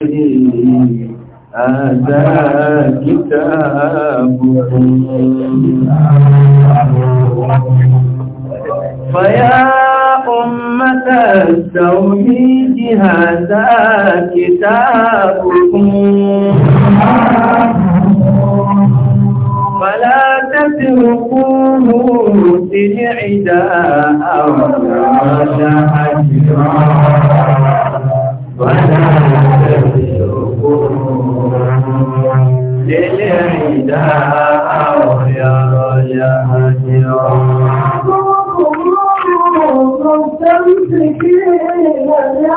كتابكم فيا أمة التوحيد هذا كتابكم فلا تتركوه تجعدا أو لا حجرا ولا تتركوه للعداء ويا رجاء أعداء في سبيل الله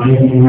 Thank you.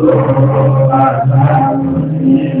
Thank you.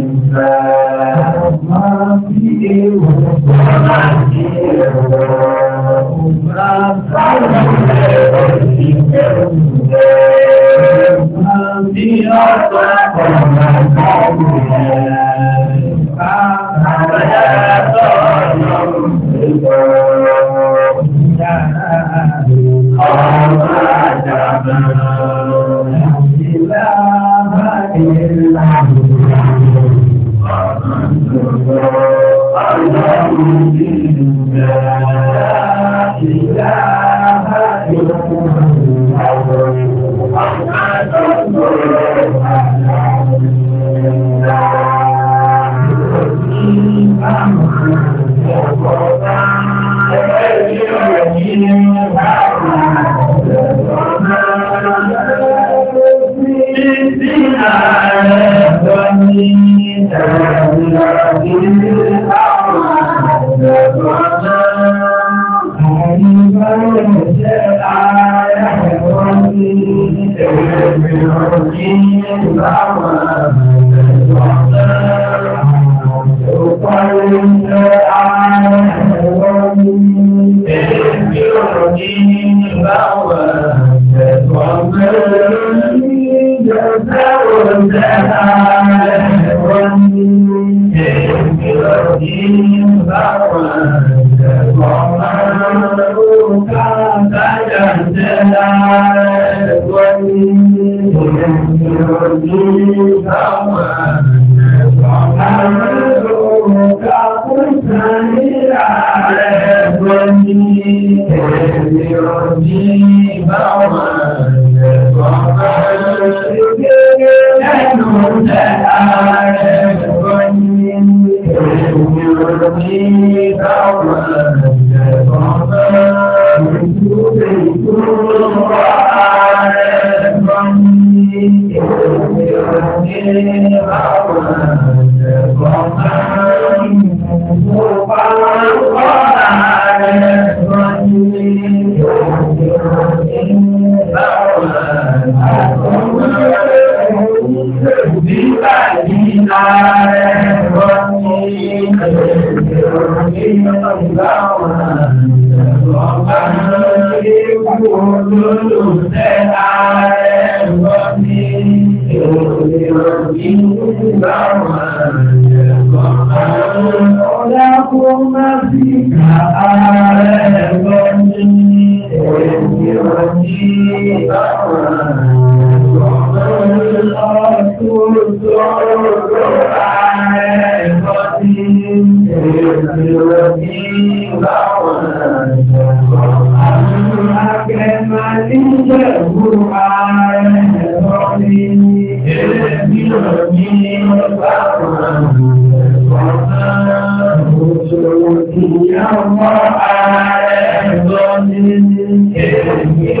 Ìjẹ́ yóò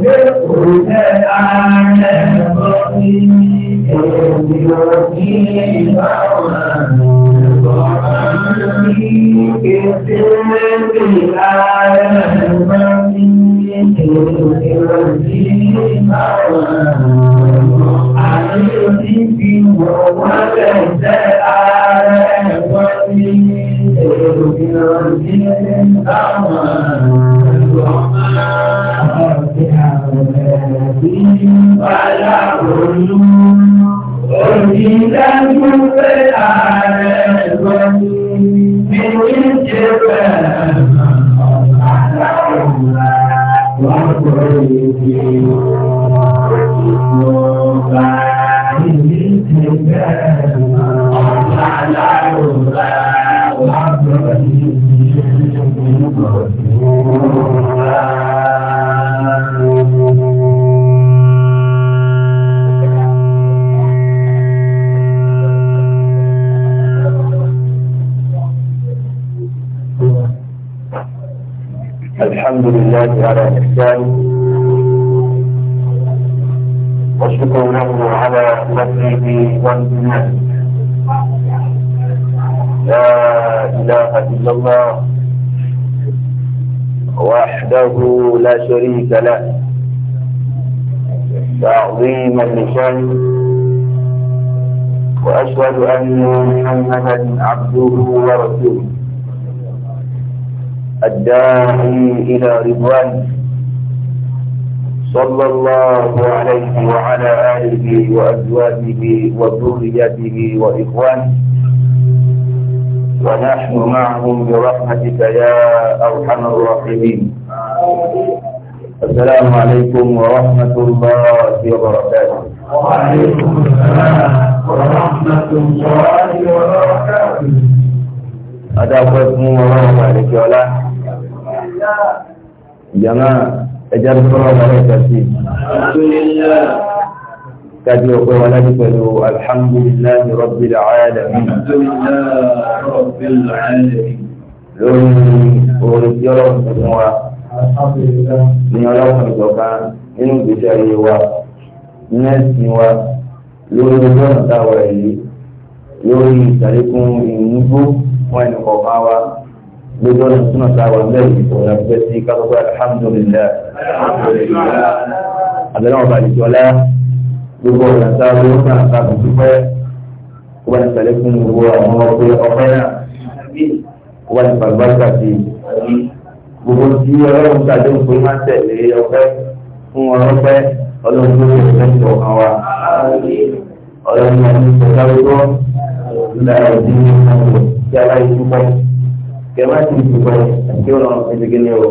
lé òun ẹ̀ ààrẹ. Thank you. الله وحده لا شريك له تعظيما لشأنه وأشهد أن محمدا عبده ورسوله الداعي إلى رضوانه صلى الله عليه وعلى آله وأزواجه وذريته وإخوانه ونحن معهم برحمتك يا أرحم الراحمين السلام عليكم ورحمة الله وبركاته وعليكم السلام ورحمة الله وبركاته أدعوكم الله وبارك ولا جماعة أجل الله وبركاته الحمد لله تاجي وقوانا بكلو الحمد لله رب العالمين الحمد لله رب العالمين لوني orin tí ọlọ́run ti fún wa ní ọlọ́run ìjọba nínú ìgbésí ayé wa ní ẹ̀sìn wa lórí ojú ọ̀nà táwa yìí lórí ìsàlékún ìmúgbó fún ẹnì kọ̀ọ̀kan wa lójú ọ̀nà tí wọ́n táwa lẹ́yìn ìfọ̀nà fẹ́ sí kátó pé alhamdulilayi alhamdulilayi àbẹ̀rẹ̀ wọn bá ti jọ láyà gbogbo ọ̀nà tá a ló ń kàn ká tuntun pẹ́ kó bá ní sàlẹ̀ fún gbogbo àwọn ọ̀pẹ ọ̀pẹ náà kó bá ní pàgbáríkà sí i gbogbo tí ọlọ́run tàbí òun pé máa ń tẹ̀lé ọpẹ́ fún ọlọ́pẹ́ ọlọ́run tó lè fẹ́ sọ kan wa ọlọ́run náà ní sọ́jà lọ́wọ́ nígbà tí ó ń bọ̀ kí a bá yí dúpẹ́ kí a má ti dúpẹ́ kí ọlọ́run fi dégé ní o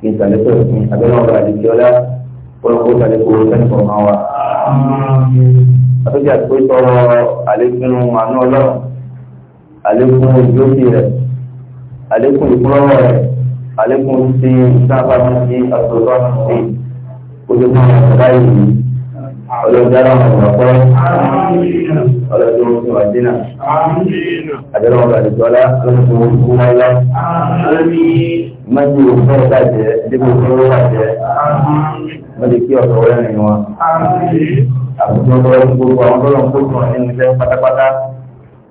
kí n sàlẹ̀ pẹ̀ fún abẹ́rẹ́ ọ̀gá àdìsí ọlá kọlọkọ tàbí kò sẹ́ni kọ̀ọ̀kan wa. àtúnṣe àti pé sọ̀rọ̀ àlékún àánú ọlọ́run àlékún ìjókè rẹ̀ àlékún ìkúrọ̀rọ̀ rẹ̀ àlékún ti sábà máa ti àtòlọ́ àti ojú kan àtàlá yìí ọlọ́dára ọ̀rọ̀ pẹ́ ọlọ́dún oṣù àdínà àdínà ọ̀rọ̀ àdìjọ́lá lọ́sùn ojú wọn lọ mọ́jú òfin ìbàjẹ́ dípò tó ń bàjẹ́ wọ́n lè kí ọ̀sọ̀ rẹ́rìn wọn. àbùkù ọlọ́run gbogbo àwọn ọlọ́run tó kàn nínú iṣẹ́ pátápátá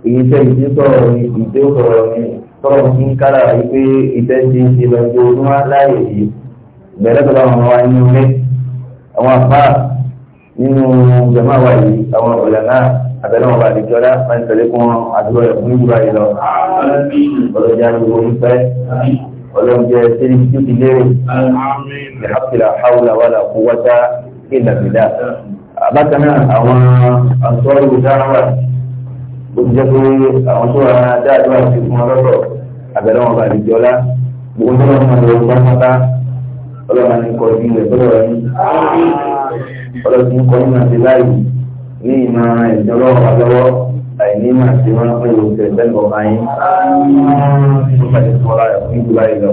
èyí tẹ́ ìdí sọ̀rọ̀ ní ìdí sọ̀rọ̀ ní sọ̀rọ̀ ní kára wípé ìtẹ́ ti ṣe lọ́jọ́ ọdún láàyè yìí bẹ̀rẹ̀ tó báwọn wa nínú ilé àwọn àpá nínú jàmáà wa yìí àwọn ọlọ́njẹ sẹ́ni tí ó ti lérè ìhàpìlà haúlà wà là kó wájá ìlà bìlà. bákan náà àwọn àtọ́rù dáhàwà ó ti jẹ́ pé àwọn tó rà dáadáa ti fún ọlọ́rọ̀ àbẹ̀rẹ̀ wọn bá lè jọlá gbogbo tó wọn máa lọ bá ní ìmọ̀ àti lọ́wọ́ àìní máa ti wọ́n pé oṣù ẹ̀dẹ́gbọ̀ ayé tó bá ti sọ ara rẹ̀ fún ìdúrà ìlọ.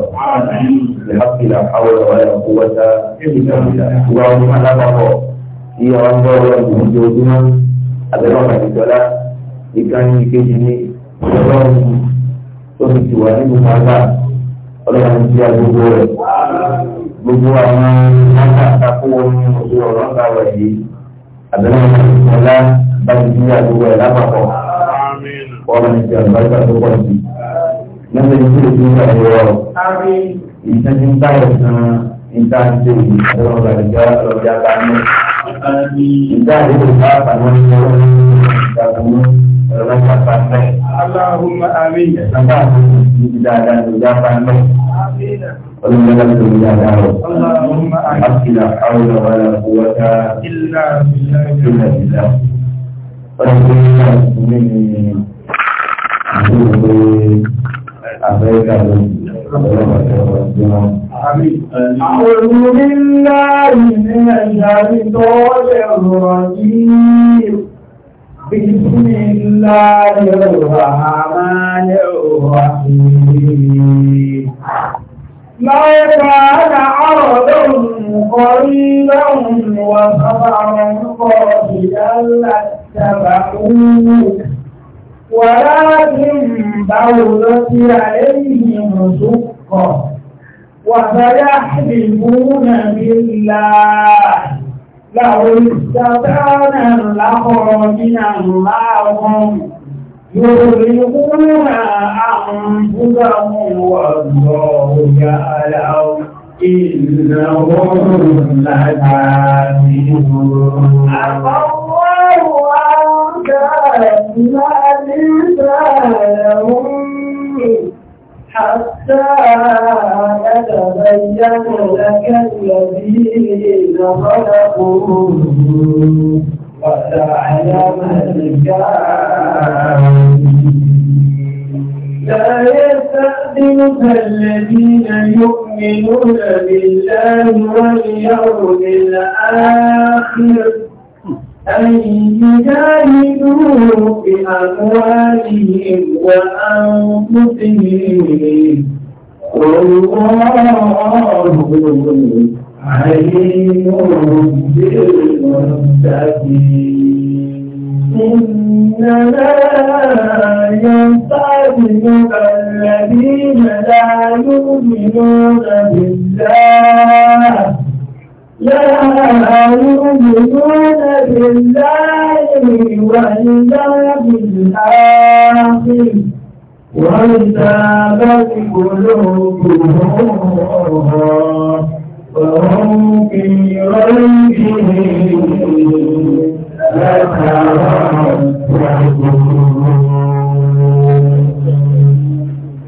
Ìhàpìlà àwọn ọ̀rọ̀ ẹ̀ kó wọ́ta ìwà ọdún alábàbọ̀ tí àwọn gbọ́ ọ̀rọ̀ ìgbìmọ̀ jẹ́ ojúmọ́ abẹ́rẹ́ ọ̀nà ìjọlá ìkànnì ìkejì ní ọlọ́run tó fi ti wà nínú mọ́tà ọlọ́run ti àgbogbo rẹ̀ gbogbo àwọn mọ́tà àtàkùn àbẹ̀rẹ̀ ìṣọ̀lá bá ti di àdúgbò ẹ̀ lápapọ̀ ọ̀rọ̀ ní ti àlùbáríkà tó pọ̀ sí lẹ́sẹ̀ ní kílè tó ń gbà yọ ìṣẹ́jú ń báyọ̀ san níta ń ṣe ìlú ọ̀rọ̀ gbàdúgbà lọ́jà bá ní. níta àdúgbò bá pàmò ní ọ̀rọ̀ ní ìdàgbàmú ọ̀rọ̀ bá pa mẹ́. aláhùn máa rí ìyẹn sábà ní ìdáadáa lọ́jà bá mẹ́. ولم يكن إلا دعوة اللهم أعز لا حول ولا قوة إلا بالله إلا بالله ولكن الناس مني أبيك أعوذ بالله من الشيطان الرجيم بسم الله الرحمن الرحيم ما كان عرضا قريبا وسفرا قاتلا لاتبعوه ولكن بولت عليهم شقه وسيحلفون بالله لو استطعنا لخرجنا معهم يغلقون أنفسهم والله يعلم إنهم لكاذبون عفى الله عنك ما ليس لهم حتى يتبين لك الذين خلقوا وسعيهم الكافرين لا يستأذنك الذين يؤمنون بالله واليوم الآخر أن يجاهدوا بأموالهم وأنفسهم والله عليم بالمتقين إنما ينصدق الذين لا يؤمنون بالله لا يؤمنون بالله واليوم الآخر وإذا قلوبهم وهم في ريبهم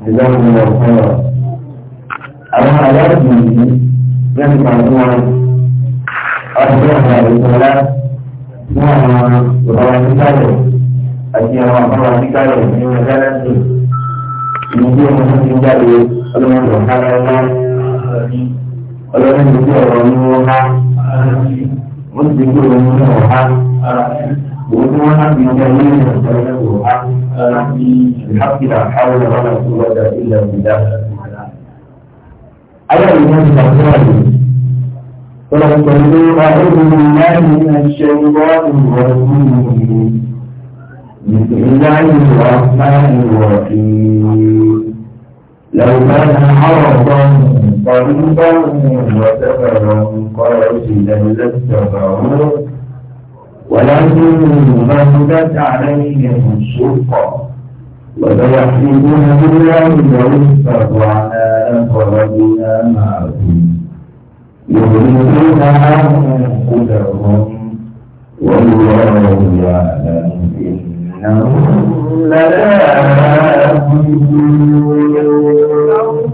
جزاهم الله خيرا àwọn aláàbò yìí lẹ́nu pàdún wọn ọdún ọ̀gá ìṣọ̀lá fún àwọn ìbára níkàlẹ̀ àti àwọn àbára níkàlẹ̀ ní ọjọ́ láti ìdí ọmọ tó ti jáde ọlọ́run ọ̀gá lọ́wọ́. ọlọ́run ti gbé ọ̀rọ̀ ní wọn há wọ́n ti gbé ọ̀rọ̀ ní wọn há òun tí wọ́n á fi jẹ́ ní ìrìnàjò ẹ̀wọ̀ há ìhàkìlà àwọn ọ̀rọ̀ àti ìwọ́dà ilẹ̀ ìdá. ayé ìwọ́n ti sàkóso àyè ولقد أعوذ بالله من الشيطان الرجيم بسم الله الرحمن الرحيم لو كان حرصا قريبا وسفرا قاصدا لاتبعوه لا غلبت عليهم الشقة وسيحلفون بالله لو استطعنا لخرجنا معكم يهلكون أنفسهم والله يعلم إنهم لنا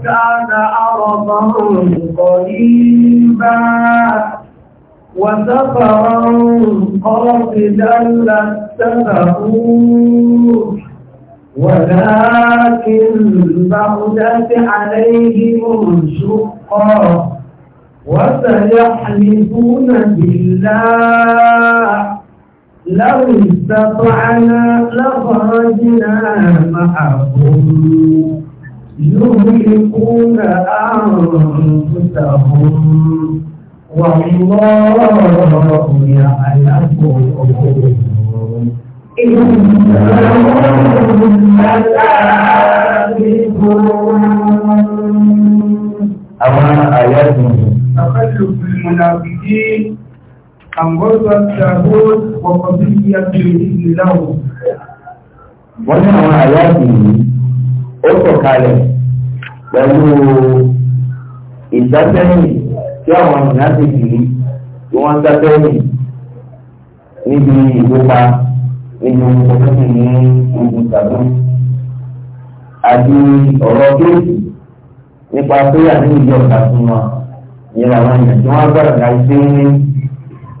كان أرضا قريبا وسفرا قاصدا لاتبعوه ولكن بعدت عليهم الشقة وسيحلفون بالله لو استطعنا لخرجنا معهم يهلكون أنفسهم والله يعلم إنهم لكاذبون أما آياتهم تخلف المنافقين عن غزوة التابوت وقضية الإذن له. وأنا آياتهم ó sọ̀kalẹ̀ pẹ̀lú ìdásẹ́yìn tí àwọn ìrántí kiri tí wọ́n ń dásẹ́yìn níbi ìgbópa níbi ìgbókòtì ní ogun tàbí àti ọ̀rọ̀ kéèkì nípa pé àní ìjọ ọ̀tà fún wa ìyẹn àwọn èèyàn tí wọ́n gbọ́dọ̀ ká sí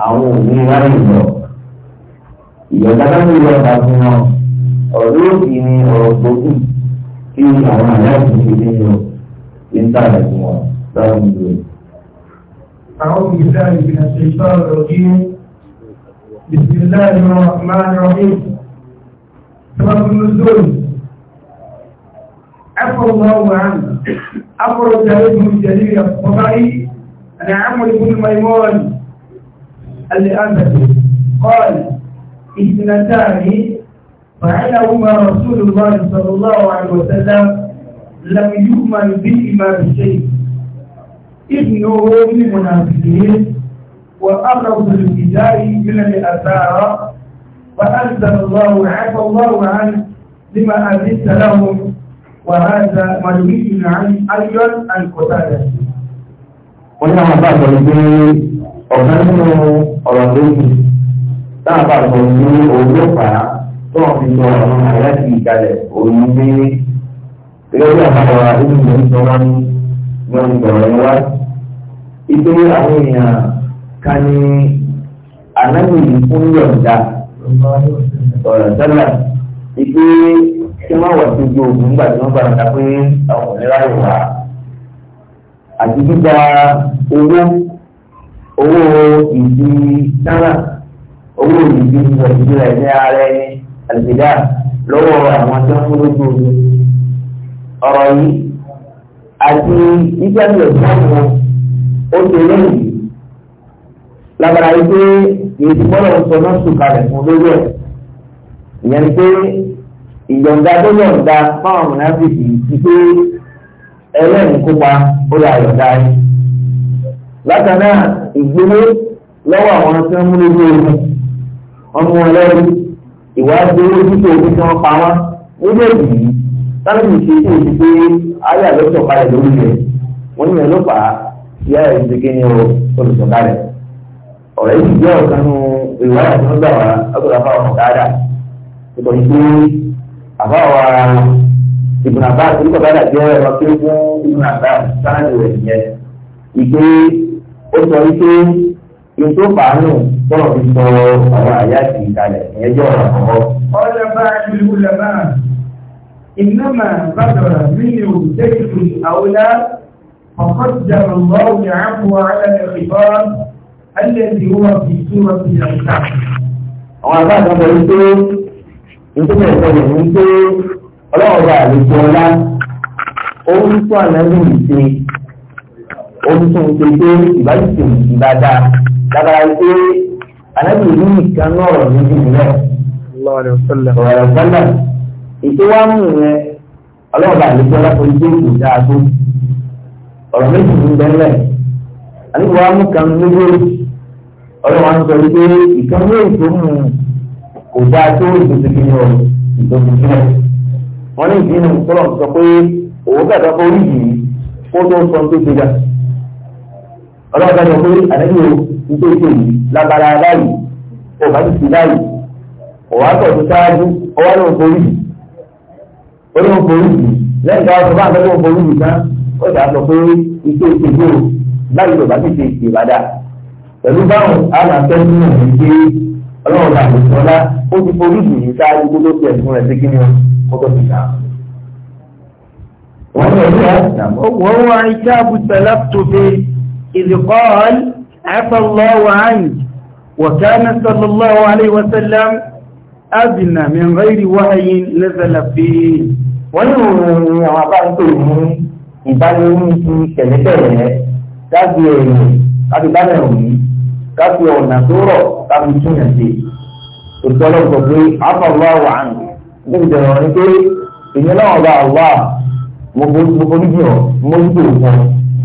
àwọn òbí ráyè lọ ìyọ̀dá náà ń lọ ọ̀tà fún wa ọ̀rọ̀ yóò fi ní ọ̀rọ̀ gbòógì. kí àwọn aláìsí ṣe ní o nígbàdà tí wọn báwo ni o. àwọn ìgbésẹ̀ ìgbìyànjú ṣe ìtọ́ ìròyìn bisimilahi rahman rahim sababin nuzul عفو الله عنه عفو الجليل بن جليل الطبري عن عمرو بن ميمون الأنبي قال اثنتان فعلهما رسول الله صلى الله عليه وسلم لم يؤمن بهما بشيء ابنه من المنافقين وأمره بالابتداء من الأثار فأنزل الله عفى الله عنه لما أذنت لهم وهذا مروي عن أيضا عن قتادة. ونعم بعض الدين ọ̀gá nínú ọ̀rọ̀ lórí táàbà sọ ní owó fàá tọ́wọ́ fi sọ àwọn aláàtì ìkàlẹ̀ òní pé gẹ́gẹ́ bí àwọn ọ̀rọ̀ àdéhùn ní sọ wá ní wọ́n ti bọ̀rọ̀ ẹ wá. Ipe àwọn èèyàn kan ní anáwó yìí fún yọ̀ǹda ọ̀rọ̀ sẹ́là. Ipe kí wọ́n wọ̀ sí ojú ogun nígbà tí wọ́n bá ń ta pé àwọn òmìnira yóò wà. Àti gbígba owó owó ìdí náírà owó ìdí ìwọ̀n ìdílé ní ara ẹni àlùbídà lọ́wọ́ àwọn tó ń lójú omi ọ̀rọ̀ yìí àti ìjẹ́bi ìsìláàmù ó ti lẹ́yìn lábàrá yìí pé èyí gbọ́dọ̀ sọ náà sùn kalẹ̀ fún lórí ẹ̀ ìyẹn pé ìyọ̀ǹda tó yọ̀ǹda fáwọn mùnàfíìsì ti pé ẹlẹ́rìí kópa ó yà yọ̀ǹda yìí bákan náà ìgbélé lọ́wọ́ àwọn tó ń múlò lórí wọn mú wọn ìwádìí owó títí omi tí wọ́n pa wọ́n nílé yìí sáré mi ṣe ṣe ti pé ayé àlọ́sọ̀ kalẹ̀ lórí rẹ̀ wọ́n ní ọlọ́pàá ìyá rẹ̀ ti kéde ọ olùsọ̀kalẹ̀ ọ̀rẹ́ yìí jẹ́ ọ̀kan nu ìwádìí tí wọ́n gbà wá ọgbọ̀dọ̀ afáwọn ọ̀kadà nítorí pé àfáwọn ìbùnà bá ìbùnà bá dà jẹ́ ẹ̀rọ kí ó ìbùnà bá sáájú rẹ̀ nìyẹn ìgbé ó sọ wípé ètò bàánù tọ́lọ̀ fi sọ àwọn àyà ti ìdálẹ̀ ìyẹn jẹ́ ọ̀rọ̀ àkọ́kọ́. ọ̀rẹ́ bá ìlú lẹ́bà ìnáma bàdàrà nínú òdẹ́kìtì àwòlá ọ̀kọ́jà lọ́wọ́ ìyàwó alẹ́ ìbọ́ alẹ́ ti wọ́n fi túrọ̀ sí ẹ̀ka. àwọn àbáàdàn bọ̀ wípé nítorí ẹ̀kọ́ rẹ̀ ní pé ọlọ́wọ́ bá àlejò ọlá ó ń tún àlẹ́ lóyún ṣe ó ń tún ṣe pé ìbáṣepọ̀ ìbá dáa. Bàbá ìpé àlẹ́bí ìlú ìkan náà rọ̀ níbi ìlẹ̀. Ọ̀rọ̀ sọ́lá. Ìpé wá mú rẹ̀ ọlọ́ọ̀bà àlejò ọlọ́pàá ìgbé ìgbò dáa tó. Ọ̀rọ̀ méjì ń bẹ́lẹ̀. Àlejò wá mú kan méjèèjì. Ọlọ́wà ń sọ wípé ìkan ní ètò mú kò dáa tó ìgbésí kìíní ọ̀rọ̀ ìgbésí kìíní. Wọ́n ní ìdí nínú sọ́lọ̀ sọ pé òun kàkà kó rí yìí kó tó sọ tó ti ga. Ọlọ́ọ̀bà ni ó pé àlejò nítorí èyí lágbára báyìí ọba ti ti báyìí ọwá tọ̀ tó ṣáájú ọwá ló ń forí yìí ó ló ń forí yìí lẹ́yìn tó wá sọ fáwọn tó ń forí yìí tán ó dà sọ pé ike ìṣègbè o báyìí lọ́ba ti ṣe ìbàdà pẹ̀lú báwọn aláǹtẹ́sí náà ń gbé ọlọ́run àti ìṣọ́lá ó ti forí yìí ṣáájú kó tó fi ẹ̀sùn rẹ̀ sí kí ni ó tó ti kà وهو عتاب تلفت به إذ قال عفى الله عنك وكان صلى الله عليه وسلم أدنى من غير وحي نزل فيه ولو عبرته ìbánirú ti tẹ̀lẹ́tẹ̀lẹ́ dágbé ẹ̀yìn láti bálẹ̀ òní káfí ọ̀nà tó rọ̀ káfí túnyà sí ìtọ́lọ̀ sọ pé afọ̀lọ́ wà ń ní ìdẹ̀rọ̀ ni pé èmi náà bá wà mo forí jù ọ́ mo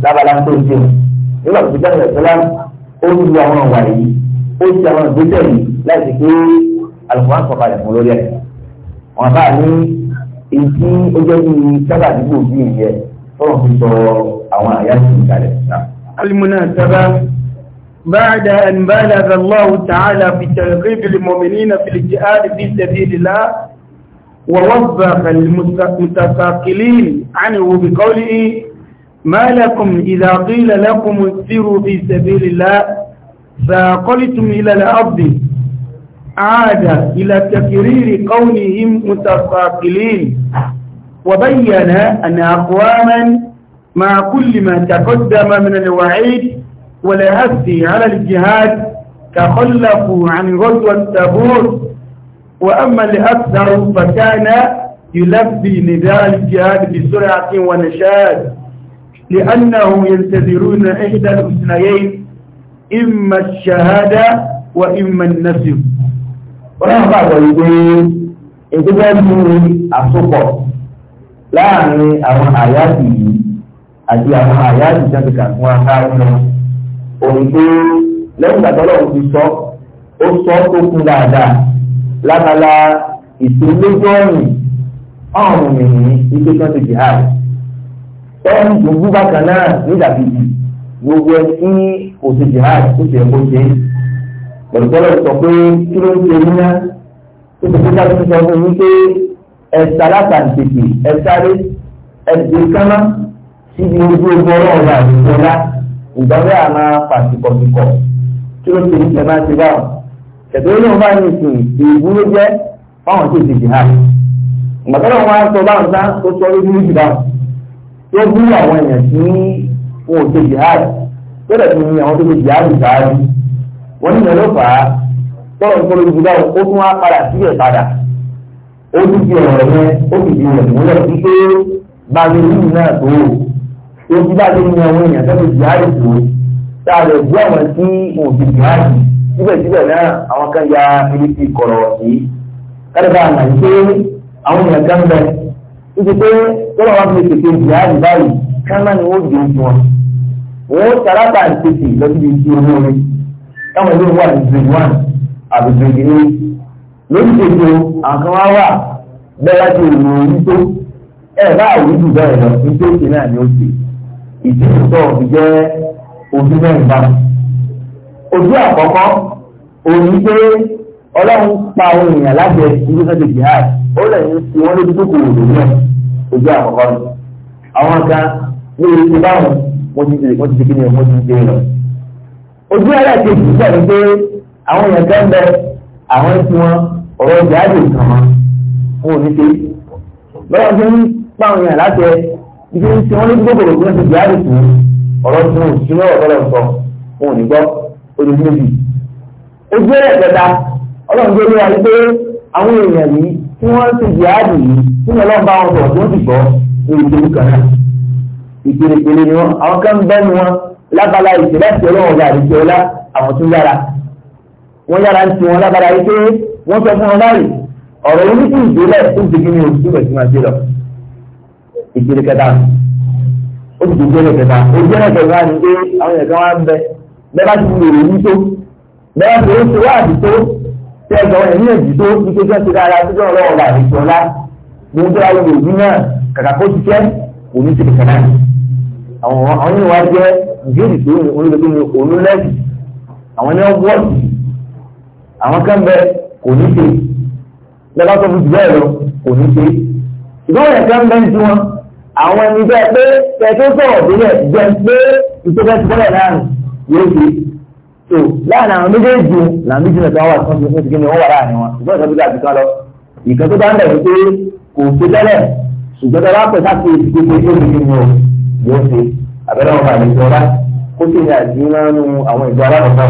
lábala tó ń jẹun nígbà tó ti dáhùn ẹ̀sẹ̀ láti ó ń lo àwọn ọ̀wà yìí ó ti àwọn ìgbésẹ̀ yìí láti pé alùpùpù sọ̀kalẹ̀ fún lórí ẹ̀ wọn bá ní èyí tí ó jẹ́ bí sábà àdúgbò bí ìyẹn tọ́lọ̀ fi sọ àwọn àyà sí ìkàlẹ̀ náà. المناسبة بعد أن بالغ الله تعالى في ترغيب المؤمنين في الجهاد في سبيل الله ووفق المتثاقلين عنه بقوله ما لكم إذا قيل لكم اكثروا في سبيل الله فقلتم إلى الأرض عاد إلى تكرير قولهم متفاقلين وبين أن أقواما مع كل ما تقدم من الوعيد والهث على الجهاد تخلفوا عن غزوة تبور وأما الأكثر فكان يلبي نداء الجهاد بسرعة ونشاد لأنهم ينتظرون إحدى الأثنيين إما الشهادة وإما النسب ورحبا قلبي إذن أصبر láàrin àwọn àyáàtì yìí àti àwọn àyáàtì jáde kàkún akáàrùn lọ òun pé lẹ́yìn ìgbà tọ́lọ̀ ti sọ ó sọ tó kún dáadáa lábala ìtòlójú ọ̀rìn ọ̀rùn mìíràn ní pé kí wọ́n ti jihad tọ́ọ̀nù tó kú bákan náà nídàbí yìí gbogbo ẹ tí kò ṣe jihad kò ṣe kó ṣe pẹ̀lúpẹ̀lú sọ pé kí ló ń ṣe yín náà tó ṣe kó dájú sọ fún yín pé ẹ̀sà látàǹtẹ̀kì ẹ̀sáré ẹ̀sìn kánná síbi ojú ogun ọlọ́ọ̀dà àdìgbòlá ìgbàgbé àmà pàṣípọ̀ṣípọ̀ kí ló ṣe ìṣẹ̀ máa ṣe báwọn ṣẹ̀tọ́ ilé wọn bá ní ìsìn ìlú ló jẹ́ báwọn ṣe ti jihad ìgbàgbọ́ wọ́n bí àwọn èèyàn tí wọn ò ṣe jihad tọ́lẹ̀ tó ní àwọn tó ṣe jihad ṣáájú wọ́n ní ìyẹn ló fà á tọ́lọ̀ tó lójú báwo ó tún wá padà síbẹ̀ padà ó tún di ọ̀rọ̀ yẹn ó sì di rẹ̀ múlẹ̀ wípé báyìí yìí náà tó o tó bí bá ṣe ní àwọn èèyàn tó ṣe jihad tó tá a lè bí àwọn tí wọn ò ṣe jihad síbẹ̀síbẹ̀ náà àwọn kan ya ilé ti kọ̀rọ̀ sí kárẹ́ bá àná níbi pé lọ́wọ́ wa fi tètè jìyà báyìí kánà ni wọ́n dùn fún ọ. wọ́n sàrábà tètè lọ síbi tí owó rẹ̀ táwọn ìlú wà ní grade one àbí grade eight lórí ètò àkàn wá wà bẹ́ẹ̀ láti òwò orí tó ẹ̀ bá àwùjù bẹ́ẹ̀ lọ ní tó ṣe náà ni ó ṣe ìtìsọ̀ jẹ́ ojú mẹ́rin bá. ojú àkọ́kọ́ òní pé ọlọ́run pa àwọn èèyàn láti ẹ̀sìn ìlú fẹ́ẹ́ jihad ó lè ní sí wọn lójú kòkòrò lòdì náà ojú àkọ́kọ́ ni àwọn kan ní ìlú báwọn mo ti ṣe mo ti ṣe kí ni mo ti ṣe lọ. ojú ara kejì sọ ni pé àwọn èèyàn kan bẹ àwọn tí wọn ọ̀rọ̀ jihad lè kàn wọn fún òní ṣe lọ́wọ́ tí ń pa àwọn èèyàn láti ẹ ibi tí wọ́n lójú kòkòrò lòdì náà ti jihad fún ọ̀rọ̀ tí wọn ò sí lọ́wọ́ tọ́lọ̀ sọ fún òní gbọ́ ojú méjì ojú ọlọ́run gbé lé wa pé àwọn èèyàn yìí tí wọ́n ti jihadi yìí tí wọ́n lọ́ọ́ bá wọn sọ̀rọ̀ tí wọ́n ti gbọ́ ní ìpele kan náà ìpele ni wọn àwọn kan bẹ́ ni wọn lábala ìṣẹ̀lẹ̀ tí ọlọ́run ọba àti ìṣẹ̀lá àwọn tún yára wọ́n yára ń ti wọn lábala yìí pé wọ́n sọ fún wọn báyìí ọ̀rọ̀ yìí ti ìgbélẹ̀ tó ti kí ni o tí wọ́n ti máa ṣe lọ ìpele kẹta ó ti ìgbélẹ̀ kẹta ó jẹ́rẹ̀ kẹta ni pé àwọn ẹ̀ka wọn bẹ bẹ́ẹ̀ bá ti lè rí tí ẹgbẹ́ wọn ní èyí tó ní kéjọ́ ti dára tó jọ́ ọlọ́wọ́ bá àdéjọ́ ọlá ní ó dára lórí òbí náà kàkà kó ti jẹ́ kò ní síbi kan náà àwọn àwọn yìí wá jẹ́ ìbéèrè tó ní olóògbé ní olólẹ́bì àwọn ní ọgbọ́ọ̀sì àwọn kan bẹ kò ní ṣe lọ́ba tó fi jù bẹ́ẹ̀ lọ kò ní ṣe ìgbọ́n yẹn kan bẹ́ẹ̀ ti àwọn ẹni bẹ́ẹ̀ pé kẹ́ẹ́ sọ̀rọ̀ délẹ̀ jẹ́ pé ìtọ́jú ti tó láàrin àwọn méjèèjì làwọn méjì náà tó wà tí wọ́n ti fi ní wọ́n wà láàrin wọn ṣùgbọ́n ìtọ́jú àti kan lọ ìkan tó bá ń bẹ̀ wípé kò ṣe tẹ́lẹ̀ ṣùgbọ́n tó bá pẹ̀ sáfì ìdíje tó ti fi mú yóò ṣe abẹ́rẹ́ wọn bàlẹ̀ ìṣọ́ ọlá kó sì ní àdínánú àwọn ìjọ alákọ̀ọ́kọ́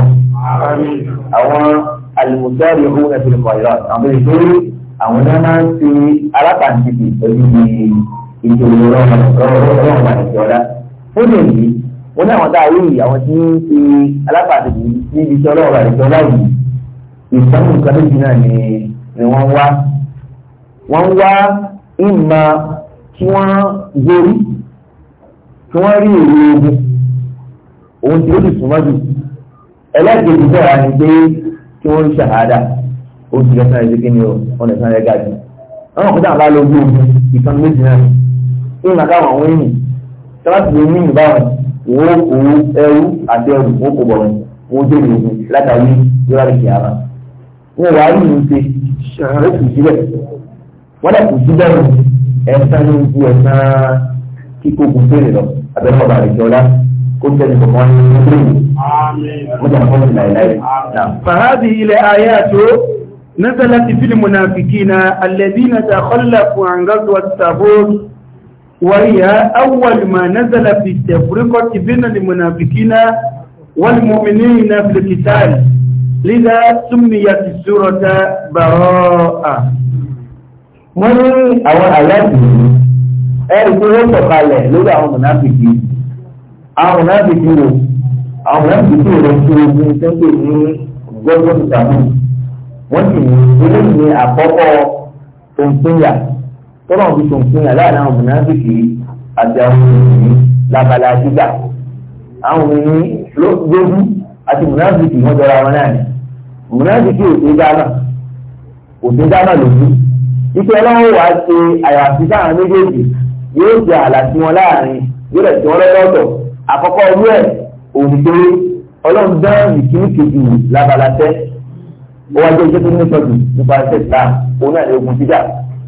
àwọn alùmùsọ́ọ̀rì owó ẹ̀fìn ìmọ̀ ìlọ àwọn ìṣòro àwọn náà máa ń ṣe alápàǹtìkì pẹ̀lú ìṣòro ọlọ́run ọlọ́run bàlẹ̀ ìṣọ́ ọlá fún èyí ó ní àwọn táà yìí àwọn tí ń ṣe alábàtì níbi tí ọlọ́run àìsàn láàyè ìsọ́nù nǹkan méjì náà ni ni wọ́n wá wọ́n wá ìmọ̀ kí wọ́n gorí kí wọ́n rí èrè ogun òun tí ó sì súnmọ́ jù ẹlẹ́gbẹ̀ẹ́ ìjọba ni pé kí wọ́n rí ṣàhádà ó ti lẹ́sàn ẹ̀ṣẹ́ kí ni ó ọ̀nà ìsàn rẹ̀ ga jù àwọn ọ̀pọ̀ táwọn ìsọ́nù méjì náà ìmọ̀ káwọn àwọn èèyàn tí wọ́n ti lè ní ìbáwọn wọ́n kó ẹrú àti ẹrù wọ́n kó bọ̀ wọ́n dé ní ogun látàrí yóò rí kí ara wọ́n wá rí ní ṣe ó kù síbẹ̀ wọ́n dà kù síbẹ̀ rẹ̀ ẹ̀sán ní ojú ẹ̀sán kíkó kù fèrè lọ abẹ́rẹ́ ọba rẹ̀ jọlá kó tẹ̀lé kọ̀ọ̀kan ní ojú rẹ̀ wọ́n dà kọ́ ní láìláì. fàhádì ilẹ̀ ayé àtó نزلت في المنافقين الذين تخلفوا عن غزوة تبوك وهي أول ما نزل في التفرقة بين المنافقين والمؤمنين في القتال لذا سميت السورة براءة wọ́n ní àwọn àyàtì ẹ̀rù tó wọ́n sọ̀kalẹ̀ lórí àwọn mọ̀nàfìkì àwọn mọ̀nàfìkì wò àwọn mọ̀nàfìkì rẹ̀ tó ogun tó ń ní gbọ́dọ̀ ìtàkùn wọ́n sì ní eléyìí ní àkọ́kọ́ òǹpínyà tọ́lọ̀ fi tòǹfin àláàrin àwọn mùnàfíkì àti àwọn mùnàfíkì lábala gbígbà àwọn mùnàfíkì lójú àti mùnàfíkì wọ́n jọra wọn náà ni mùnàfíkì òsè dáná òsè dáná lòdù ike ọlọ́run wàá ṣe àyàfi sáwọn méjèèjì yóò ṣe ààlà sí wọn láàrin yóò rẹ̀ sí wọn lọ́dọ̀ọ̀tọ̀ àkọ́kọ́ ọlú ẹ̀ òun tó ọlọ́run dán ìkíní kejì lábala tẹ́ ó wá jẹ́ iṣẹ́ tó ní sọ́dún nípa ẹ̀sẹ̀ ìlà òun náà lè ogun jíjà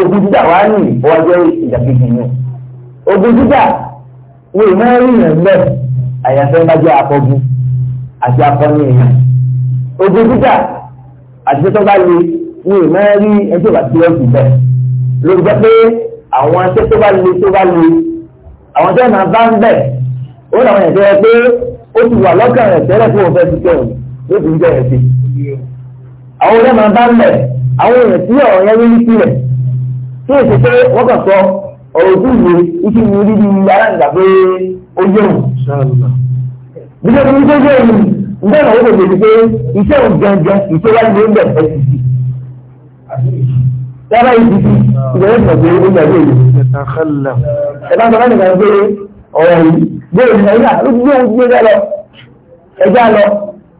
ogun jíjà wá ní ìbọn ìdàkejì ni ogun jíjà wo ìmọ̀ ìrìnà bẹ́ẹ̀ àyàfẹ́ bá jẹ́ afọ́jú àti akọni èèyàn ogun jíjà àti tó bá le ní ìmọ̀ rí ẹjọ́ bá ti ọ̀sùn bẹ́ẹ̀ ló jẹ́ pé àwọn ẹjọ́ tó bá le tó bá le àwọn tó máa bá ń bẹ̀ ó làwọn ẹ̀jẹ̀ rẹ pé ó ti wà lọ́kàn rẹ̀ tẹ́lẹ̀ fún òfẹ́ ti kẹrùn ló jẹ́ rẹ̀ àwọn ọ̀rẹ́ máa bá ń bẹ̀ àwọn èèyàn tí ọ̀rọ̀ yẹn ní tí èsì pé wọ́n kàn sọ ọ̀rọ̀ ìwé ikú mi rí bí aláǹgbà pé ó náà wọ́n kò lè pé iṣẹ́ òun gangan iṣẹ́ wá ní ilẹ̀ ẹ̀sì sí. yàrá ìdí sí ìgbẹ́rẹ́ sọ pé ó yàgbé ìlú. ẹ̀ka sọ láti pé ọ̀rọ̀ yìí gbé ló gbé gbé lọ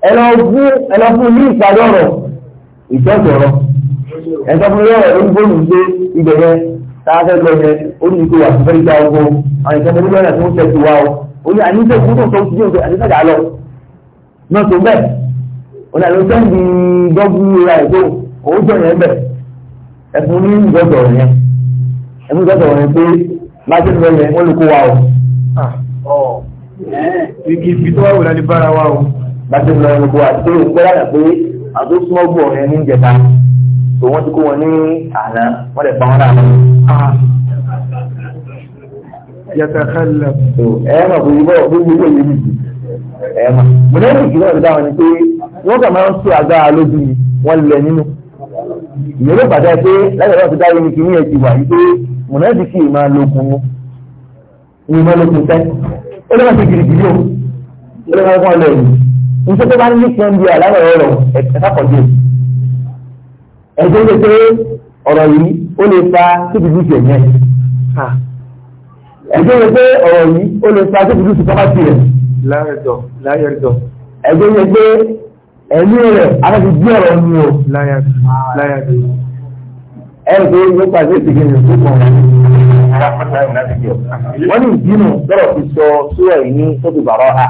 ẹja lọ fún ní ìpàdé ọ̀rọ̀ ẹ̀sọ́ fún yọ̀rọ̀ ló ń gbóòlù gbé ibẹ̀ yẹn tààfẹ́ lọ yẹn ó ní ìkó àti fẹ́ẹ́ gba ọgbọ́n àwọn ìṣẹ́ mọ́lẹ́ lọ́nà tí wọ́n tẹ̀ wa o ó ní àníṣe fún tó ń sọ àníṣe dà lọ náà tó bẹ́ẹ̀ ó ní àlọ́sẹ́ ń di dọ́gbù ra ètò òun jọ yẹn bẹ̀ ẹ̀fún ní ìgbọ́dọ̀ yẹn ẹ̀fún ìgbọ́dọ̀ yẹn pé májè lọ yẹn wọ́n lè kó wa o. Ah, igi ibi tó wà wò lálẹ́ bára wa o. májè lọ yẹn lè kó wa tó ń pẹ́ tó wọ́n ti kó wọn ní àná wọ́n lè pa wọn náà. yàtàkàlà. ẹ mà kò yíbọ̀ bí wíwọ̀ yìí nìyí ẹ mà mọ̀lẹ́bìkì náà dáwọn ni pé wọ́n kà máa ń sọ agbára lójú wọn lẹ̀ nínú. ìyẹn ló pàtẹ́ pé lẹ́yìn náà ti dáwọ́ ní kíní ẹ̀ ti wà yìí pé mọ̀lẹ́bìkì máa lókun ní máa lókun sẹ́ ó lọ́wọ́ ti gìrìgìrì o ó lọ́wọ́ kọ́ lẹ̀ yìí nítorí tó bá ní kí wọ́n di ẹ̀jẹ̀ ń pé ọ̀rọ̀ yìí ó lè fa síbi bí jẹ̀ yẹn ẹ̀jẹ̀ ń pé ọ̀rọ̀ yìí ó lè fa síbi bí jẹ̀ pápá tiẹ̀. láyẹ̀dọ̀ láyẹ̀dọ̀. ẹ̀jẹ̀ ń pé ẹ̀mí rẹ̀ aláti bí ọ̀rọ̀ ni o. láyẹ̀dọ̀. ẹ̀rù pé yóò pàṣẹ ìsìnkú ní ìsìnkú wọ́n ní ìdínú bẹ́rẹ̀ fi sọ sóyà yìí ní tóbi bàrọ̀ ha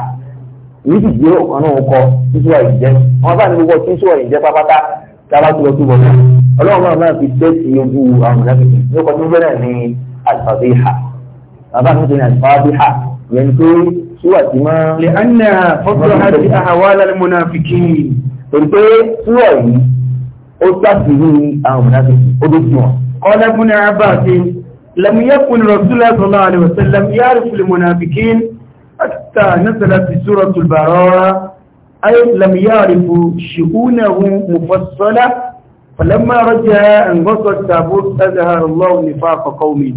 èyí ti gbé ọ̀kan náà kọ sísúwà yìí wọ́n bá ní gbogbo sísúwà yìí pátápátá tába tó lọ tó bọ̀ náà ọlọ́run náà náà fi dé sí ojú àwọn mọ̀lẹ́bí ní ọkọ̀ tó bẹ̀rẹ̀ ní alifadiha bàbá mi tó ní alifadiha yẹn tó súwà tí máa. lè an fọ́tò àti àhàwálà ni mo náà fi kí i. súwà yìí ó sàfihì àwọn mọ̀lẹ́bí ó dé sí wọn. kọ́lá fún ní abá àti لم يكن رسول الله صلى الله عليه وسلم يعرف المنافقين حتى نزلت سورة البراءة أي لم يعرف شؤونه مفصلة فلما رجع انقص التابوت أظهر الله نفاق قومه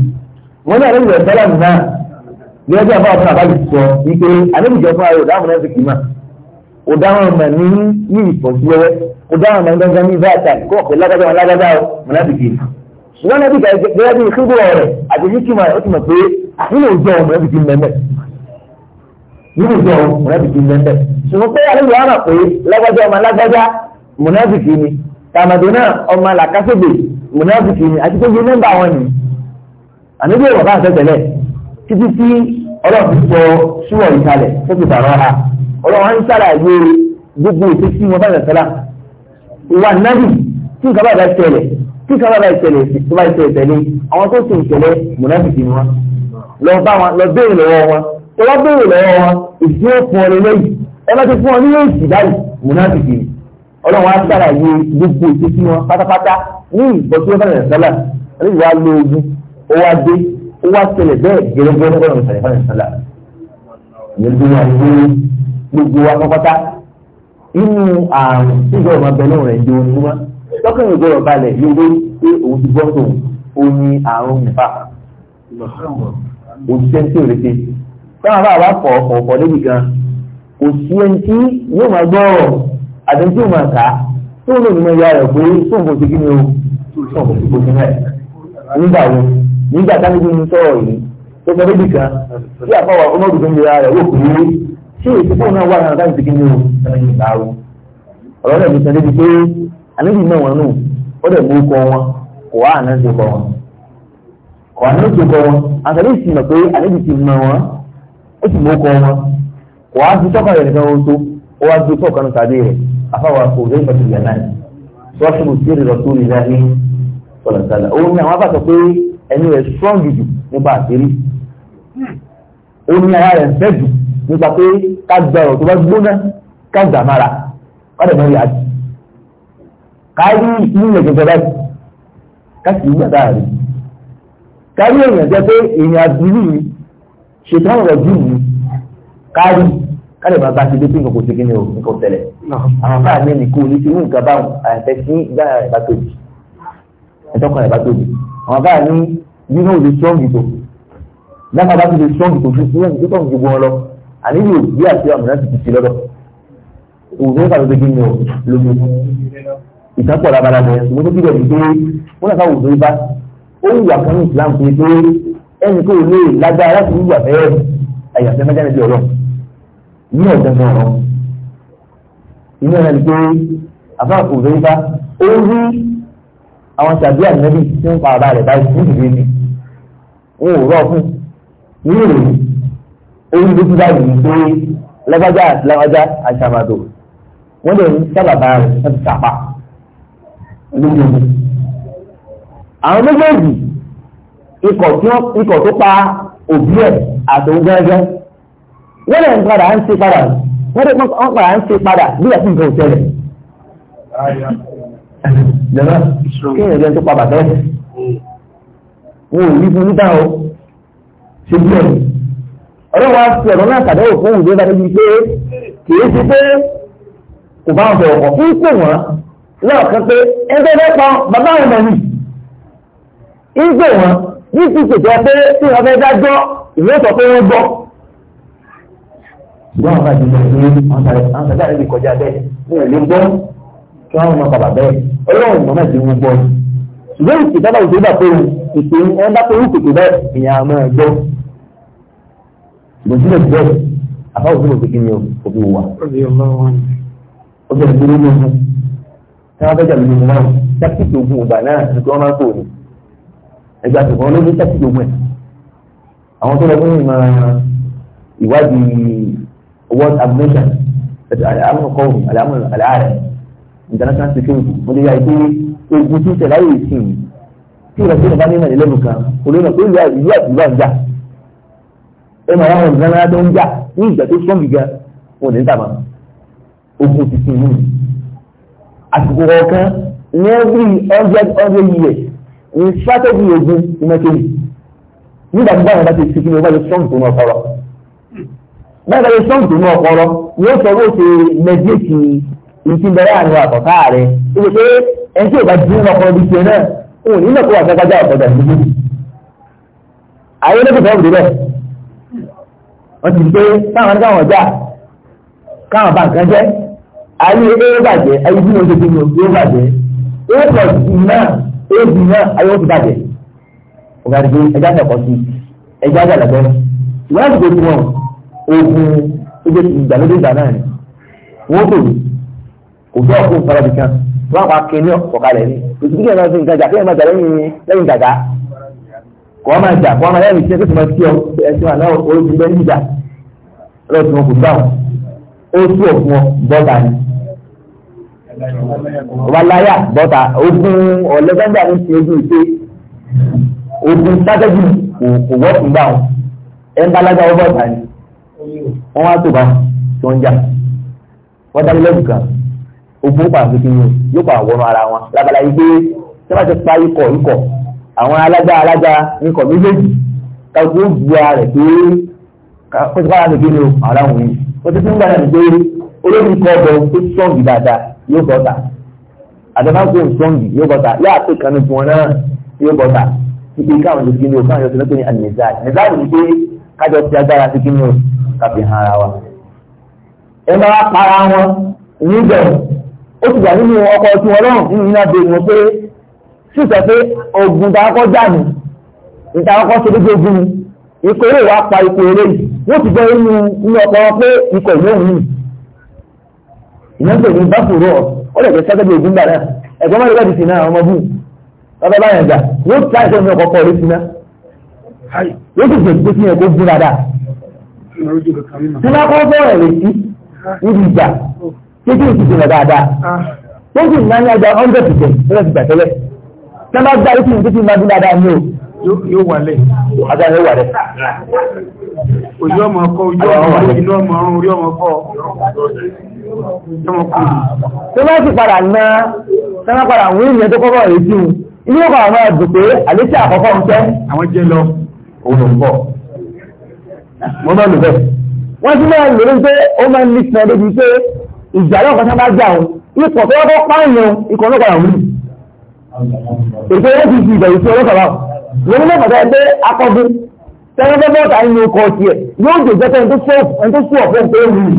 wọ́n náà السلام ìrẹ̀sẹ́lẹ̀ náà ní ọjọ́ àbá ọ̀tún àbájú sọ wípé alẹ́bùjọ fún ayé ọ̀dáhùn náà sì kì í mà ọ̀dáhùn ọmọ ní ní ìfọ̀síwẹ́wẹ́ ọ̀dáhùn ọmọ gángan ní báàtà kó ọ̀pẹ lágbádá wọn lágbádá ọ mọ̀lábìkì wọ́n náà bí gẹ́gẹ́ bí ìṣúgbọ̀ rẹ̀ níwùjọ mùnàfìkì lẹ́ńdẹ̀ ṣùgbọ́n pé àlejò àmà pé lágbájá ọmọ lágbájá mùnàfìkì ni tàmàdù náà ọmọ làkàṣègbè mùnàfìkì ni àti pé bí nọ́mbà wọn ni àníbi ìwọ̀n bá ń sẹ́tẹ̀lẹ̀ títí tí ọlọ́run sọ súwọ̀ ìkàlẹ̀ fókè tààrọ̀ ha ọlọ́run ń ṣàlàyé gbogbo ètò tí wọn bá yàn sọ́lá ìwà nábì tí nǹkan bá bá ṣẹlẹ̀ tí nǹkan bá bá ṣẹlẹ̀ tó bá ṣẹlẹ̀ tẹ̀lé àwọn tó ṣe ìṣẹ̀lẹ̀ mùnàfìkì ni wọn lọ bá wọn lọ béèrè lọ́wọ́ wọn tó wá béèrè lọ́wọ́ wọn èsì ó fún ọ lélẹ́yìí ọlọ́ ti fún ọ ní èsì báyìí mùnáfìkì ni ọlọ́run á sára yé gbogbo ètò sí wọn pátápátá ní ìbọn tí wọ́n fẹ́ràn sálà ẹlẹ́yìí wá lo ogun ó wá dé ó wá ṣẹlẹ̀ bẹ́ẹ̀ gẹ́gẹ́ ọlọ́run fẹ́ràn sálà ìyẹn tó wà ní gbogbo wa pátápátá inú àrùn tí ìjọba ọmọ abẹ́lẹ́ rẹ̀ di orin wá lọ́kàn ìgbọ́rọ̀ táwọn bá wà fọ̀ ọ̀fọ̀ lébi gan kò sí ẹni tí yóò máa gbọ́ ọ̀rọ̀ àti tí yóò máa kà á tí lè nínú ìyá rẹ̀ pé tóun kò ti kí ni o tóun kò ti kó sí náà nígbà wo nígbà táwọn ibi ń sọ̀rọ̀ yìí tó sọ lébi gan tí àfọwọ́ ọmọdé tó ń lera rẹ̀ yóò pè ṣé èsì fóun náà wà náà táwọn kí ni o ẹni ìgbà wo ọ̀rọ̀ rẹ̀ mi sọ lébi pé àníbi náà wọn nù ó dẹ̀ mú kọ wọn kò wá àná ti kọ wọn kò àná ti kọ wọn àtàlẹ́ ìsìn mọ̀ pé àníbi ti mọ wọn ó sì mọ́kọ wọn kò wá ju tọ́kọ̀ rẹ̀ nìkan wọn tó ó wá ju tọ́kọ̀ nù tàbí rẹ̀ afáwọn akọ òde ìfọ̀tí ìyá náà sọ́ọ́sì mo sí ìrìnà tó nìyá ní sọ̀lọ̀sọ̀lọ̀ òun ni àwọn bá pé ẹni rẹ̀ strong jù nípa àṣírí òun ni ara rẹ̀ fẹ́ jù nípa pé ká gba ọ̀rọ̀ tó bá gbóná ká gbà mára wọ́n dẹ̀ mọ́ ìyá jù kárí ìpínlẹ̀ gẹ́gẹ́ báyìí ká sì ń gbà dáa rí kárí èèyàn jẹ́ pé èèyàn àbúrú yìí ṣètò àwọn ọ̀rọ̀ yìí kárí kárí bàbá ti dé pé nǹkan kò ṣe kíni o nǹkan tẹ̀lẹ̀ àwọn bá mi nìkú ní ti mú nǹkan bá àyàfẹ́ sí ìgbà ìbá tóbi ẹ̀tọ́kọ̀ ìbá tóbi àwọn bá ní yíyan ò lè strong ìtò dáfà bá ti lè strong ìtò fún yíyan ìtò tó ń ju wọn lọ àní yóò gbé àti àmì láti ti ti lọ́dọ̀ òun ní kàlọ́ pé kíni o lómi ìtàpọ̀ labalábẹ́ ìmọ́tò kíkẹ́ ẹni kò lè lágbára láti wíwà bẹ́ẹ̀ àyàfẹ́ mẹ́jáde bí ọlọ́run ní ọ̀dọ́gbọ̀n ọ̀rọ̀ inú ẹ̀rọ ni pé àbáà kò lóyún bá ó rí àwọn tàbí ànábì tí ń pa bàbá rẹ̀ báyìí fún ìdílé ni wọn ò rọ̀ fún ní ìròyìn orí ló ti báyìí pé lágbájá àti lágbájá àti àmàdò lè ní sábàbà rẹ̀ láti sàpà lójoojúmọ́ àwọn méjèèjì ikọ̀ tó pa òbí ẹ̀ àtòun gẹ́gẹ́ wọ́n lè ń padà ń ṣe padà wọ́n lè ń padà ń ṣe padà bí ẹ̀sìn kan ò tẹ̀lẹ̀. lọ́nà kí ni ìjọ tó pa bàbá ẹ̀ wọn ò rí fún níta o ṣe bí ẹ̀ ọ̀rọ̀ wa fi ọ̀rọ̀ náà tàbí òfin òwúrọ̀ bá níbi pé kì ṣe pé kò bá wọn bẹ̀rẹ̀ kọ̀ fún pè wọ́n lọ́ọ̀kan pé ẹgbẹ́ bẹ́ẹ̀ pa bàbá àwọn ọmọ mi ń pè wọ́n ní ti ṣètò pé tí wọ́n fẹ́ dájọ́ ìwé sọ pé wọ́n gbọ́. ṣùgbọ́n àwọn àti ìgbà ìwé àǹtàdá rẹ̀ lè kọjá bẹ́ẹ̀ ní ìlú gbọ́ kí wọ́n mọ̀ bàbá bẹ́ẹ̀ ọlọ́run ìmọ̀ náà ti wọ́n gbọ́. ṣùgbọ́n ìṣèjọba òṣèlú bá pé ìpè ń bá pé ó tètè bẹ́ẹ̀ ìyá máa gbọ́. ìgbésílẹ̀ ti bẹ́ẹ̀ àbá òṣèlú ti kí ni òbí wa. ó bẹ̀rẹ̀ sí ní ẹgbẹ́ àti ìfọwọ́ lójú tẹ̀sí gbogbo ẹ̀ àwọn tó lọ fún ìmọ̀ ìwádìí world abolition àmọ̀kọ́ àlàárẹ̀ international security mo lè ya ìpè ogun tí ìṣẹ̀lẹ̀ ayé ìsìn tí ìrọ̀sí ìrọ̀bá ní ìrìnlẹ̀ lẹ́nu kan olóyún pé ìlú ìlú àdúrà ń jà ẹ máa wọn ìgbà náà tó ń jà ní ìgbà tó sọ́ọ̀n gíga wọn ní tàmá ogun ti sìn mú àsìkò kọ̀ọ̀kan ní every hundred hundred years ní strategy ogun ìmọ̀kejì nígbà tí báyìí bá ti fi kí ni o bá lè strong tó ní ọpọlọ báyìí bá lè strong tó ní ọpọlọ yóò sọ bó ṣe mediate ìtì bẹ̀rẹ̀ àrùn àkọ́kọ́ rẹ̀ ó ṣe pé ẹni tí ò bá dín ní ọpọlọ bí ṣe náà òun nílò kó wà gbàgbàjà ọ̀pọ̀jà ìlú ayé lókè fẹ́ẹ́ bẹ̀rẹ̀ wọ́n ti gbé káwọn ní káwọn ọjà káwọn bá nǹkan jẹ́ ayé eré bàjẹ́ ayé bí wọ́n éèdì náà ayé ti bàjẹ́ ọ̀gá àdìgbò ẹja tẹ̀kọ́ sí ẹja ìwé ìgbà náà ni wọ́n tó kò kan wọ́n àpá ní ni kí nǹkan jà kí jà lẹ́yìn gàgà kò wọ́n máa jà kò wọ́n máa lẹ́yìn tó ẹ̀sìn ìjà ó ni. wàláyà bọ́tà ogun ọ̀lẹ́gbẹ́gbà ní ti ogun ìpè ogun sátẹ́jì kò wọ́pùn gbà wọn ẹ̀ ń balaga ọgbà ọ̀tà ni wọ́n wá tó bá tó ń jà wọ́n dá lẹ́gùn kan ogun pa àfikún yìí yóò pa àwọn ara wọn lábala yìí pé tí wọ́n ti pa ikọ̀ ikọ̀ àwọn alága alága ikọ̀ méjèèjì káwọn ó gbé ara rẹ̀ pé kó ti bá ara nìkan ní o àwọn àwọn yìí wọ́n ti tún gbà náà ní pé olórí yóò bọ́tà àdàbàgbò sọ́ǹgì yóò bọ́tà yóò kanu fún yóò bọ́tà káwọn o káwọn yóò ti lọ́pẹ́ ní ànìzáì ànìzáì pé kájọ ti agbára ti kí hàn ara wa. ẹ bá wá para wọn ó ti gbà nínú ọkọ̀ nínú iná wọn pé pé ogun ọkọ̀ ìyànjẹ́ ìlú bá fòrò ọ̀ ó lè jẹ́ sẹ́gbẹ́bí ogun gbà náà ẹ̀gbọ́n máa ń gbàdì sínú àwọn ọmọ bàbá yóò rí yóò sì gbèsè sí ẹ̀kọ́ gún dáadáa. bọ́ọ̀rẹ̀ rẹ̀ sí níbi dáadáa ah. tó sì ní ní ọjà hundred percent ti tó bá sì padà ná tẹ́lá padà wí ìyẹn tó kọ́kọ́ rèé jù ilé ọkọ̀ àwọn àdùn pé àlékí àkọ́kọ́ ń tẹ́ àwọn jẹ́ lọ òun ò ń bọ̀ wọ́n máa lò bẹ́ẹ̀ wọ́n ti máa lò ní pé ó máa ń nípa débi pé ìjà náà kọ́sá bá jà òun ipò tó wọ́pọ̀ pààyàn ikọ̀ náà padà wí ètò yóò ti fi ìbẹ̀rù sí ọlọ́kọ̀ báwọn lórí náà pàtàkì pé akọ́gun tẹ́lá bẹ́ẹ̀ bọ́ọ̀tà nínú ọkọ̀ tiẹ̀ yóò jẹ́ jẹ́ pé ẹni tó sọ̀rọ̀ ẹni tó sọ̀rọ̀ fún ẹ̀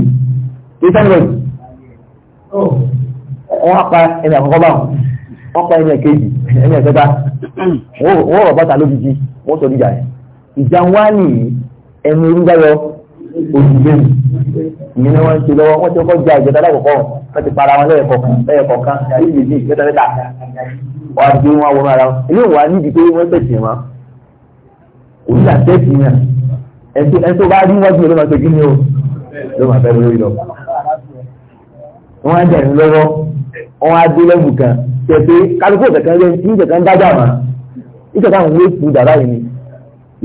ìtàn lòdì oh. wọ́n pa ẹni àkọ́kọ́ báwọn wọ́n pa ẹni ẹ̀kejì ẹni ẹ̀kẹta wọ́n rọ̀ bàtà lójijì wọ́n sọ níjà yẹn ìjà wá ẹnu ni wọ́n ń ṣe lọ́wọ́ wọ́n ti kọ́ ja ìjọba alákọ̀ọ́kọ́ wọ́n ti para wọn lẹ́yẹ̀kọ̀kan lẹ́yẹ̀kọ̀kan àyè á gbé wọn ara wọn ilé ìwà wọ́n á jẹ̀ ní lọ́wọ́ wọ́n á dé lẹ́bù kan tẹ̀sẹ̀ kálukú kẹ̀kẹ́ rẹ̀ ní kẹ̀kẹ́ ń dájà mà nítorí àwọn ìwé ìpín dàrá yìí ni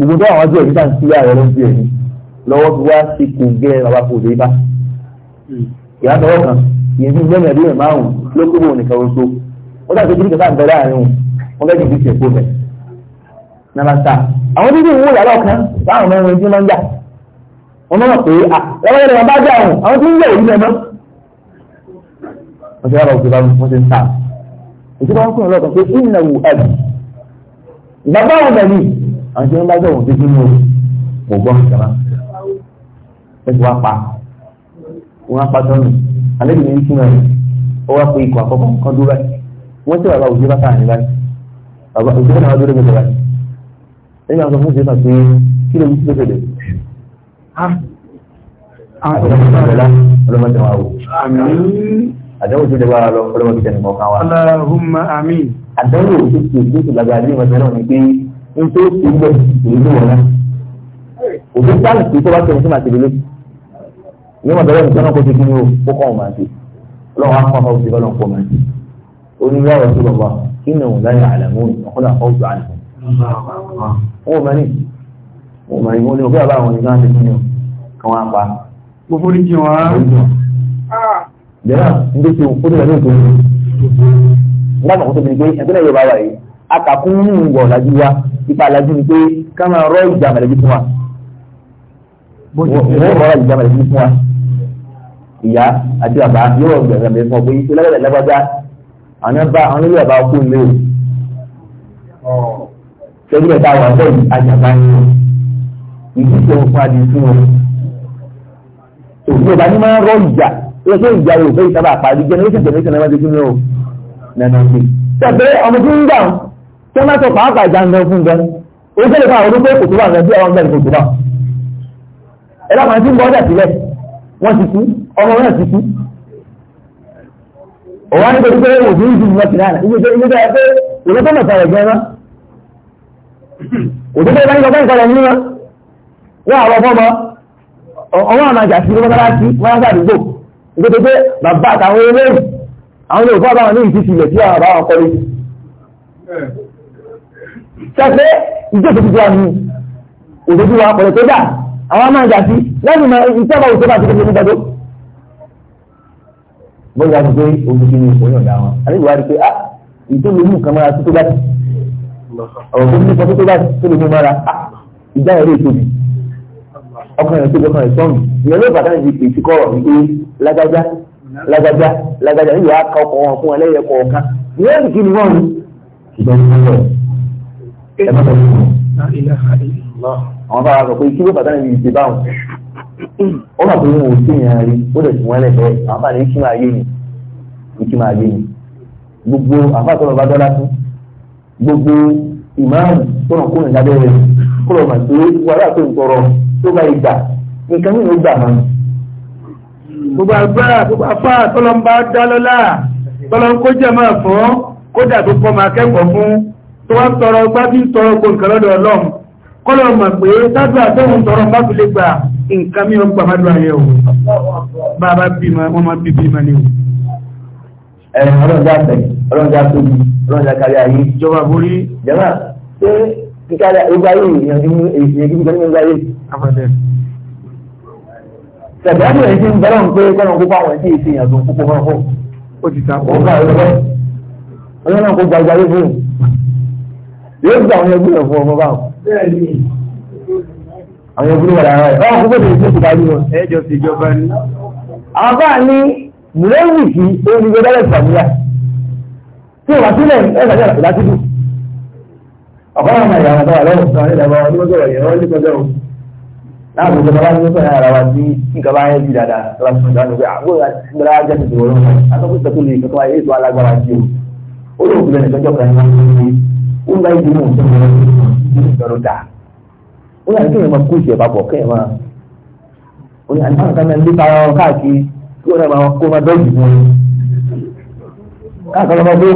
ìgbìmọ̀ àwọn ọjọ́ ìdíjà ń sílẹ̀ ààrẹ ló ń bíẹ̀ ni lọ́wọ́ fi wá sí kò gẹ́ bàbá kò dé bá. ìyá tọwọ́ kan yẹn bí mẹ́rin ẹ̀dínwó márùn-ún ló kó bòun nìkan oṣù wọ́n dàgbé kí nìkan bẹ̀rẹ̀ àárín wọn wọ́n fẹ́ dìbò ìṣẹ̀kó bẹ̀. nàbàtà àwọn dídí ìwúwo yàrá ọ̀kan báwọn mẹ́rin ojú máa ń gbà wọ́n mọ̀ pé àwọn ẹ̀rọ bá wọ́n ti rárá òṣèlú wọn ti ń tà òṣèlú wọn kúrò lọ́kàn pé ìnà wù ẹ̀bù bàbá wọn dàbí àwọn tí wọ́n bá jọ̀wọ́ sí sínú mò gbọ́ ìjọba ẹ ti wá pa wọn á pa tọ́nù alẹ́ mi ń tún ẹ̀ ó wá pé ikọ̀ àkọ́kọ́ kan dúró ẹ̀ wọ́n ti bàbá òṣèlú bàtà ní báyìí bàbá òṣèlú náà dúró gbẹdẹ báyìí ẹ̀yìn àwọn fún òṣèlú náà pé kí ló ń tún gbẹdẹ ọlọ́mọdé wa wò àdánwò tó dẹ̀bára lọ ọlọ́wọ́ ti tẹnumọ́ kan wa. Allahumma amin. àdánwò tó ti ìlú tó lágbára ní ìmọ̀ ìtọ́nà ni pé n tó ti ń bẹ̀ èyí ló wọ̀ náà. òbí sáàlì kì í tó bá tẹ̀lé sí màá tẹ̀lé lókè. ní ìmọ̀ ìtọ́nà ìtọ́nà kó ti kí ni o kó kọ́ ọ̀ máa ti. ọlọ́wọ́ akọ́ ọ̀fọ̀ ti ọlọ́wọ́ kọ́ máa ti. oníyàwó rẹ̀ tó lọ jẹ́nà ndé tó ó ní ìlànà ìtòwò nígbà tó tóbi ni pé ẹ̀tọ́lẹ̀ Yorùbá wà yìí akàkún nínú ìwọ̀ ọ̀làjú wa ipa ọ̀làjú ni pé ká máa rọ ìjà mẹ̀lẹ́bí fún wa wọ́n rọ ìjà mẹ̀lẹ́bí fún wa ìyá àti bàbá yóò gbẹ̀rẹ̀ mẹ́rin fún ọ pé ìṣẹ́lẹ̀ lẹ́gbàdá àwọn bá àwọn ilé bàbá kú ilé o ṣẹ́jú ẹ̀ta wà bẹ́ẹ̀ àjàmbá ni ìdíje òkú adìsú o òkú ọba ní máa rọ ìjà wọ́n ṣe ìyàwó ìfẹ́ ìsábà parí generation generation ẹ̀rọ tuntun náà nàná sí. sọ̀tẹ́ ọmọ tí ń gbà tí wọ́n bá sọ pàápàá ìjàngbọ̀n fún gan o ṣẹlẹ̀ fún àwọn olùkọ́ èkó tó wà ní ẹgbẹ́ ọmọ ẹ̀kọ́ tó wà. ẹ lọ́kàn tí ń bọ́ ọ́dà sílẹ̀ wọ́n ti kú ọmọ náà ti kú. òwò àti pẹ̀lú pé òfin ìdí ìwọ̀n ti náà ìdí ìdí ìdí ẹgbẹ́ òwò tó mọ̀ sọ̀rọ̀ gan-an. òtún bẹ́ẹ̀ bá ń lọ bẹ́ẹ̀ sọ̀rọ̀ nínú wọn àwọn ọmọ ọmọ àmàjà sí wọn bá sí wọn bá dùgbò ìgbésẹ̀ pé bàbá àtàwọn eléyìí àwọn olùkọ́ àbáwọn ní ìdíjì ilẹ̀ tí àwọn àbáwọn kọ́lé ṣẹ́fẹ́ ìjọba tuntun wa ní òdodo wa pẹ̀lú tó dà àwọn máa ń jà sí lẹ́yìn máa ń tẹ́wọ́ òṣèlú àti kékeré nígbàdó. bó ya pé ojú kí ni òun yàn dá wọn àlejò wa rí pé ah ìtòlù mú nǹkan mọ́ra tó tó bá ti ọ̀rọ̀ tó ní sọ tó tó bá ti tó lè mú mọ́ra ah, ìjà ẹ̀rọ ìtòbi ọkàn rẹ̀ tóbi ọkàn rẹ̀ sọ́ọ̀nù ìyẹn ló bàtà ní èsì kọ̀rọ̀ ní pé lágbájá lágbájá lágbájá níbi wàá ka ọkọ̀ wọn fún wọn lẹ́yìn ẹ̀kọ́ ọ̀kan ìyẹn ní kíni wọ́n ní. ṣùgbọ́n ní ọ̀rọ̀ ẹ má bẹ̀rẹ̀ fún un. àwọn bá wa sọ pé kí ló bàtà ní ìṣe báwọn ó mà pé wọn ò sí ìyàn rí ó lè sùn wọn lẹ́fẹ̀ẹ́ àwọn bá ní kí máa yé ni kí máa yé ni gbogbo àfàtọ́nà bá dọ́lá fún gbogbo ìmáàmù tó nà kó nìyá bẹ́ẹ̀ tó bá ìgbà nìkan yìí ló gbà mọ́ ni. gbogbo agbára gbogbo apá tọ́lọ́mbà dá lọ́lá tọ́lọ́n kó jẹ́ máa fún kódà tó pọ́ máa kẹ́kọ̀ọ́ fún tó wá ń tọrọ gbá bí ń tọrọ kó nǹkan lọ́dọ̀ ọlọ́run kọ́lọ̀ mọ̀ pé sádùá tóun tọrọ bá fi lè gbà nǹkan mi ò gbà má dùn àyẹ̀wò bàbá bímọ wọn máa bí bímọ ni o. ẹ̀rọ ọlọ́run dá fẹ̀ ọlọ́run dá tóbi ọlọ́run dá kárí ayé. ìjọba borí. jẹ́wà kíkálẹ ojú ayé ìyànjú ìyànjú ìgbà nínú ayé. Ṣẹ̀dá ni èyí ń bẹ̀rẹ̀ ń pé kọ́nà kópa àwọn ẹ̀sìn ìsìn ìyàtọ̀ púpọ̀ máa fọ́. Ó ti ta ọ̀gá ẹ̀rọ. Ọlọ́run náà kó gba ìgbà yé fún un. Yóò gba àwọn ẹgbẹ́ rẹ̀ fún ọmọ báwọn. Àwọn ẹgbẹ́ wà lára ẹ̀. Ọ̀hún kókó tèmi tó ti bá yí wọn. Ẹ jọ sí ìjọba ni. Àwọn bá ọ̀pọ̀lọpọ̀ náà ìyàwó tó wà lọ́wọ́ sọ ní ìdàgbà ọdún mọ́tò ọ̀yẹ́ wọ́n ní kọjá o láàbù ìjọba bá ní sọ̀rọ̀ ara wa tí nǹkan bá yẹ bí dáadáa lọ́wọ́ sọ̀rọ̀ ìdáná pé àbúrò ìgbàlá jẹ́ ti dòwò lọ́wọ́ àtọ́kùn ìtọ́kù lè kọ́kọ́ ayé ètò alágbára jù ó lóògùn lẹ́nu ìtọ́jọ́ kan ní wọ́n ní ó ń bá ìdí mọ̀ sọ́rọ̀ ìgbàlódé dáa ó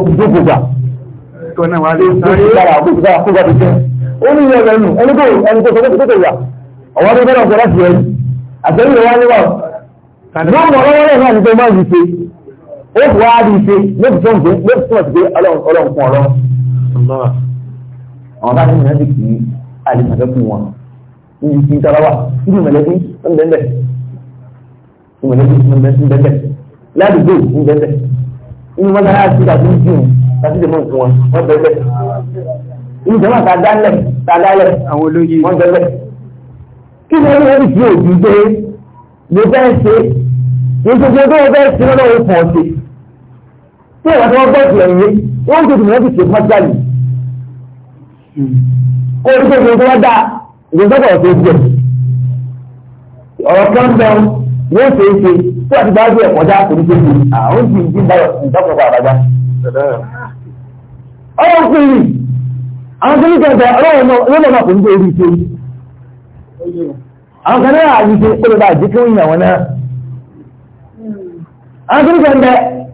yà kí èèyàn ẹ̀kọ́ náà wà lè sáré. ó ní ilé ẹ̀rọ ẹni tó ẹni tó sọ tó yà ọ̀wọ́ tó fẹ́ràn ọ̀sẹ̀ láti ẹ̀rí àtẹ̀rí ìwà níwà lóòrùn ọlọ́wọ́ rẹ̀ náà ní pé máa yìí ṣe ó fi wá rí ṣe ló fi tóun ṣe ló fi tóun ṣe pé ọlọ́run fún ọ̀rọ̀ àwọn bá nínú ẹ̀rí kì í àlèmọ̀lẹ́ fún wọn níbi kí n tara wà níbi mọ̀lẹ́bí ń bẹ́ẹ̀ bẹ́ẹ̀ mọ̀lẹ́bí ń bẹ́ẹ̀ bẹ́ẹ̀ ládùúgbò ń bẹ́ẹ̀ bẹ́ẹ̀ inú wọn dára sí ìdájú jùm tàbí lè mọ nǹkan wọn wọn bẹ̀rẹ̀ inú ìjọba ta dálẹ̀ ta dálẹ̀ àwọn olóyè wọn bẹ̀rẹ̀ kí ni wọn rí sí òbí pé mo fẹ́ ṣe ìṣèjọ tó wọn fẹ́ ṣe lọ́wọ́ ìfọ̀ ọ̀sẹ̀ tí ìwà tí wọ́n gbọ́ ìfìlẹ̀ yìí wọ́n ń tètè wọ́n ti ṣe mọ́tíkàlì kó o rí pé tó wọ́n dá ìṣèjọ tó wọ́n ọ̀rọ̀ kan bẹ́ẹ̀ wọ́n ṣe é ṣe tí wọ́n ti bá gbé dị ndị torí pé kí àwọn ti ń bá ìdákọ̀ọ́kọ́ àbájá. ọ̀rọ̀ fún mi àwọn tó ní kẹ̀kẹ́ ọlọ́run náà náà kò ní ṣe. àwọn kan náà àyè ṣe kó bá náà. àwọn tó ní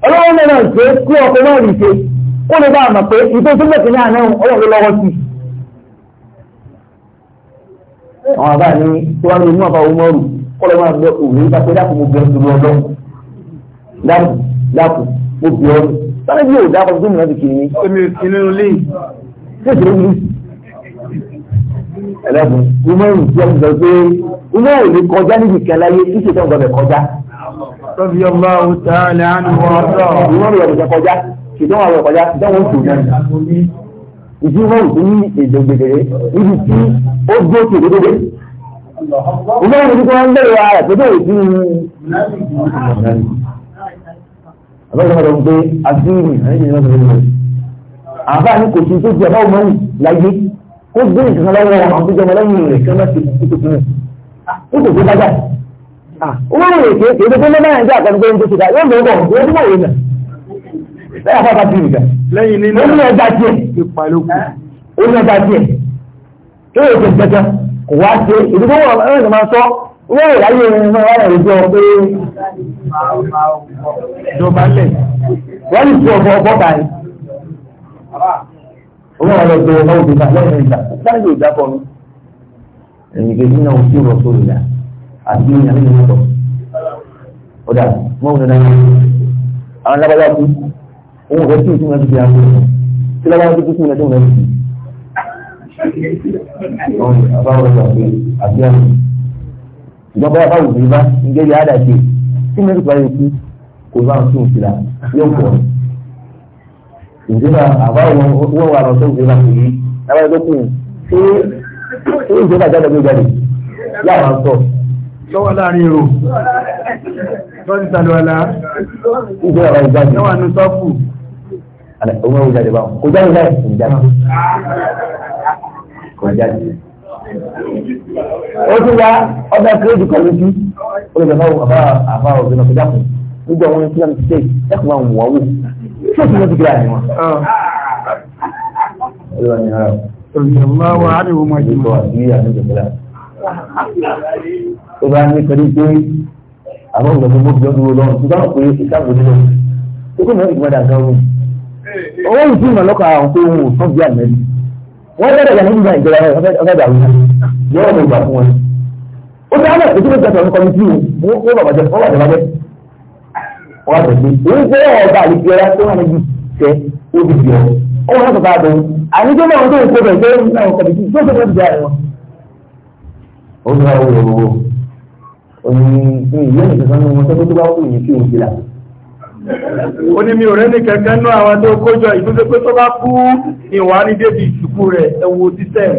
ọlọ́run náà ṣe kí ọkọ̀ náà rí ṣe kó bá àmọ̀ pé ìtò tó kọ́lọ́ máa lọ òwe bá pé dákun mo bẹ̀rẹ̀ torí ọlọ́run dákun dákun mo bẹ̀rẹ̀ ọlọ́run sáré bí yóò dákun tó mìíràn ti kiri ni. èmi ò sí nínú lẹ́yìn. ṣé ìṣòro mi ẹlẹ́bùn umaru tí wọ́n sọ pé umaru lè kọjá níbi kẹlẹ́ yé kí ṣètò ọ̀gbọ̀n rẹ̀ kọjá. tọ́bi ọba ọ̀tá ni a ń wọ ọ̀tọ̀. umaru rẹ̀ kọjá kọjá ṣètò àwọn ọ̀kọjá ṣètò àwọn oṣù náà. ìdí umaru tó ní èdè gbèdéré níbi tí ó dúró sí gbèdéré. Ìgbà wo ni wọ́n ń bẹ̀rẹ̀ ara rẹ̀ pẹ̀lú òsì ní àbẹ́sọ̀ ọ̀dọ̀ ń pé asíìrì ẹ̀yìn ìrìnàjò ìrìnàjò. Àbá ní kò sí tó jẹ́ báwo mọ́wù láyé ó gbé ìtàn lọ́wọ́ àwọn àbújọ ọmọlẹ́yìn rẹ̀ kí wọ́n ti kú tó fún un. Ó kò tó dájà. Ó wọ́n rèé ké èdè tó lọ́nà ìjà àkànní pé ń tó ti dá yóò lọ́wọ́ bọ̀ ó dúró ìrìnà. Bẹ́ẹ̀ afọ́ bá ti rìn gan. Lẹ́yìn nínú. Ó wá ṣe ìdúgbò wọn ẹ̀rọ ìgbà sọ wọ́n rẹ̀ láyé ẹni náà wọ́n rẹ̀ jọ pé wọ́n lè fi ọ̀bọ̀ ọ̀bọ̀ báyìí. owó wọn lọ bẹ ọmọ òbí lẹ́yìn ìgbà sáyé ìgbà kọ mi. ẹ̀yìn kejì náà ó sì rọ̀ sórí ìyá àti ìyá nínú ìtọ̀. ó dà mọ́ òun dandan àwọn alábàbà kú òun ò fẹ́ kí ìtumọ̀ ti fi ti kú sí ìrẹsì àbáwọ̀ ìgbàgbé àbí ọ̀rọ̀ ìjọba àbáwọ̀ ìgbà ǹjẹ́ yà á dàgbé tí mi nípa yẹn kú kò bá ń tún ìfìlà yóò pọ̀ ìjọba àbáwọ̀ wọ́n wà lọ́sọ̀ ìjọba kò yí lábàá tó kù ṣé ṣé ìjọba jáde ló jáde yà máa sọ. lọ́wọ́ láàrin èrò lọ́sítàlú ọ̀la ìjọba ìjáde lọ́wọ́ àánú sọ́ọ̀fù òun ò jáde báwọn kò jáde láì sùn jáde kò jáde. ó tún wá ọ̀dà kírèdì kan lójú ó lè jẹ́ àbá àbá òbí náà kò jáde nígbà wọn ti láti ṣe dákùn máa wọ̀ wò tí ó sì lọ́ dìgbà ni wọn. Olùjọba wa á lè wo máa jẹ́ mọ́. Ó bá ní pé àwọn ìgbàgbọ́ gbogbo ọdún lọ́rùn tó dáhùn pé ìṣàkóso lọ́rùn. Ó kọ́ mọ́ ìgbàdàn gan-an owó ìsìn ìmọ̀lọ́kọ̀ àwọn tó wù fún bí àmẹ́lì wọ́n gbọ́dọ̀ yà nígbà ìjọba ọ̀fẹ́ dàrú yóò mú ìgbà fún wọn. ó ti àwọn ìdílé ìjọba ọ̀fẹ́ kọ́mítì wọ́n bàbá jẹ wọ́n bàjẹ́ bàjẹ́ wọ́n bàjẹ́ pé èyí jẹ́ ọba àlejòra tó wà níbi tẹ óbi bìọ́ ó wọn sọ̀tà àdó àníjọ́ náà tó ń kó bẹ̀ jẹ́ náà kọ́mítì tó tó tó jà ẹ̀wọ̀n. ó ní àwọn òwò òní ìyẹn ìjọba ní wọn tó tó bá wù ó ní mi ò rẹ́ ní kẹ̀kẹ́ ní àwọn tó kójọ ìdúdé pé tó bá kú ìwà ní débi ìsìnkú rẹ̀ ẹwọ títẹ̀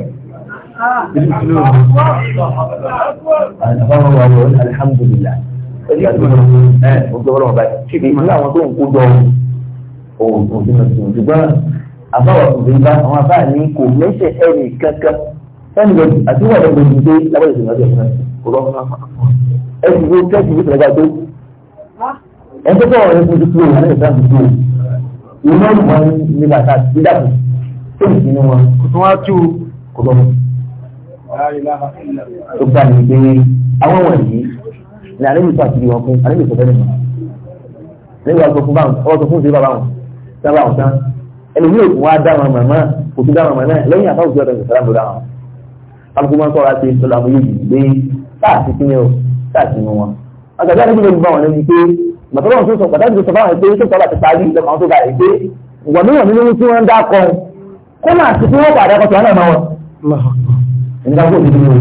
Àbáwọ̀ òbíbá àwọn àbá ní kò mẹ́ṣẹ̀ ẹni kankan sẹ́nìyàn àti wà lọ́gbọ̀n ìdílé lábẹ́ ìṣẹ̀lẹ̀ ọjọ́ ìṣẹ̀lẹ̀ kò lọ́wọ́ ẹ̀sìn tó tẹ́sì ní ìṣẹ̀lẹ̀ gbàgbé ẹgbẹ́ bọ̀ ọ̀rẹ́ fojú kúrò wọn lẹ́yìn sáà dúró iná ìwọ̀n ní bàtà dídàbò tó ń sinú wọn kò tún wá tú kò lọ. tó gbà ní pé àwọn wọ̀nyí ni àlejò tó àti ìwọ̀n fún àlejò tó fẹ́rẹ̀ mọ́ lẹ́yìn ọ̀sọ̀ fún báwọn ọ̀sọ̀ fún ìdílé bàbá wọn sábà wọn tán ẹlòmíì òkú wa dá wọn màmá òkú dá wọn màmá lẹ́yìn àbáwò tí ọ̀dọ̀ mọ̀tọ́lọ́wọ́ tó sọ pàtàkì tó fáwọn ẹgbẹ́ tó tọ́lá ti parí ìjọba tó ga ẹgbẹ́ ìwọ̀ mìíràn nínú tí wọ́n ń dá kọ́ kó máa ti fi wọ́pọ̀ àdákọ̀tọ̀ ọ̀nà náà wọn. ìdáwó òbí ni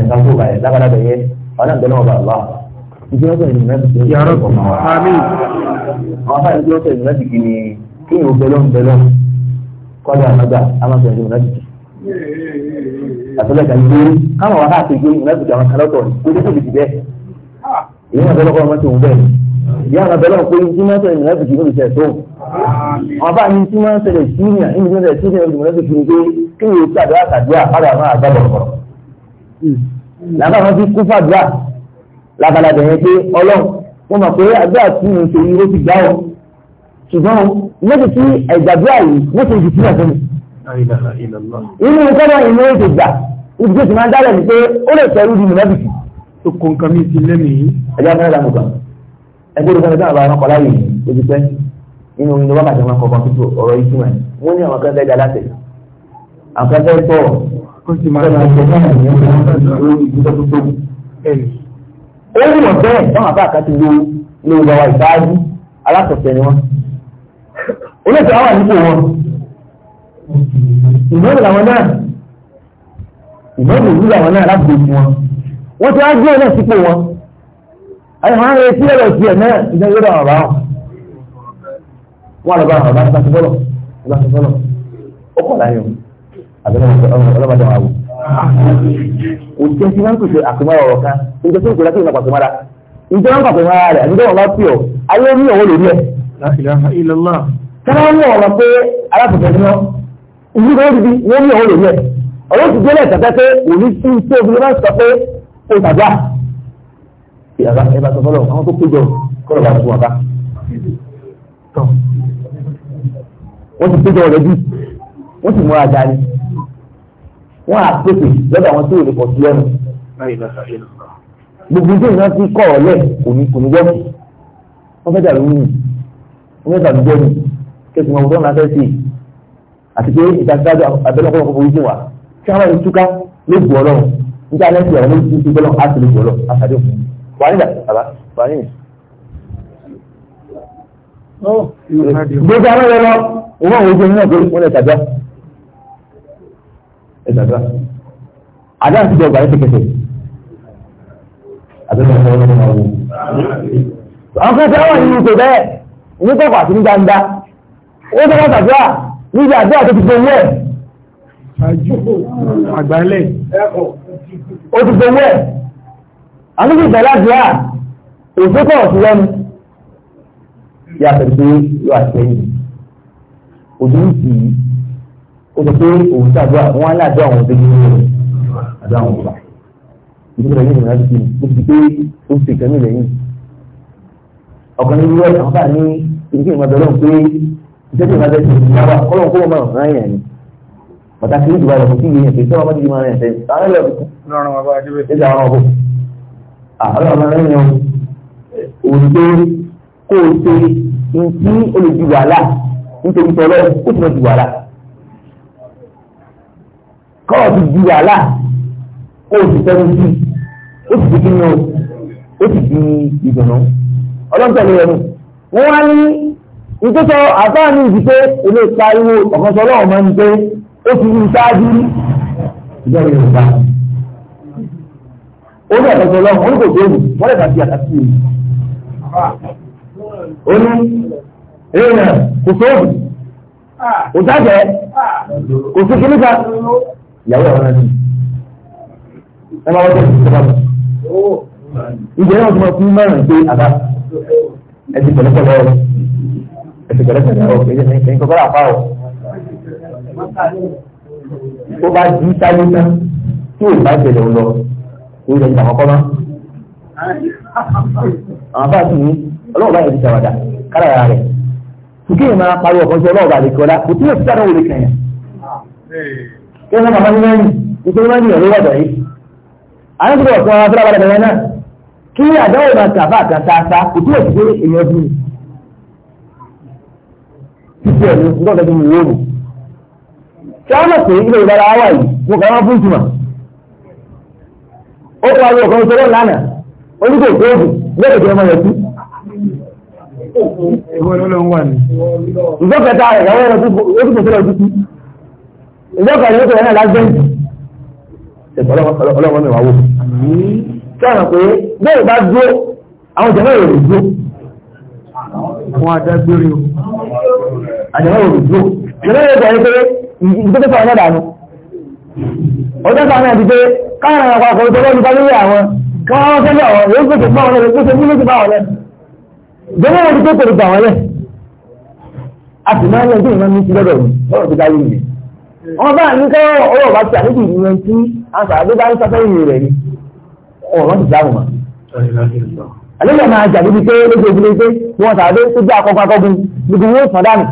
ìdáwó bá yẹ lágbàdá bẹ̀ yẹ ọ̀nà ìgbẹ́ náà bá wà. ìdí ọ̀sẹ̀ ìrìnàjò yàrá bọ̀ mọ́ wa. àwọn afáàlì ìdí ọ̀sẹ̀ ìrìnàjò kì ni kí ni òbẹ̀ lọ́n bẹ̀ lọ́n kọ́dọ̀ àmọ́gbà amásọ̀ ìrìnàjò. àtọ́lẹ̀ka ìgbé káwọn wà láti gbé ìrìnàjò àwọn kalọ́tọ̀ ní kó ìyá àwọn abẹ́lẹ́ pé tí máa ń ṣẹlẹ̀ mọ̀lẹ́bí kì í lóṣẹ̀ tó wọn bá ní tí máa ń ṣẹlẹ̀ síríà níbi tí wọ́n ṣẹlẹ̀ síríà lóṣẹ̀ mọ̀lẹ́bí kì í pé kí ni èsì àdúrà tàdúrà padà máa àgbà bọ̀rọ̀ làbá wọn fi kú fàdúrà labalabẹ̀ yẹn pé ọlọ́run wọn mọ̀ pé àdúrà tí mo ṣe yìí ló ti gbá wọn ṣùgbọ́n lóṣù tí ẹ̀gbàdúrà yìí wọ́n ti jìtì náà fún mi. inú kọ́nà ìmọ̀ ètò ìgbà ibùdó ti máa ń dálẹ̀ ní pé ó lè tẹ̀rù di mọ̀lẹ́bí. tó kọ nǹkan ẹgbẹ́ olùkọ́ni sábà bá ọkọ̀ láyè ojú pẹ́ nínú orin lọ́wọ́ bàjẹ́ wọn kọ̀ọ̀kan fífò ọ̀rọ̀ yìí túmọ̀ wọ́n ní àwọn kan fẹ́ galátì àwọn kan fẹ́ tọ̀ ó sì máa ń sọ fún àwọn ènìyàn lórí ìdúró tó tóbi. ó ní wọ́n bẹ́ẹ̀ táwọn àbá àkàtì ló ló ń lọ́wọ́ ìbáájú alásọ̀tẹ̀ ni wọ́n. olóòtú àwọn àdúgbò wọn ìmọ̀lù làwọn náà ìmọ̀lù òwúrọ̀ àwọn náà alábòójú wọn wọ́n ti wá gbé ọ náà sípò wọn àwọn àwọn etí ẹ̀rọ sí ẹ̀ náà ìjọ yóò dáhùn bá wọn wọn lọ bá wọn bá ti bọ́lọ̀ bá ti bọ́lọ̀ ó kọ̀ láyé o àbẹ̀lẹ̀ wọn kò jẹ́ sí wọn kò ṣe àkùnmọ́ra ọ̀rọ̀ kan ìjọ tó ń kò lákìlì náà pàtùmọ́ra ìjọ wọn pàtùmọ́ra rẹ̀ àbíjọ wọn bá pì ọ́ ayé ní ọwọ́ lórí ẹ̀. káwọn ní ọ̀rọ̀ pé alákòóso ni wọn ìlú kan ó ti di wọn ní ọwọ́ lórí ẹ̀ ọ̀rọ̀ ti délẹ̀ tàbí pé òní tí ó yàrá ẹ bá sọ fọlọ àwọn tó péjọ kọlọ bá tún wọn bá tán wọn ti péjọ rẹ bí wọn ti múra dání wọn á pèsè lọ́dọ̀ àwọn tó èrè pọ̀ sí lẹ́nu gbogbo ìdí ìran ti kọ̀ ọ̀lẹ́ kò ní kò ní gbọ́ wọn fẹ́ dàrú nù wọn fẹ́ dàrú gbọ́ nù kẹsùn ọ̀hún tó ń lásẹ̀ sí i àti pé ìdájọ́ abẹ́lẹ́ ọkọ̀ ọkọ̀ ojú wa kí wọ́n bá ti túká ló gbọ́ ọlọ́run níta lẹ́sìn ọ̀hún ló ti gbọ́ ọlọ́run lè gbọ́ ọlọ́run á wà oh, gbogbo àwọn ẹ̀rọ owó àwọn ojú náà gbogbo wọn lè tàbí ẹ̀sàdúrà àti ìjọba ẹ̀ tẹ̀kẹ̀tẹ̀ àbẹ̀rẹ̀ ọ̀sẹ̀ ọ̀sẹ̀ ọ̀sẹ̀ ọ̀sẹ̀ àwọn kẹsẹ̀ wà nínú ìpè bẹ́ẹ̀ ní kọ̀kọ̀ àti ní gbangba ó tẹ́lá tàbíà níbi àdúrà tó ti gbowó ẹ̀ àgbálẹ̀ ó ti gbowó àníbi ìgbàládùá òṣèkọ̀ ọ̀sùnlẹ́nu yàtọ̀ pé yóò àtẹ̀yìn òdú ìsì ó sọ pé òun ṣàdúrà wọn á láàdúrà àwọn ọ̀dẹ́gbẹ́ rẹ̀ àdúrà àwọn ọ̀gbà ìdílé rẹ̀ yìí láti kiri ó ti pé ó ti kẹ́mí lẹ́yìn ọ̀kan ní us àwọn bá ní ìdílé ìmọ̀dọ́ lọ́n pé ìjọba ìmọ̀dọ́ ti ń bá wa kó máa rán ni pàtàkì ìdúrà rẹ̀ kò sí ìyẹn pé sọ́wọ́n bá ti di máa rẹ̀ yẹn sẹ́yìn ọlọ́run máa ń yan òde kó o ṣe nǹkan olùdí wàhálà nítorí tọ́lọ́ ó ti mọ̀ di wàhálà kọ́ọ̀ ti di wàhálà ó ti tẹ́lẹ̀ sí ó ti di kí ni o ó ti di ìdùnnú ọlọ́run tẹ̀lé ẹnu wọ́n wá ní ìtọ́tọ̀ àbáàmì ìdíkẹ́ ilé ìpariwo ọ̀kan sọ́lọ́ọ̀ máa ń gbé ó ti ní ìtajú ìjọba yorùbá orí ẹ̀dọ́gbọ̀ lọ́wọ́ orí kò dé mi wọ́n lè dàbí àtàkì mi. ó ní èèyàn kò sóòbù kò jáde kò sí kíní kan ìyàwó ẹ̀rọ náà ni ẹ máa wọ́n tó ti sọ́kà lọ. ìjẹ́ náà tó máa fún mẹ́rin pé àbá ẹ ti pẹ̀lẹ́pẹ̀lẹ́ ọ̀rọ̀ ẹ ti pẹ̀lẹ́pẹ̀lẹ́ ọ̀rọ̀ kì í ṣe kọ́kọ́rọ́ àpá ọ̀ tó bá jí sáyé tán tí ò bá jẹ̀lẹ̀ lọ kò yẹ ìgbà kọ́kọ́ mọ́. àwọn bá ti ní ọlọ́ọ̀bá yẹn ti ṣàwádà kára ara rẹ̀ tùkí yìí máa pariwo ọ̀kan sí ọlọ́ọ̀bá lè kọ́lá kò tí yóò ti dáná wọlé kẹyìn. kí wọ́n máa ní mẹ́rin nítorí mẹ́rin ìyàwó wà dọ̀ yìí. àwọn ìṣòro ọ̀kan wọn abúlé abalẹ̀ náà kí àdáwò máa tàbá àtàtà kò tí yóò ti dé èèyàn bí títí ẹ̀ ní ọ̀dọ́ ó parí ọ̀kan ìṣòro lánàá oníkò gbóògùn lórí ìjọba ọmọ rẹ̀ sí. ìjọkẹta rẹ̀ yàwó ẹ̀rọ tó kò sílẹ̀ títí ìjọkẹta rẹ̀ yóò náà lásìbẹ́ǹtì. ọlọ́wọ́ mi wà wò. kí ọ̀nà pé bẹ́ẹ̀ bá dúró àwọn ìjọba yóò lè dúró. wọn adágbére o. àjọba yóò lè dúró. ìjọba yóò lè dúró. ìjọba yóò lè dúró ọjọ́ sáà náà pé káàrin àwọn akọ̀ ìjọba lórí àwọn kí sẹ́lẹ̀ àwọn yóò gbèsè fún àwọn ẹ̀rọ gbèsè fún lóṣù báwọn lẹ́nu ìjọba wọn ti pé kò gbà wọn lẹ̀ a sì máa ń lẹ́yìn ìmọ̀ mi ti lọ́dọ̀ mi lọ́dọ̀ ti dáyé mi wọn bá ní kọ́ ọwọ́ bá ti àlejò ìyẹn tí àṣà àgbẹ̀ bá ń sáfẹ́ ìyẹn rẹ̀ ni ọ̀rọ̀ ti dáhùn wọn. àlejò máa jà níbi pé lójú ojú lójú pé wọn tàbí tó jẹ́ akọkọ akọgun gbogbo wọn sàn dànù.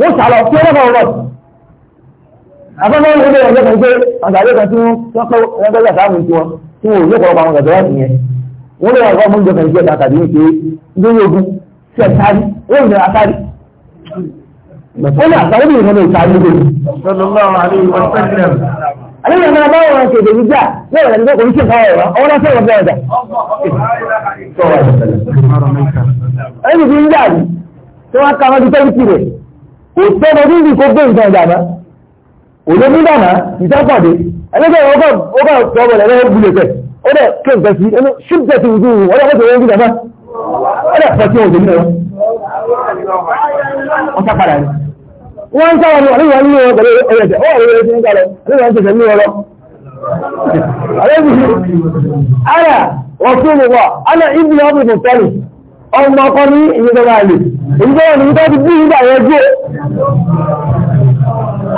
wọ́n sàlọ̀ tí wọ́n afẹ́fẹ́ ń gbé ẹgbẹ́ kan pé ọ̀gá kan tí wọ́n pẹ́ ẹgbẹ́ sàmù tí wọ́n tí wọ́n yóò kọ́kọ́ àwọn ọ̀gá yẹn wọ́n lè wọ́n mú ìjọba ìjọba àtàdé ní pé lórí ogun tí ẹ sáré ó ń bẹ̀rẹ̀ sáré. ó ní àtàwọn ènìyàn lè sáré lórí. àlejò náà bá wọn ṣèdè gbígbà lórí ẹ̀rọ kò ní ṣe nǹkan ọ̀rọ̀ ọ̀rọ̀ náà sọ̀rọ̀ bẹ́ẹ̀ dà. ẹni tí ń dà tí wọ́n ká wọn di tẹ́lifí rẹ̀ kò tọ́ òde ní dànà ìjápàdé ẹlẹ́gbẹ́ ọgọ́ ọgọ́ ọ̀pọ̀ ẹ̀rẹ́ gbúlẹ̀ tẹ̀ ó dẹ̀ kí n tẹ̀sí ẹnu ṣíbẹ̀ tí ojú wọn ọdẹ mẹ́tẹ̀ẹ́ orí dàbá ọdẹ pẹ̀sí òde ní ẹ̀rọ ọ̀sá padà ní. wọ́n ń sáwọn ọ̀rẹ́ wọn nínú ọgbẹ̀rẹ́ ọ̀rẹ́dẹ̀ ó ọ̀rẹ́ ti ń kalẹ̀ ọ̀rẹ́ wọn tẹ̀sẹ̀ ní ọ̀rọ̀ ara ọ̀tún mọ̀wá ana ibi ọ̀bì mọ̀ tẹ́lẹ̀ ọmọ ọkọ ní ìyẹn tó máa lè èyí tó wà ní ìtọ́jú bí ìgbà yẹn gbé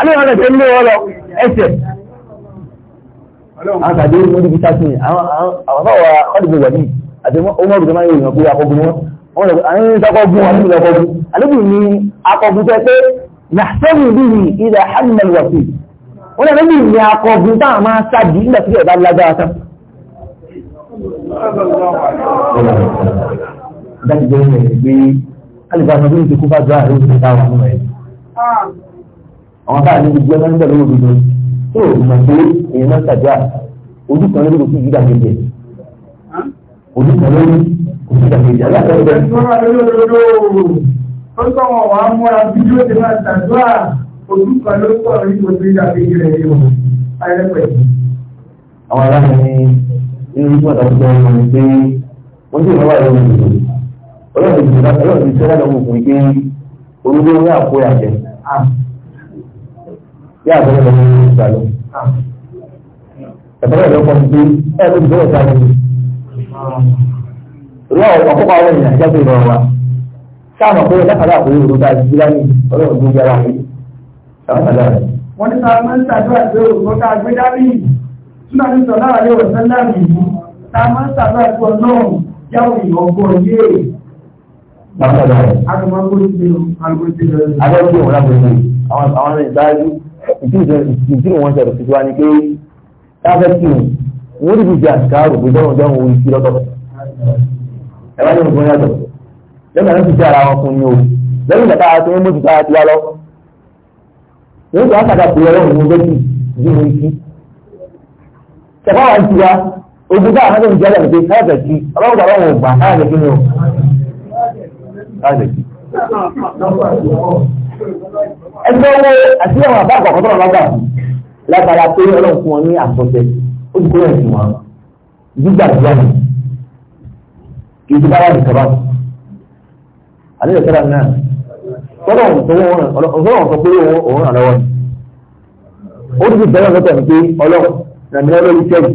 alẹ́wọ̀n ẹ̀sẹ̀ ní wọ́n lọ ẹsẹ̀ àwọn àgbàdo wọn níbi sásìn àwọn àwọn ọdún wà ní àti ọmọ ògùn máa ń yòòyàn pé akọgun wọn wọn lọ àwọn ń sakọgun wọn níbi akọgun alẹ́bù ní akọgun tẹ pé yàtọ̀wù bíi ilẹ̀ hàmìlẹ̀ wọ̀sí wọn lọ níbi ní akọgun táwọn máa sáàdì nígbà tí ẹ̀dá lágbára tán. dájú jẹ́ ìrìn gbé alìbànú bí ti kú bá jọ àrùn ìdáwà nínú ẹ̀ àwọn táà níbi jẹ́ máa ń bẹ̀rẹ̀ lórí dúdú tí o mọ̀ pé èèyàn máa ń tàjà ojú kan lórí kò sí ìdíjà kejì ojú kan lórí kò sí ìdíjà kejì aláàbẹ̀ rẹ̀. ó sọ wọn wà á múra bí yóò ti máa tàdúrà ojú kan ló sọ orí kò sí ìdíjà kejì rẹ̀ yìí o ayẹpẹ̀. àwọn aláàbẹ̀ ni inú ìgbà tó ń sọ wọn ni pé wọ́n ti ìrọ̀wá ìrọ̀wá ìrọ̀wá ọlọ́run ti sọ́dọ̀ ọkùnrin pé olúwo ní àpò àjẹ yá àbúrò lọ sí ìgbà lọ. Ẹ̀bọ̀rọ̀ lọ́kọ̀ ń gbé ẹ̀rọ ìgbé ọ̀tá ni. Ìwọ ọ̀pọ̀ àwọn ènìyàn jẹ́ pé ìrọ̀rùn wa. Sáàmù pé lẹ́kàdá àkórí òru bá jí láyé ọlọ́run ló yára rí. Wọ́n ní sáà máa ń ṣàdúrà pé òrùkọ́ ká gbé dání. Súnà ní sọ̀rọ̀ àlẹ́ òṣèlú náà nìyí. Sáà máa ń ṣàdúrà pé ọlọ́run yáwó ìyọ̀gbọ̀ yé. Bàbá rẹ̀. Agbọ̀n kò sí àgbọ̀n sí lọ. Adọ́jú òun lábẹ́ mi, àwọn ìdájú ìdí wọn ṣẹlẹ̀ tuntun wa ni pé táfẹ́ kí ni wọ́n rí bíi àṣìkárò pé dọ́rùn dọ́rùn orí sí lọ́tọ̀ ẹ wá ní ìgbóni àtọ̀ lẹ́yìn àti ti ara wọn fún ni o lẹ́yìn bàtà àti wọn mójútó àti wa lọ. wọ́n tún àkàtà pé ọlọ́run ní ọjọ́ yìí bí wọ́n ti. ṣẹ̀fọ́ wa ń ti wa ogun bá àwọn ọmọdé ìjọba ìgbé káyọ̀tẹ̀ sí ọlọ́run bàbá wọn ò gbà káyọ̀tẹ̀ kí ni o. káyọ̀tẹ̀ sí ẹgbẹ́ owó àti àwọn àbá àgbà kọ́tọ́ lágbà fún lágbára pé ọlọ́run fún wọn ní àtọ́tẹ ó ti kúrò ẹ̀sìn wọn gbígbàdúrà ni kì í ti bára nìkan bá àlejò sọ́dà náà sọ́dà òun sọ pé òun ràn lọ́wọ́ ni ó ti fi bẹ́ẹ̀ lọ́tọ̀ ní pé ọlọ́run nàmínà lórí tẹ́lẹ̀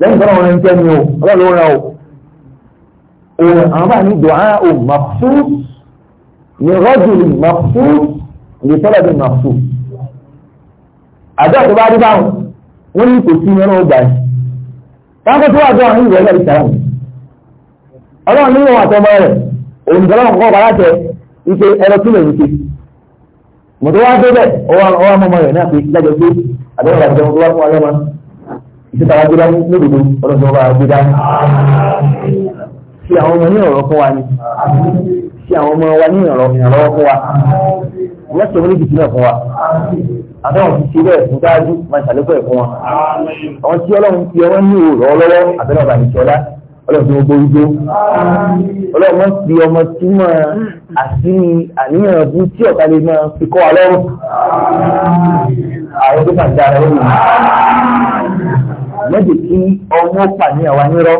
lẹ́yìn sọ́dà òun ń tẹ́ mi o ọlọ́run ló ń ra o òun àwọn bá ní dùn á òun màkúrú lèrọ́jùlì mọ̀fú lèsọ́lọ́dì mọ̀fú. àjọ ìjọba rí báwọn wọn ní kò sí ní ọlọ́wọ́ gbà yìí. táwọn tó wà jọ àwọn ìwé ẹgbẹ́ ìsàlámù. ọlọ́run ní ìwọ̀n àtọmọ rẹ̀ òǹdọ́lọ́ kọ́kọ́ wà láti ike ẹrọ tí lòun ṣe. mọ̀tò wá dé bẹ́ẹ̀ ọwọ́ ọmọ rẹ̀ náà fi lájọ pé àdéhùn àti ọmọ tó wá fún wa lọ́mọ. ìṣètò àwọn agbẹ́dá lódodo ọlọ́sọ̀rọ̀ ṣe àwọn ọmọ wa ní ìrànlọ́wọ́ fún wa wọ́n ṣe wọ́n ní bìtì náà fún wa àtàwọn ti ṣe bẹ́ẹ̀ fún dájú máa ṣàlékọ́ ẹ̀ fún wa àwọn tí ọlọ́run fi ọwọ́ ní òòrọ̀ lọ́wọ́ àbẹ́rẹ́ ọ̀bà ìṣọ́lá ọlọ́run tí mo gbórí tó ọlọ́run máa ń fi ọmọ túmọ̀ àti àníyàn bú tí ọ̀tá lè máa fi kọ́ wa lọ́rùn àwọn tó kàn dára lónìí méjì kí ọmọ pàníyàn wa nírọ́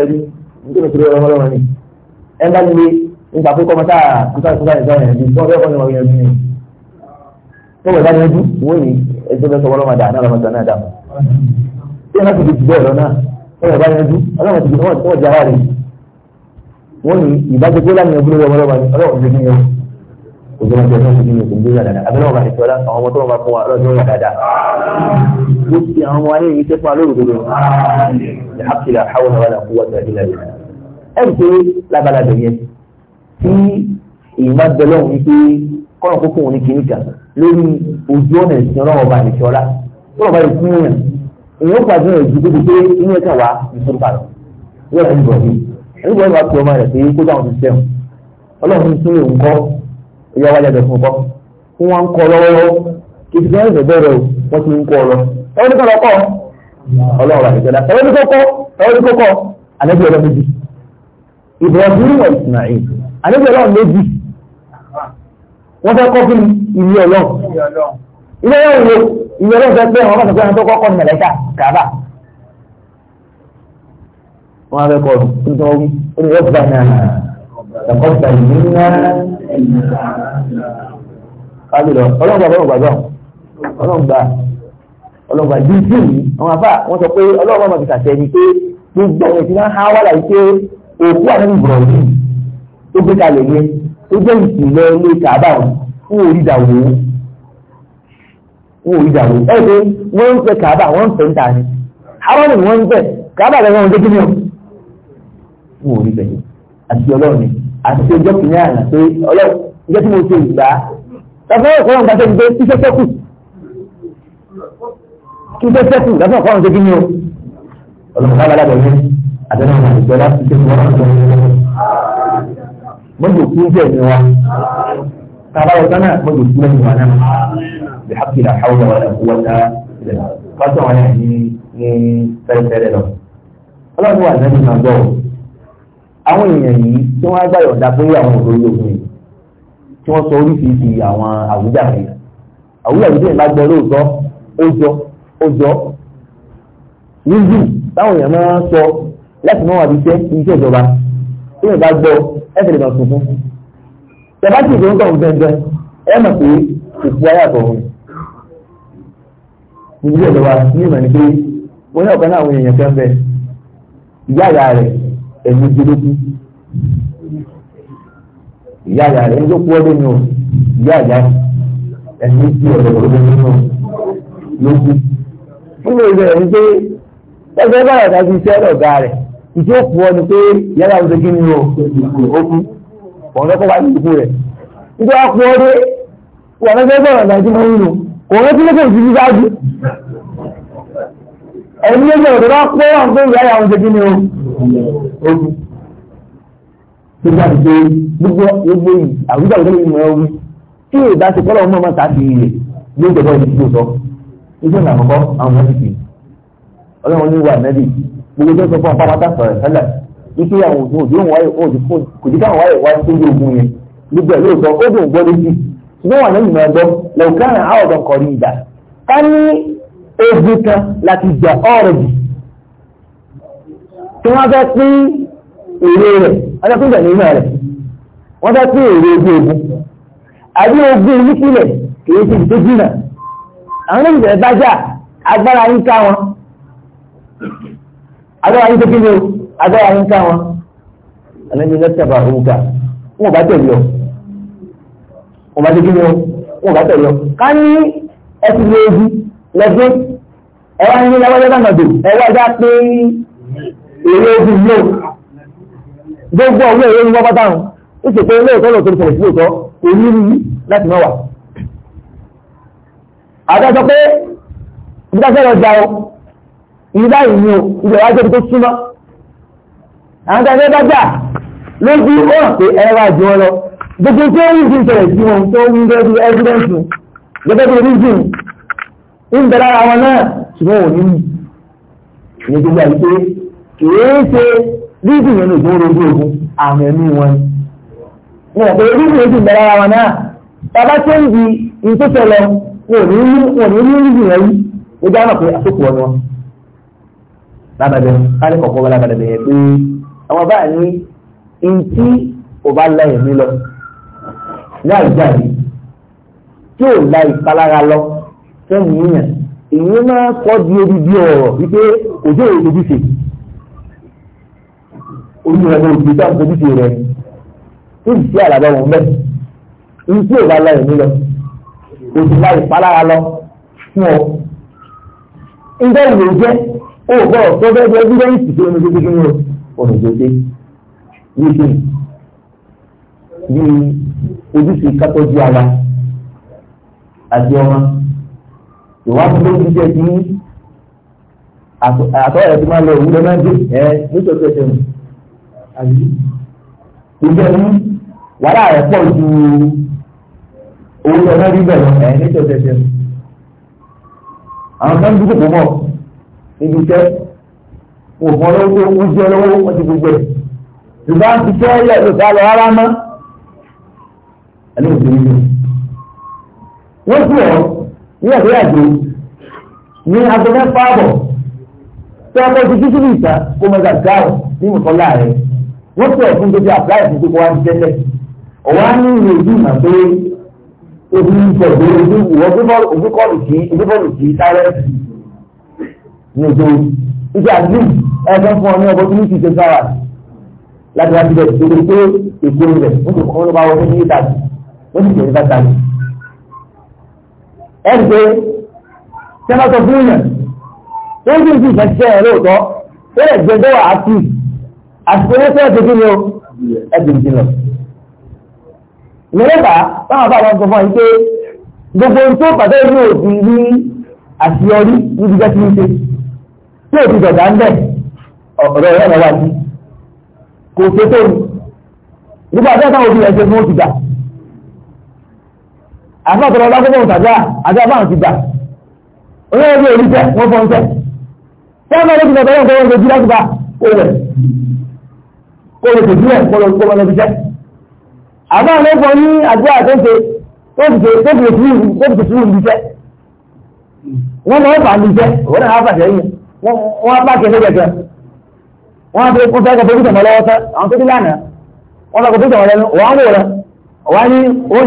ẹ̀rí nítorí ọlọ́run ni ẹ má lè nígbà pé kọ́mọ́tà kúta kúta ìjọ yẹn bí bọ́ọ̀lù ẹ̀kọ́ ni wọ́n yẹn bí mi. tó wẹ̀ bá yẹn dú wọ́n ní ẹjọ́ bẹ́ẹ̀ sọ́wọ́ lọ́mọdà náà lọ́mọdà náà dà mọ́. tí wọ́n ti di jù bẹ́ẹ̀ lọ náà tó wẹ̀ bá yẹn dú ọlọ́mọdà ti di wọ́n ti ara rẹ̀ wọ́n ní ìbájẹ́ pé lámì ọgbọ́n lọ́wọ́ lọ́wọ́ ọlọ́wọ́ ti di yẹn òjòwò tó ń fi ìlú ìlú yàrá àbí wọn bá ti sọlá àwọn ọmọ tó wọn bá fún wa lọ́dún wọn dáadáa. ó ti àwọn ọmọ ayé yìí tẹ́fọ́ alóòdodo. ìhàkìlà àwọn ọmọ wa náà kú wọ́n ti àdínlẹ̀ yìí ẹ̀rù pé lábala bẹ̀rẹ̀ yẹn tí èyí máa bẹ lọ́hùn wípé kọ́nà kó fún òun ní kìíní kan lórí ojú ọ̀nà ìsìn ọlọ́run ọba àti ìṣọ́lá tọ́lọ̀ bá yẹ fún yàn èyí ó pàdé ìjú tó ti pé inú ẹ̀ka wá ìṣòro pa lọ yóò rẹ̀ níbọ̀ yìí níbọ̀ yìí wá pé ọmọ rẹ̀ pé kó dáhùn ti sẹ́wọ̀n ọlọ́run tún lè ń kọ́ ìyá wájú ẹ̀dọ̀ fún kọ́ fún wọn kọ́ lọ́wọ́lọ́wọ́ kí Ibrahim wa Ismail àníbi ọlọ́run méjì wọ́n fẹ́ kọ́ fún ilé ọlọ́run ilé ọlọ́run wo ilé ọlọ́run fẹ́ pé àwọn ọmọ sọ̀tún tó kọ́kọ́ mẹ̀lẹ́ta kàbà wọ́n fẹ́ kọ́ fún tó wí ó ní wọ́n bá náà ẹ̀kọ́ sàlì ní náà kájú lọ ọlọ́run gbà ọlọ́run gbàgbọ́ ọlọ́run gbà ọlọ́run gbà dídì àwọn afá wọ́n sọ pé ọlọ́run máa fi kàtẹ́ ni pé gbogbo ẹ̀yẹ ti máa ń há wàhálà yìí pé òkú àdébí Ibrahim tó gbé kalẹ̀ yẹn tó jẹ́ ìpìlẹ̀ ilé kàbá fún òrìdà wò ó fún òrìdà wò ó ẹ̀ pé wọ́n ń fẹ́ kàbá wọ́n ń fẹ́ ń ta ni àwọn ni wọ́n ń fẹ́ kàbá rẹ̀ wọ́n ń yẹn àdéhùn àwọn àgbẹ̀ láti ṣe fún wọn mọ́tò kú jẹ́ ìní wa tàbá ọ̀tá náà mọ́tò kú lẹ́yìn wa náà bí hákì là háwọn wà lẹ́kọ́ wọ́tá ilẹ̀ pásítọ̀ wọn náà ní ní fẹ́rẹ́fẹ́rẹ́ lọ. ọlọ́run wà lẹ́nu náà gbọ́ àwọn èèyàn yìí tí wọ́n á gbà yọ̀ǹda pé àwọn olórí ogun yìí tí wọ́n sọ oríṣiríṣi àwọn àwùjáde àwùjáde tí ìbá gbọ́ lóòótọ́ ó jọ ó jọ níbi táwọn èèyàn máa ń sọ láti mọ́ àbí iṣẹ́ iṣẹ́ ìjọba tí wọ́n bá gbọ́ ẹ fẹ́lẹ̀ máa sunkún. Bàbá tí ìjọba ń tọ̀ gbẹ̀ngàn ẹ mọ̀ pé òkú ayé àtọ̀ wọn. Ìdílé ìjọba ní ìmọ̀ ni pé wọ́n ní ọ̀kan náà àwọn èèyàn kan bẹ̀. Ìyá àyà rẹ̀ ẹ̀mí jẹ́lógún. Ìyá àyà rẹ̀ ẹni tó kú ọdún ni o. Ìyá àyà ẹ̀mí tí ọ̀rọ̀ ọdún ni o lógún. Fúnmi ìgbẹ̀rẹ̀ ni pé ẹgbẹ́ báyọ̀ dájú iṣẹ́ ọ̀gá rẹ̀ ìjọ òkú ọ ni pé yàrá òun ṣe kí ni o òkú ọ̀rọ̀ kọ́ wá ní ìkú rẹ̀ ìjọ òkú ọ dé wà lọ́jọ́ sọ̀rọ̀ náà tí mo ń lò kò wọ́n tí lókè òsì sísáájú ẹni ló sọ̀rọ̀ tó bá pé wọn pé yàrá òun ṣe kí ni o òkú tó bá ti pé gbogbo gbogbo yìí àwùjọ àwùjọ yìí mọ̀ ẹ́ wí tí ìdá ti kọ́ lọ́wọ́ mọ́ ta ti yè ló jọ̀bọ́ ìdí tó sọ ìjọ ìlànà kọ́ àwọn ọmọ gbogbo tó sọ fún apáwátá sọ̀rọ̀ tẹ́lẹ̀ ike àwọn òjò wáyé wáyé wáyé tó ń yẹn gbogbo ẹ̀ ó dùn gbọ́ létí ṣùgbọ́n lẹ́yìn náà gbọ́ àwọ̀dọ̀ ká ní ogun kan láti ọ̀rọ̀ jù tí wọ́n fẹ́ pín èrè rẹ̀ pín iná rẹ̀ wọ́n fẹ́ pín èrè ogun ogun àbí ogun kìí ṣe àwọn agbára yín tókí ni o agbára yín ká wọn àlejò lẹ́tẹ̀bà òǹkà wọn ò bá tẹ̀lé ọ wọn bá tókí ni o wọn ò bá tẹ̀lé ọ ká ní ẹtì lé ojú lẹ́gbẹ́ ẹ̀rọ ayé lọ́wọ́ yẹ́n náà dò ẹ̀rọ ajá pé èrè ojú lò gbogbo ọ̀wé èrè ní wọ́pátá hàn ó sì pé olóòótọ́ lò tó ṣẹlẹ̀ sí òótọ́ kò ní láti mọ́ wà. àdájọ́ pé ìdájọ́ lọ ìgbà ìní o ilẹ̀ wá jẹ́ tó súnmọ́ àwọn tàbí bá jà lójú ó hàn pé ẹ̀rọ ọrụ jù ọ lọ gbogbo tí ó ń jìn sí wọn tó ń gbé bí bí ń wọn náà ò ní mú ní gbogbo kìí ṣe yẹn ogun ẹ̀mí wọn pé yẹn ti wọn náà bàbá tó ń di wọn ò ní lábàdàn kárí kọ̀ọ̀kan wọn bẹ̀yẹ pé àwọn bá ní ntí ò bá la ẹ̀mí lọ ní àìjáde tí ò la ìpalára lọ fẹ́mi yíyàn èyí máa kọ́ di orí bí ọ̀rọ̀ wípé òjò ìdójúṣe orí rẹ̀ ló ti sáà fojú ti rẹ̀ tí ìsí àlàbà wọn bẹ́ẹ̀ ìsí ò bá la ẹ̀mí lọ òjò la ìpalára lọ fún ọ. ǹjẹ́ ìlú jẹ́ ó bọ̀ tó bẹ́ẹ̀ bí ẹ́fídẹ́ǹsì tó omi gbogbo ní ọ̀nà ìjọdé wíṣọ bí ojúṣe kátọ́jú ara àti ọmọ ìwádìí ló ń ṣiṣẹ́ sí àtọ́ ẹ̀ tó máa lọ òwúrọ̀ náà dé ẹ nítorí ẹsẹ̀ nù àbí ìjọ ní wàhálà rẹ̀ pọ̀ ju òwúrọ̀ náà rí bẹ̀rẹ̀ ẹ nítorí ẹsẹ̀ nù àwọn kan dúró pọ̀ mọ́ níbi iṣẹ́ òfin ọlọ́wọ́ tó ń jẹ́ lọ́wọ́ wọ́n ti gbogbo ẹ̀ ìgbà ti tẹ́ ẹ̀yẹ ìgbà lọ rárá mọ́ ẹni òsì nínú wọ́n sì ọ̀ ní ẹ̀fẹ́ àjò ní aago mẹ́fà àbọ̀ tẹ́ ọkọ̀ ti títí ní ìta kó mọ gàgáàrọ̀ ní nǹkan láàrin wọ́n sì ọ̀ fún gbogbo àpáyé fún gbogbo wọn tẹ́lẹ̀ ọ̀wá ní ìwé ìdí ìmọ̀ pé obìnrin sọ̀rọ̀ ojú ìwọ́ ojú bọ́ọ̀lù kì í ní ojú orí ìjà àdúgbò ẹgbẹ́ fún ọ ní ọgbọ́n tó ní ìṣe sára láti wá síbẹ̀ tó lè pé èkó rẹ̀ ó ti kọ́ ló bá wọlé ní ìdájú ó sì tẹ̀lé bàtà rẹ̀. ẹ ń pé sẹ́nátọ̀ fúnyà tó ń gbèsè ìfẹsẹ̀ ẹ̀ lóòótọ́ ó lè gbé dọ́wà àti àsìkò ní sẹ́ẹ̀ tó kíni o ẹ bèrè sí lọ. ìyẹn lọ́pàá táwọn bá wọn sọ fún ọ yìí pé gbogbo ohun tó pàtó ìlú òfin ní àṣeyọrí níbi jẹ́ kí n ṣe tí ò ti dọ̀gá ń bẹ̀ ọ̀rọ̀ ẹ̀rọ wà ní kò ṣe tó ní nígbà tí àtàwọn òbí ẹ̀ṣẹ̀ fún ó ti gbà àti àtọ̀rọ̀ ọba gbọ́dọ̀ tàgbà àti àbáwọn ti gbà oníwọ̀n bí òní jẹ́ wọ́n fọ́n jẹ́ tí wọ́n lọ́dún tọ̀tọ̀ yóò tọ̀wọ́n lójú láti bá kó wẹ̀ kó lè tòjú ẹ̀ kó lọ lọ́dún jẹ́ àbáwọn ló fọ ní àdúrà tó ṣe tó ti tó ti tó ti wọ́n lọ fà ní iṣẹ́ òun náà wọ́n bá wọ́n kún fẹ́ lọ́wọ́ àwọn tó lánàá wọ́n lẹ́nu wọ́n rẹ̀ wọ́n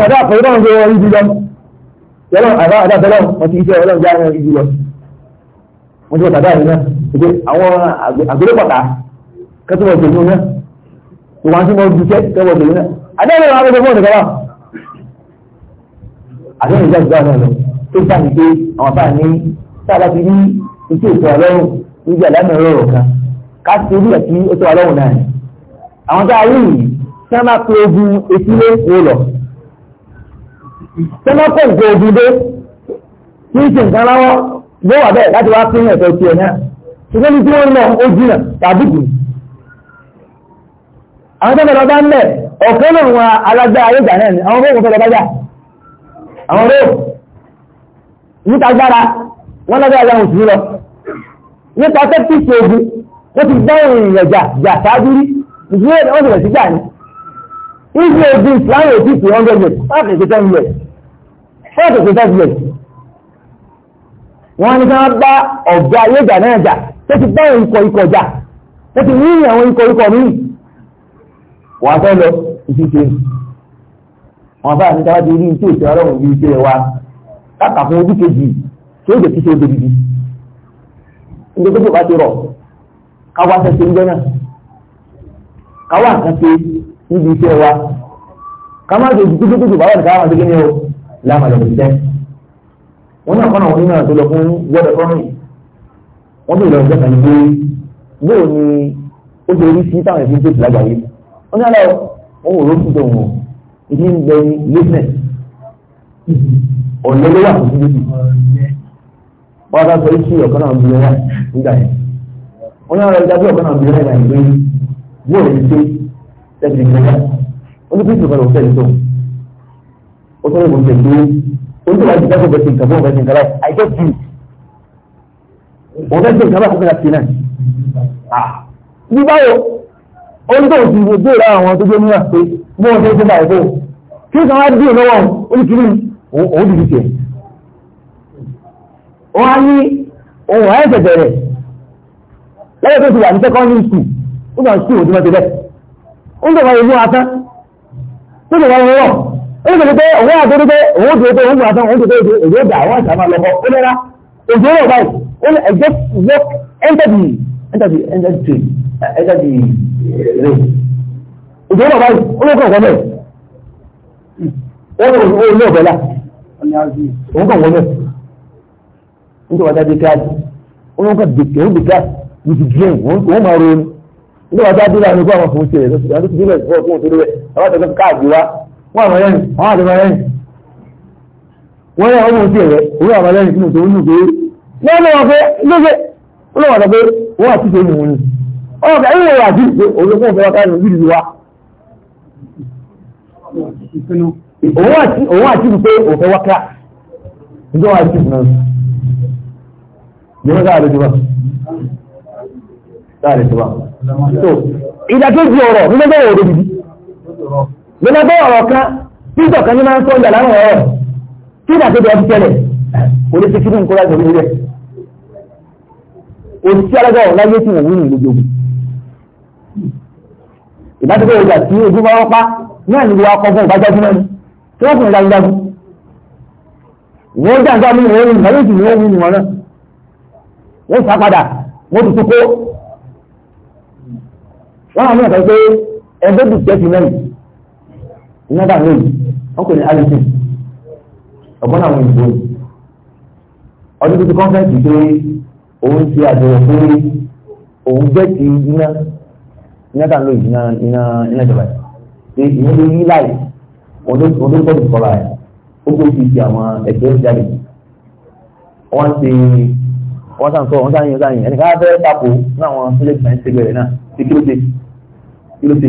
ní ti rẹ̀ ní yọ́lọ́ àbá àdáfẹ́lọ́ wọ́n ti iṣẹ́ ọlọ́run já wọn ibi lọ wọ́n ti wọ́n tàbí àyìnbá pé àwọn àgbélépọ̀tà kẹ́tọ́wọ̀ tèmi náà kò wá sí wọn ju kẹ́tọ́wọ̀ tèmi náà àdáyẹ̀wò àwọn akẹ́kọ̀ọ́ fóònù kọ́lá àdéhùn ìjà ìjà náà lọ tó bá ní pé àwọn bá ní sábà ti rí iṣẹ́ ètò ọlọ́run níbi àdámẹ́ ọlọ́rọ̀ kan ká ti rí ẹ̀kí ó tó ọlọ́run náà tọ́lọ́pọ̀ nǹkan ogun dé kí n ṣe nǹkan lọ́wọ́ ló wà bẹ́ẹ̀ láti wá pín ẹ̀tọ́ tiẹ̀ náà ṣùgbọ́n ní tí wọ́n lọ ó jìnà tàbí kù. àwọn tó lọ bá ń bẹ̀ ọ̀kan náà wọn alágbára ayé ìgbà náà ni àwọn olóògùn tó lọ bá jà àwọn olóògùn níta gbára wọn lábẹ́ àjà òsì lọ nípa tẹ́tíṣì ogun ó ti gbọ́ ìrìnlẹ̀ jà jà sáájú rí ìdílé ọ̀sẹ̀ rẹ̀ sí jà ní. ìdílé ogun ìsìláàmù òtítù 100 years láti ìgbésẹ̀ 100 years wọ́n tètè first place wọ́n ní ká bá náà jà tó ti bá ikọ̀ jà tó ti ní àwọn ikọ̀ ikọ̀ wà lọ wọn bá àti tábàtì rí iṣẹ́ ìṣẹ́ ọlọ́run bí iṣẹ́ wa káàkà fún ojú kejì tí ó jẹ́ ojú bíbí ilé tó bá ti rọ̀ káwá sẹ́sẹ́ ń gbẹ́nà káwá nǹkan ṣe níbi iṣẹ́ wa ká láàmà lọ́dún tẹ́ wọ́n náà kọ́nà wọn nínú àti lọ fún wọ́dọ̀ kọ́rin wọ́n bí ìlọrin jẹ́ka ní pé bóò ni ó ti rí sí táwọn ẹ̀sìn tó ti lágbàáyé wọ́n ní àlọ́ wọn ò rókù tó wọn ìdí ń bẹ ní lateness ọ̀nà ló wà fún síbí wọ́n bá sọ iṣẹ́ ọ̀kan náà ń bí wọn nígbà yẹn wọ́n ní àlọ́ ìdájọ́ ọ̀kan náà ń bí wọn nígbà yẹn bóò ni ṣe tẹ̀sí ìgbéga ó tó lè mú tẹ̀lé ó tó láti dákò bẹ́sẹ̀ nǹkan bóun bẹ́sẹ̀ nǹkan báyìí i get you òun bẹ́sẹ̀ nǹkan báyìí kókè láti náà ah ní báwo ó ń tóun ti gbé ra àwọn tó gbé ní wà pé bóun ṣe ń ṣe báyìí bóun kí kan wá dé lọ́wọ́ ó ní kiri òun dìbò tiẹ̀ ó wá ní ohun àyẹ̀sẹ̀ bẹ̀rẹ̀ lẹ́yìn tó ti wà ní secondary school ó gbà school òdìmọ̀ tẹ̀lẹ̀ ó ń tọ̀wọ́ ìlú atán tó lè wá lọ́wọ́ ó sì pé òun àti pé òun ti pé òun gbà tán òun ti pé òjò dà àwọn àṣà máa lọ́kọ́ ó lẹ́ra òjò rẹ̀ báyìí ó ní ẹ̀jẹ̀ work enter the enter the enter the train enter the rain òjò rẹ̀ báyìí ó lọ́kọ̀ ọ̀gọ́ bẹ́ẹ̀ wọ́n ní òun ní ọ̀bẹ̀ la òun kàn wọ́n bẹ́ẹ̀ nítorí wàá dájú káàdì ó ní wọ́n kàn dèkè ó dèkè with drain wọ́n máa ro ní nítorí wàá dájú láàrin kó àwọn fòun ṣe rẹ̀ lọ́sọ̀rọ̀ àti wọ́n àmọ́ lẹ́yìn wọ́n àti lẹ́yìn wọ́n yẹ ọmọ òsì rẹ̀ òwe àmọ́ lẹ́yìn sínú tó nù pé wọ́n lọ́wọ́ pé lóṣè olóòwò pé wọ́n àti tó nù wọn ni ọ̀rọ̀ kẹ́ ẹ̀yìn wọ́n àti pé olóòwò fẹ́ wá káyọ̀ ọ̀rọ̀ nígbà tó lọ́nà bọ́ ọ̀rọ̀ kan títọ̀ kan ní máa ń sọ ìyà láwọn ọ̀rọ̀ tí ìdàkejì ọtí tẹ́lẹ̀ kò lè ṣe kí ní nkúra ìgbòho rẹ̀ òṣìṣẹ́ alága ọ̀rọ̀ láyé tí wọ́n wí ní ìlú gbogbo ìbátẹ́kọ̀ ìjà tí ojú bá wọ́pá náà ní wọ́n kọ́ fún ìbájájú náà tí wọ́n fún ìdájúdájú wọ́n jàǹdà mú ìwọ̀n ìrìn àyè ìjìnlẹ̀ òun ìwọ̀n náà wọ́n sá padà wọ́n tuntun kó wọ́n àwọn ọ̀gá pé ẹgbẹ́ iná bá wọ́n yìí wọ́n kò ní alison ọ̀gbọ́n àwọn ìbò ọdún tuntun kọ́ńfẹ́ǹsì pé òun ti àjọyọ̀ pé òun jẹ́ ti iná iná tá à ń lò yìí iná iná ìjọba yìí ìyẹn ló yí láì ọdún tó ti kọ́ra ẹ̀ ó kó ti ti àwọn ẹ̀jẹ̀ jáde wọ́n ti wọ́n sàn sọ wọ́n sàn yín sàn yín ẹnìkan á fẹ́ tako náà wọ́n fẹ́lẹ́ gbà ń ṣe bẹ̀rẹ̀ náà ti kí ló ṣe kí ló ṣe.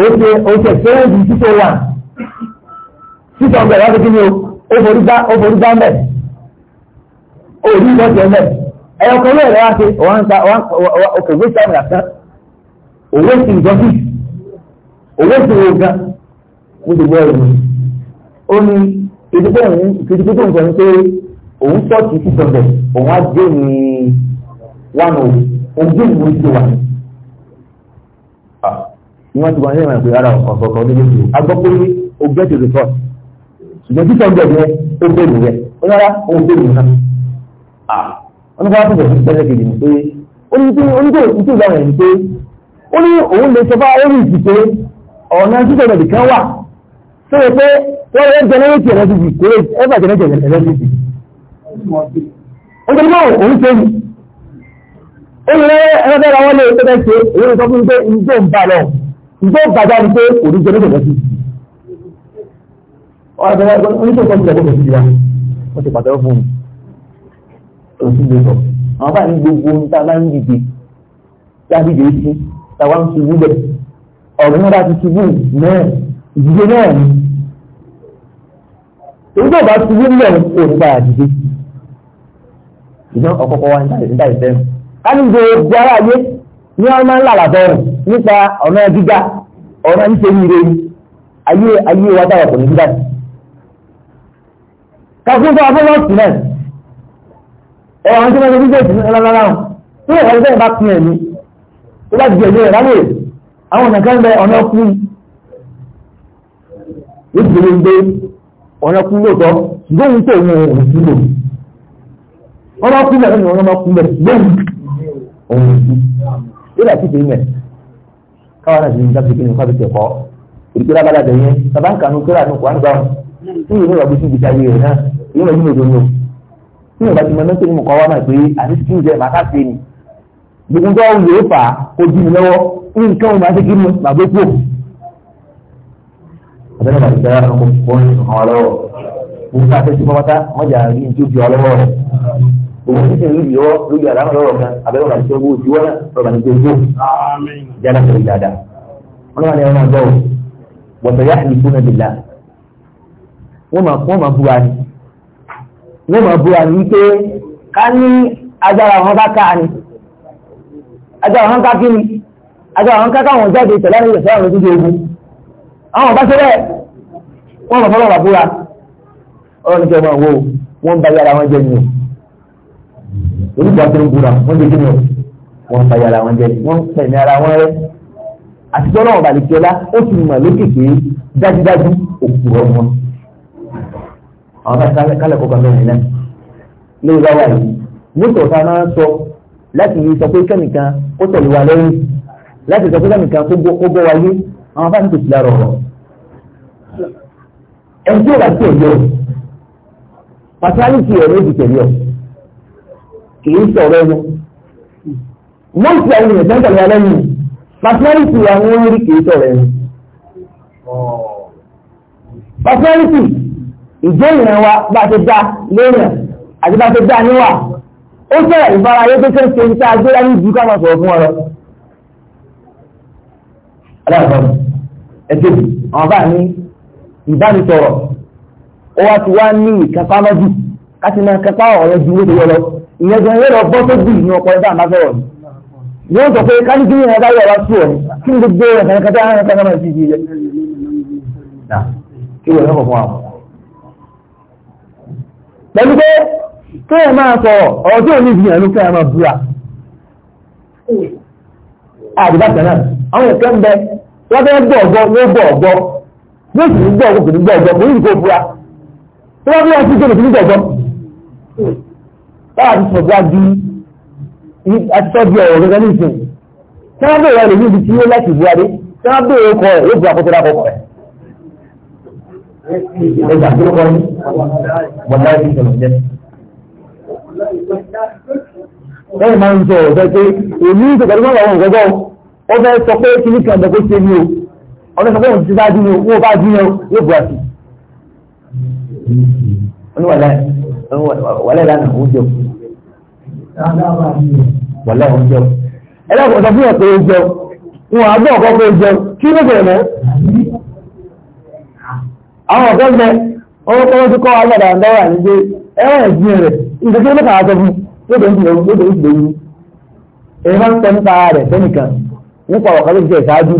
oṣù oṣù ẹ̀sẹ̀rẹ́ǹdì títọ́ wà títọ́ ọgbẹ̀ láti kí ni ó forí bá mẹ́ òní ìbọ̀tì ẹ̀mẹ́ ẹ̀yọkọ̀ ló ẹ̀rọ wá sí wọ́n ta òkè wé sáà nà kan òwe sì ń jọ́sí òwe sì wò gan mo ti gbọ́ ẹ̀rọ ó ní kìdìpé tó ń sọ ní pé òun tọ́ọ̀tì títọ́ ọgbẹ̀ òun á gbé ní wánà oh. òun gbé ní mo ti wà. ni wọ́n ti wọ́n sẹ́yìn pé ara ní méjì a gbọ́ pé o get the report ṣùgbọ́n títọ́ gbẹ̀ yẹn ó gbé nìyẹn ó yára ó gbé nìyẹn ah wọ́n ní kó wá tó bẹ̀rẹ̀ pẹ́lẹ́ kejì ní pé ó ní ní ní tó ìgbà rẹ̀ ní pé ó ní òun lè orí kan wà tó yẹ pé wọ́n ìjọ ìgbàjá ni pé kò ní jẹ́rẹ́ tẹ̀lé ọ̀rọ̀ náà bá ti ṣubú náà ìdíje náà ni èyí tó bá ṣubú náà kò ní bá ìdán ọ̀kọ̀ọ̀kọ̀ wa ní ìfẹ́ ká ní gbogbo ara yé ní wọn máa ń làlàbọ̀ rẹ̀ nípa ọ̀nà gíga ọ̀nà nítorí ire ayé ayé wa dára kò ní gíga. kàfún fún abúlé ọ̀sìn náà ẹ̀rọ àwọn tí wọ́n ti dídé ìsinmi ọlọ́lọ́lá wọn tí wọ́n fẹ́ẹ́ bẹ́ẹ̀ bá pín ẹ̀mí tó bá ti jẹ̀lé rẹ̀ lálẹ́ àwọn ọ̀nà kan bẹ ọ̀nà kú ìdílé ń gbé ọ̀nà kú lóòótọ́ gbóhùn tó ń wọ̀ òsì lò ọ̀nà kú mẹ́rin ni ọ̀nà kú mẹ́rin gbóhùn òun sí yóò láti fi mẹ́ káwọn náà ti ní dábìlì kìnìún kábi tẹ̀kọ́ ìdíkìlá bá dàbẹ̀ yẹn bàbá ń kànú kíláà nùkú àǹgbà wọn tí ìwé ìwà gbèsè ìgbésà yìí rẹ̀ náà ìwé ìwé ìwé ìwé tí ìwà ti mọ mẹ́tò ní mọ̀kọ́ wọn náà pé àti kí màá ká ṣe ni gbogbo tó ń lè fà kó di mi lọ́wọ́ ní nǹkan wọn máa ṣe kí ni màá gbé kú. àbẹ̀rẹ̀ bàbá ìgbà yàrá kò fọ́n àwọn ọlọ́wọ́ gbogbo àfẹ́sí òun ti sìn yọ lórí àdámà lọ́rọ̀ kan abẹ́rẹ́ ọ̀nà ìṣẹ́ owó ìṣúwọ́ náà ọ̀nà ìṣẹ́ owó jáde pẹ̀lú dáadáa wọn náà ní ọmọ ọgbà o wọ̀tọ̀ yá ìlú náà dìlà wọ́n máa búra ni wọ́n máa búra ni wípé ká ní agbára wọn bá ká ni agbára wọn ká kí ni agbára wọn ká káwọn jáde tẹ̀lé àwọn ìṣẹ́ àwọn ìṣẹ́ ogun àwọn ọ̀bá ṣẹlẹ̀ wọ́n máa fọlọ́ wà búra ọlọ́run ti ọmọ ìwọ wọn bá yára wọn jẹ ni o orúkọ àti ògùnà wọ́n jẹ́ kíni o wọ́n ń fàyàrà wọn jẹ́ wọ́n ń fẹ̀mí ara wọn rẹ́ àtijọ́ náà balẹ̀kẹ́lá ó ti mọ̀ lókèké dájúdájú òkúrọ̀ wọn. àwọn bá kálẹ̀ kọ́kọ́ mẹ́rin náà lórí bá wà yìí nítorí ta máa ń sọ láti sọ pé kẹ́nìkan ó tẹ̀lé wa lẹ́yìn láti sọ pé kẹ́nìkan kó bọ́ wáyé àwọn bá ń tètè lára ọ̀rọ̀ ẹ̀jẹ̀ ìbàdí ẹ̀jẹ̀ pàtàkì ẹ̀rọ ìdìtẹ̀lẹ́ ọ̀ kìí sọ̀rọ̀ ẹnu wọ́n ti àwọn èèyàn tẹ́ńtà lọ́wọ́ lẹ́nu personality àwọn orí kìí sọ̀rọ̀ ẹnu personality ìjọ ìran wa bá ti dá lóyìn àti bá ti dá níwà ó sọ̀rọ̀ ìbára ayé tó kéńké ní tá a gbé láyé ìdí káwọn sọ̀rọ̀ fún ọ̀rọ̀ aláàbọ̀ ẹ̀kẹ́ àwọn bá ní ìbánisọ̀rọ̀ ó wá ti wá ní ìkápá lọ́jù láti máa kápá ọ̀rọ̀ ju lóde yọ ìyẹn gan yóò lọ bọ́ tó bí ìyẹn ọkọ̀ ẹ̀dá àmásọ̀rọ̀ ni yóò sọ pé káníkì yìí ẹ̀dá yọ̀ wá sí ọ̀ kí ni gbogbo ẹ̀kan kẹta ẹ̀kan kẹta máa ti di ilẹ̀ kí wọ́n yọ̀ fún wa. pẹ̀lú pé kéèyàn máa sọ ọ̀rọ̀ tí ò ní ìgbìyànjú ló kéèyàn máa búra àdìbà tẹ̀lé àwọn ìkẹ́ ń bẹ wọ́n fẹ́ bọ̀ ọ̀gbọ́ ní ó bọ̀ ọ̀gbọ́ yóò sì ní bọ̀ ọ̀gbọ́ kò ní báwa ti sọ̀rọ̀ bá di àtijọ́bí ọ̀rọ̀ gẹ́gẹ́ ní ìsìn tí wọ́n bèèrè ẹ̀rọ níbi tí ó láti bu adé tí wọ́n bèèrè ọkọ̀ rẹ̀ yóò bu àkókò rẹ̀ àkókò rẹ̀. ẹgbà tó kọ́ ní bọ̀dá ẹbí sọ̀rọ̀ jẹ́. lẹ́yìn máa ń sọ ọ̀rọ̀ pé èmi ń sọ̀rọ̀ nígbà wọn gbọ́dọ̀ ó fẹ́ sọ pé kí ní kan dẹ̀kọ́ ṣe ni o ọ̀rẹ́ sọ pé òun ti bá dín ní o wọ́n bá dín ní o yóò bu àti wọlé lánàá oúnjẹ o wọlé oúnjẹ o ẹlẹ́kọ̀ọ́ sọ fún ọ̀pẹ oúnjẹ o wọn àbọ̀ ọ̀kọ́ pé oúnjẹ o kí ló bẹ̀rẹ̀ àwọn ọ̀kẹ́ gbẹ owó tọ́wọ́ ti kọ́ agbára àndáwà ní pé ẹ̀rọ ẹ̀sìn rẹ̀ nǹkan tí ó lọ́kàn fún lóde ìṣẹ̀lẹ̀ lóde ìṣẹ̀lẹ̀ yìí èyí máa ń sọ nípa rẹ̀ sẹ́nìkan nípa ọ̀kan ló ti ìṣáájú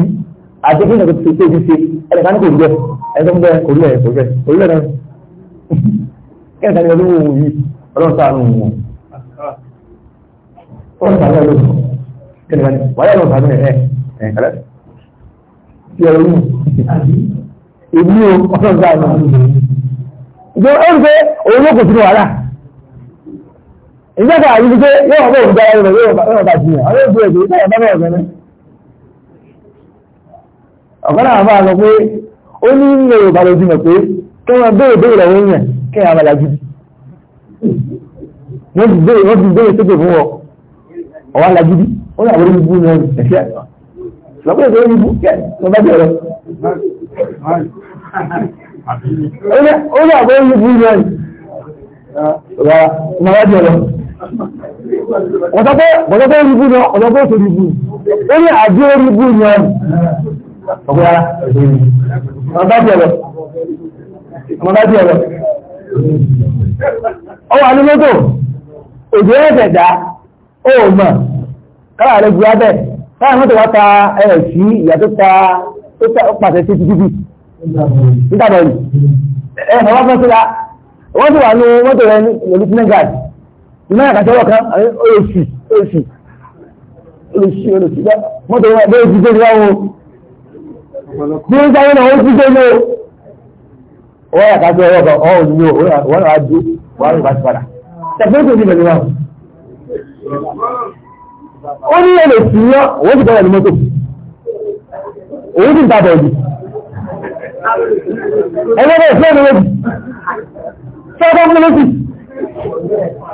àti kí nǹkan tó ti ṣe ẹnìkan kò rí bẹ́ẹ̀ kò rí bẹ́ẹ̀ kò rí náà kẹta ni olówó yìí ọlọ́sàánù wọn ọlọ́sàánù olówó kẹta ni wàyà ọlọ́sàánù ẹ̀ ẹ̀ kẹlẹ́ ti ẹ̀rọ yìí èmi o ọlọ́sàánù ìjọ ẹ̀rù pé òun ló kò sínú wàhálà ìjọba àyè ti pé yóò wọ́n bá òun dára rẹ̀ yóò wọ́n bá ti yàn àwọn èdè èdè ìtàyà bá bá ọ̀gá náà ọ̀gá náà máa sọ pé ó ní ilẹ̀ Yorùbá lójú mọ̀ pé kí wọ́n bẹ́ẹ̀ bẹ́ẹ̀ lọ́wọ́ yẹn kẹ́yà abala gidi wọ́n ti gbére wọ́n ti gbére sókè fún ọ ọ̀wá la gidi ó ní àwọn olùbú náà ẹ̀fẹ́ lọ́kùnrin tó olùbú kẹ́ ló bá jẹ́ rẹ. ó ní àwọn olùbú náà rà ló bá jẹ́ rẹ. Ọ̀sọ́pẹ́ ọ̀sọ́pẹ́ olùbú náà ọ̀sọ́pẹ́ oṣù olùbú ó ní àjọ olùbú náà ọ̀gbẹ́ ara ọ̀bá jẹ́ rẹ ọwọ́ àdúgbò òjò ẹ̀sẹ̀ dá ó mọ̀ kára rẹ̀ gbé abẹ́ kára mọ́tò wá ta ẹ̀rẹ̀ sí ìyá tó ta ó pàṣẹ sí títí nítàbọ̀ yìí ẹ̀fọ́ wá fẹ́ síra wọ́n ti wà ní mọ́tò rẹ̀ pẹ̀lú senegal náà kàtí ọwọ́ kan olùsì olùsì olùsì olùsì mọ́tò rẹ̀ bẹ́ẹ̀ ti dé ní o bí ó ń sáré náà ó ti dé ní o. wọ́n yà kájú ọwọ́ kan ọ̀hún ní wọ́n yà ju wọ́n yà bàtí padà tẹ̀síwọ́n tó ti wọn. ó ní èlò sí yọ owó ti bẹ̀rẹ̀ ní mọ́tò owó ti ń ta bẹ̀rẹ̀ ẹgbẹ́ bẹ́ẹ̀ fẹ́ẹ́ lọ́wọ́ sọ́kọ́ fún lọ́sì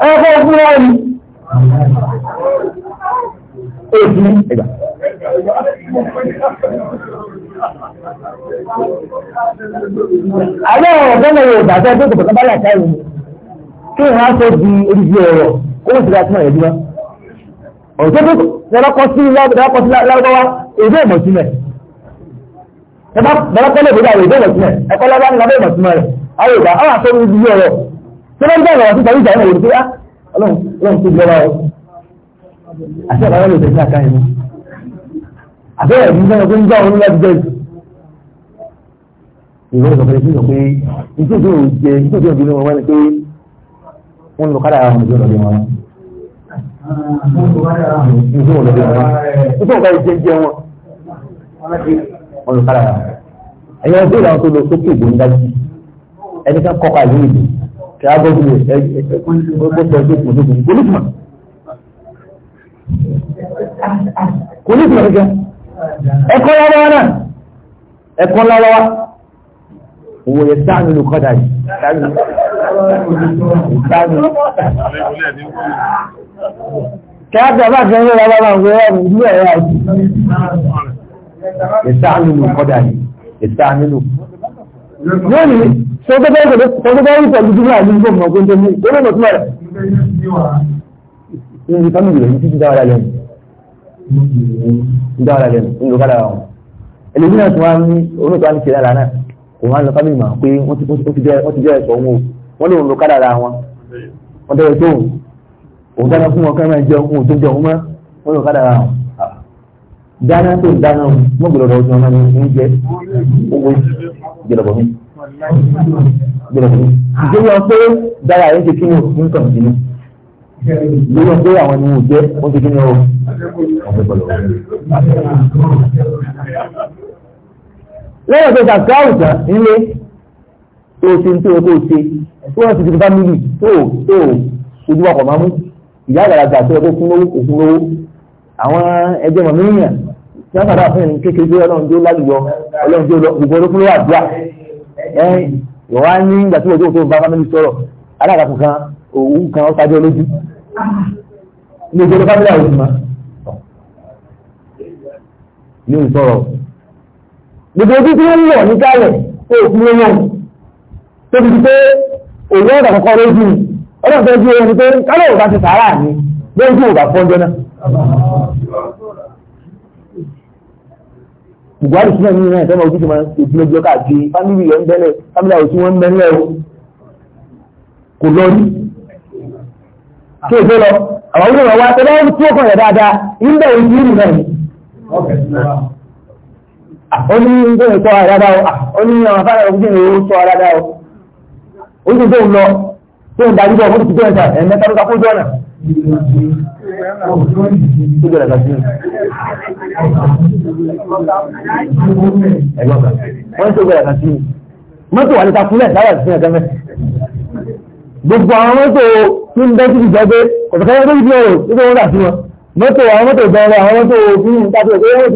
ẹgbẹ́ fún lọ́wọ́ ni èyí Àwọn ọ̀rọ̀ gbọ́dọ̀ yóò bàtẹ́ tó kò bá làtà ìlú. Kí wọ́n á sọ di oríṣi ọ̀rọ̀ kó sì ra túmọ̀ ẹ̀dí wọn. Ọ̀rọ̀ tó tó lọ́kọ́ sí lárúbáwá èdè ìmọ̀ sílẹ̀. Bàbá kọ́lẹ̀ ìgbéga èdè ìmọ̀ sílẹ̀. Ẹ̀kọ́ lọ́wọ́ ní lábẹ́ ìmọ̀ sílẹ̀ rẹ̀. Àwọn ìgbà àwọn àtọ́ orí ìdílé ọ̀rọ̀. Tí wọ́n ń bẹ̀rẹ̀ ọ̀rọ̀ síta ìjà ìmọ̀ òrùkú á. Ọlọ́run tó gbọ́ wa o. Àti àbáyọ̀ lè tẹ̀sí àkáyìn. Àbẹ́rẹ̀ ìdílé ọ̀gbọ́n gbọ́ òun lọ́dún ìwé ìsọ̀kan ìṣúná pé nítorí òun jẹ nítorí òun wọn pé wọn lọ kára àwọn ìjọ lọ́dẹ wọn. nítorí òun wọn nítorí òun bá jẹ wọn wọn lọ kára àwọn. ẹ̀yin ọdún ìlànà tó lọ sókè gbòǹdájì ẹni ká kọ́ pàlú ìlú kí a gbọ́dọ̀ ẹ ẹ ẹ kó sọ pé kò tó kò kò ní kùmà. kò ní kùmà lọ́wọ́ náà ẹ̀kọ́ lọ́wọ́ owó yẹ dáàmì ló kọ́dà yìí dáàmì kẹ́ẹ̀kẹ́ bá fẹ́ rẹ̀ lọ́wọ́ àwọn ọ̀rẹ́ ìlú ẹ̀rọ àti ìsáàmì ló kọ́dà yìí ìsáàmì ló lónìí tó tó bẹ́ẹ̀ tó tó bẹ́ẹ̀ pẹ̀lú jùlọ àti ìgbò mọ̀ gbóńdé ní ìgbò mọ̀ tó rẹ̀ ní ìfẹ́ mi ní títí dáwà lẹ́nu dáwà lẹ́nu ń lo kádà wọn ẹlòmíràn tó wá ní oníkan ti rẹ̀ lánàá òun á lọ fábìlì mà pé wọ́n ti jẹ́ ẹ̀sọ́ wọn o wọ́n lòun lo kádàrà wọn wọ́n tẹ́lẹ̀ tó òun òun dáná fún wọn káyọ̀ jẹun òun tó jẹun mọ́ wọ́n lòun kádàrà wọn dáná tó dáná wọn gbọ́dọ̀ ọdún ọmọ mi ń jẹ owó gbẹdọ̀bọ̀ mi gbẹdọ̀bọ̀ mi ìdílé wọn pé dára yẹn ti kíni òfin kàn sínú lórí wọn pé àwọn ẹni wọn jẹ wọn ti kíni ọ lẹ́yìn tó ṣàkà àwùjá nílé tó o ṣe ní tó o kó o ṣe tó wọ́n ti di fámìlì tó o tó o ojú wa kọ̀ máa mú ìyá àgbàlagbà tó o kó fún lówó òfun lówó àwọn ẹgbẹ́ mọ̀míyàn tí wọ́n sàdá fún ẹni kékeré pé ọlọ́run tó lálùyọ ọlọ́run tó gbogbo ló fún lówó àdúrà ẹ̀yìn ìwà ní ìgbà tí wọ́n tó bá fámìlì sọ̀rọ̀ alágbàkùn kan òwú kan ó sájọ́ lójú ní ìjọba gbogbo ojú tí wọ́n lọ ní jálẹ̀ tó òfin lọ́wọ́ tó fi pé òun ọ̀dà kọ̀kọ́ lójú ọlọ́run tó ń dúró ní pé ò bá ti sàárà ní lójú ò bá fọ́njọ́ náà. Buhari sinmi ní ìrìn àtẹ́mọ̀ ojú tó máa ojú lójú ọkà àti fámìlì rẹ̀ ń bẹ́lẹ̀ fámìlì àwọn tí wọ́n ń bẹ́lẹ̀ o onígbò ìtọ́ àdáda o onígbò àwọn afárá ọkùnrin ní owó tọ́ àdáda o onígbò tó ń lọ tó ń dájú bọ́ fún ti gbẹ́ǹta ẹ̀mẹ́ta ló kakó jọ́nà. wọ́n tó gbẹ̀rẹ̀ kan sí i mọ́tò wà ní kakúlẹ̀ láwà sí ẹ̀kẹ́mẹ́ gbogbo àwọn mọ́tò tí ń bẹ́ sí ìjọba ọ̀sẹ̀kẹ́yẹ́ tó ń bí ọ̀rọ̀ tó ń rà sí wọn mọ́tò àwọn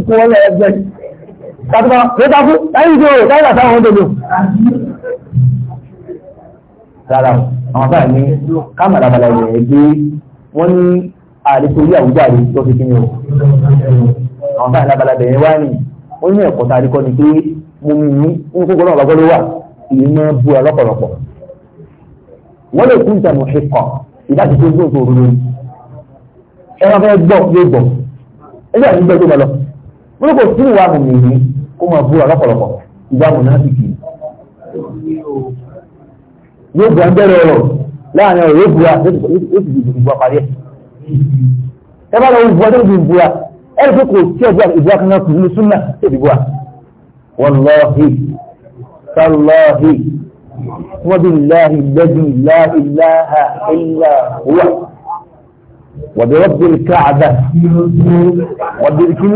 mọ́tò kàtùkọ̀ lẹ́ta fún láyìí tó rẹ̀ káyà sáwọn tó lò. rárá o àwọn sáà ní kámàrà balẹ̀ rẹ̀ gbé wọ́n ní àdékò orí àwùjọ àdé tó fi kíni o. àwọn sáà lábala bẹ̀rẹ̀ wá ní ó ní ẹ̀kọ́ tá a dikọ́ ni pé mo mú un ń kókó náà lọ́gbọ́n ló wà ìyẹn máa bu ọ lọ́pọ̀lọpọ̀. wọ́n lè kún ìtàn òṣèkọ̀ ìdájí tó gbóòtò òru lórí. ẹ wọ́n kò ahụ ìwà mùmí ní kó máa búra lọ́pọ̀lọpọ̀ ìwà mùnáfíkì yóò gbà ń ọ̀rọ̀ láàrin ọ̀rọ̀ yóò búra yóò ti di ìbúra parí ẹ̀. ẹ bá lọ ìbúra tó ti búra ẹ kò ìbúra kankan kù nínú tó ti búra. lẹ́bí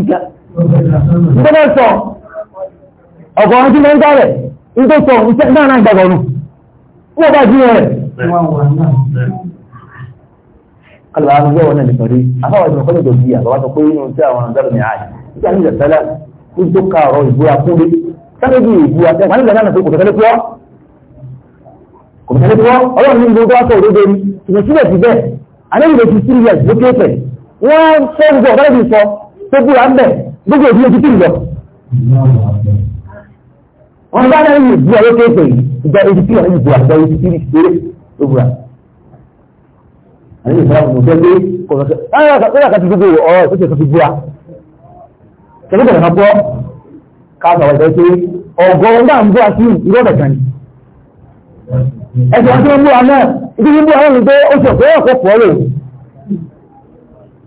wà. Ìjọba sọ ọ̀pọ̀ ọ̀run tí wọ́n ń dárẹ̀ ní tó sọ iṣẹ́ náà náà gbàgbọ́ nù. Wọ́n bá jí rẹ̀. Kàlà àwọn ọjọ́ wọn náà nìkan rí. Àfáwọn ìgbìmọ̀ kọ́lẹ̀ tó bí àbáwá sọ pé inú tí àwọn ọ̀dọ́ mi àyè. Ìjà ní ìjọsẹ́lá ní tó ka ọ̀rọ̀ ìbúra kúndé. Sábẹ́bí ìbúra tẹ́ wọ́n nígbà náà pé kò tẹ́lẹ̀ pọ́. Kò tẹ́lẹ̀ pọ́. Ọlọ́run ní gbogbo wa sọ òdodo ni. Ìgbà síbẹ̀ síbẹ̀, àlejò ti sírí ẹ̀ lókè pẹ̀. Wọ́n sọ gbogbo ọ̀dọ́ gbogbo ìdílé ti tìlọ. wọ́n bá náà yìí bu ọ̀rọ̀ kéèké yìí ìgbà eighty three àti ìbò àgbà eighty three péré ló bura. àti ìfọwọ́ mo fẹ́ gbé kọ̀ọ̀kan sọ́yà kan ti gbogbo ọ̀rọ̀ ìfẹ́ kan ti bura. kẹ́kẹ́ kẹ́kẹ́ kan bọ́ káàkiri àwọn ìfẹ́ pé ọgọ́rùn-ún náà ń bọ́ àti ìrọ̀lẹ́ kan ni. ẹ̀sìn àti ìmúra náà ìdí ìmúra náà ni pé ó ṣe ọ̀pẹ́ ọ̀pọ̀ pọ̀ rè.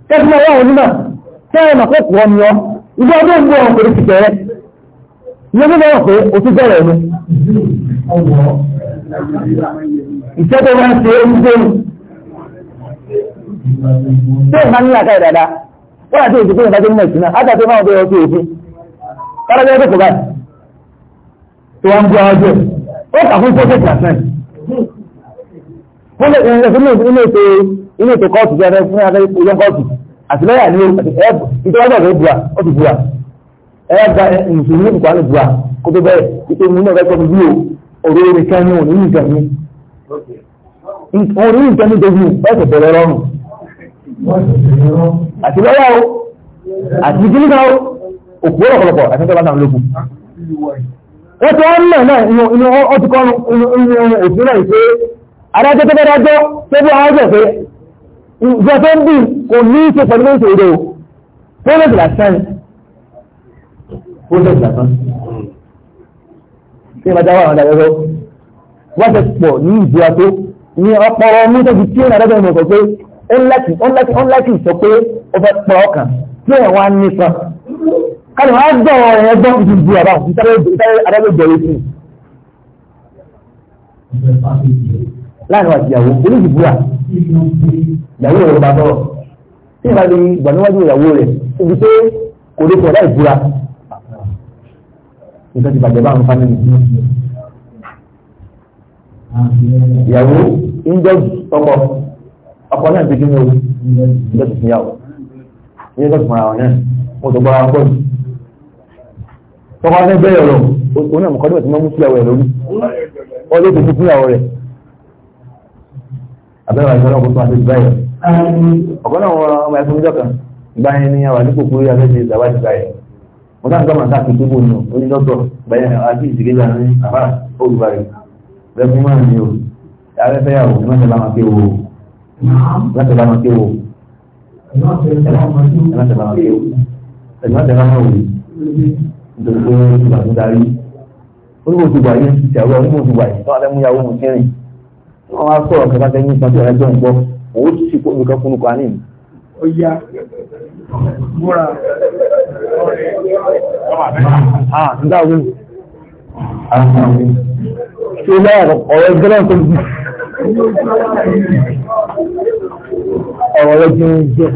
kẹ́kẹ́ ilé ọdún ń gbọ́ ọ̀hún kò ní ti bẹ̀rẹ̀ ilé ọdún náà pé o ti bẹ̀rẹ̀ ni. iṣẹ́ tó máa ní àká ìdàdá ó yà tó o ti pé ìdájọ́ nínú ìsúná ájà tó máa bẹ̀rẹ̀ òfin kára bẹ́ẹ̀ tó kò báyìí tó wá ń gbé ó kà fún fọ́tò percent. fún ilé ìṣẹ́ inú ètò kóòtù fún àtìlẹ́yà ní ẹ̀bù ìtọ́wọ́gbà tó bùa ó ti bùa ẹ̀yà gba mùsùlùmí kò á lè bùa kó tó bẹ́ẹ̀ ìpè mú náà rẹ́pọ̀ bí òróró ní kẹ́ni òní ní ìjẹ̀mí òní ní ìjẹ̀mí tó bù ẹ̀sẹ̀ bẹ̀rẹ̀ rọrùn àtìlẹ́yà o àti ìdílé náà o òkú ọ̀pọ̀lọpọ̀ àti ìjọba náà lókun wọ́n ti wọ́n mọ̀ náà inú ọtí kan inú òfin náà ìpè adájọ́ tó bẹ́ẹ̀ dájọ́ tó bí àwọn ọjọ́ pé ìjọ tó ń bì kò ní í ṣe pẹ̀lú oṣù èdè o fọ́lẹ́sì lásán fọ́lẹ́sì lásán ṣé ìbájá wà wọn dàgbẹ́rọ wọ́n ti pọ̀ ní ìjìyà tó ní ọ̀pọ̀ ọmọ tó fi tíyẹn àdọ́gbẹ́ mi sọ pé ọ̀nlẹ́kì ọ̀nlẹ́kì ọ̀nlẹ́kì sọ pé ó fẹ́ pọ̀ ọkàn tí ẹ̀ wá nípa kálí wọn á gbọ́ ẹ̀yẹ gbọ́ ìdìbò àbá ìtàlẹ́ àdọ́gbẹ́ jẹ̀rẹ̀ sí láàrin àtìyàwó onídìbò à ìyàwó ìrọ̀lẹ́ bá bọ́ọ̀ tí ìbá lè gbà níwájú ìyàwó rẹ̀ ibi pé kò lè sọ̀rọ̀ ìbúra nǹkan ti bàjẹ́ bá ń fa nínú. ìyàwó ń jẹ́ ọkọ ọkọ náà ti kí o ìjọ tuntun yà o ìyẹn tó tún ara wọn náà mo tó gbọ́ra pọ̀ jù. tọ́kọ fẹ́ bẹ́ẹ̀ ọ̀rọ̀ òun náà mọ̀kọ́ dìbò tí mú síyàwó rẹ̀ lórí ó lè fi fún ìyàwó rẹ̀ abẹ́rẹ́ àti ọlọ́kùnrin tó àti ìgbà ọ̀pọ̀lọpọ̀ wọn ọmọ ẹ̀fún ìjọ kan ìgbà yẹn ni àwọn àdúgbò kúrú yà lẹ́sẹ̀ ìdàwà ti báyẹ̀ wọn náà gbọ́mọ̀ sáà fi gbogbo nù ó ní lọ́tọ̀ báyẹ̀ àti ìsìnkú ìgbà ní àbá olùbàrẹ̀ lẹ́kún máa ní o afẹ́fẹ́ yàwó ní mọ́tẹ́ bá máa ké wo mọ́tẹ́ bá máa ké wo mọ́tẹ́ bá máa ké wo mọ́tẹ́ bá máa wò nítorí pé ìgbà tó darí onímọ̀ òtù owó tó sì kó nǹkan kúnnú kan ní. ó yá múra ọ̀rẹ́ ọ̀rẹ́ ọ̀rẹ́ ṣe láàrín ọ̀rọ̀ ẹgbẹ́rẹ́ tó bí ọ̀rọ̀ rẹ̀ jẹun jẹ́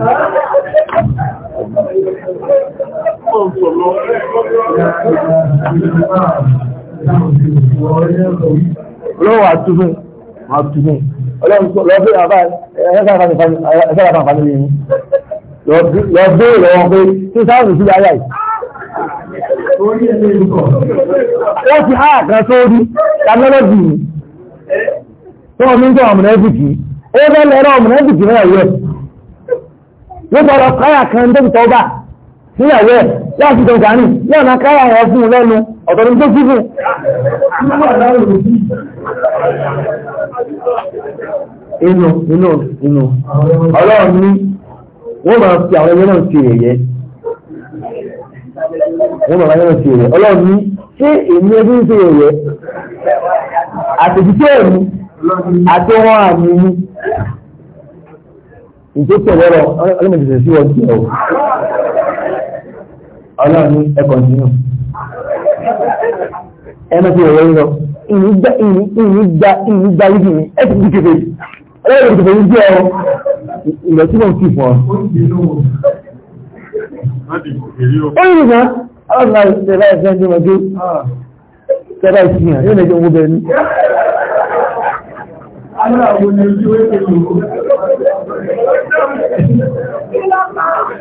lọ́wọ́ àtúnfún máa tù mí ọlọ́run sọ lọ́ọ́ bẹ́ẹ̀ bàbá ẹ̀ṣẹ́ àbá àǹfààní lè ní lọ́ọ́ bẹ́ẹ̀ lọ́wọ́ pé tí sáwọn ìṣúlẹ̀ ayá yìí. wọ́n ti há àkàn sórí tàmílọ́jì ni tí wọ́n fi ń tọ́ ọmọnẹ́bìkì ó bẹ́ẹ̀ lẹ́rọ ọmọnẹ́bìkì náà yẹ. wọ́n tọrọ káyà kan débi tọ́ bá níyàwó ẹ̀ láti tọ̀gá ní lọ́nà káyà ẹ̀ fún un lẹ́nu ọ̀tọ̀rin tó kí fún inú inú inú ọlọ́run ní wọ́n máa fi àwọn ẹgbẹ́ náà ti rẹ̀yẹ wọ́n máa yẹ́nà ti rẹ̀ ọlọ́run ní ṣé èmi ẹbí ń fi rẹ̀ àtẹ̀jíṣẹ́ ẹ̀mí àti wọn àmì ní ìjókòó lọ́rọ̀ ọlọ́mọdé sí ọjọ́ ọlọ́run ní ẹ kọ̀ǹtínú ẹ má fi ọ̀rọ̀ yín lọ ìní gba ìní ìní gba ìní gba yíbi mi ẹ ti fi kébé ọlọ́run kò tẹ̀lé jẹ́ ọ ìlọ tí wọ́n kì fún ọ. ó yìí nìkan ọlọ́run náà ṣe bá ẹ̀fẹ́ ní ọmọdé ah. ṣe bá ìsìn yàn yóò lè jẹ́ owó bẹ́ẹ̀ ni. Aláwo ni ojú ẹ̀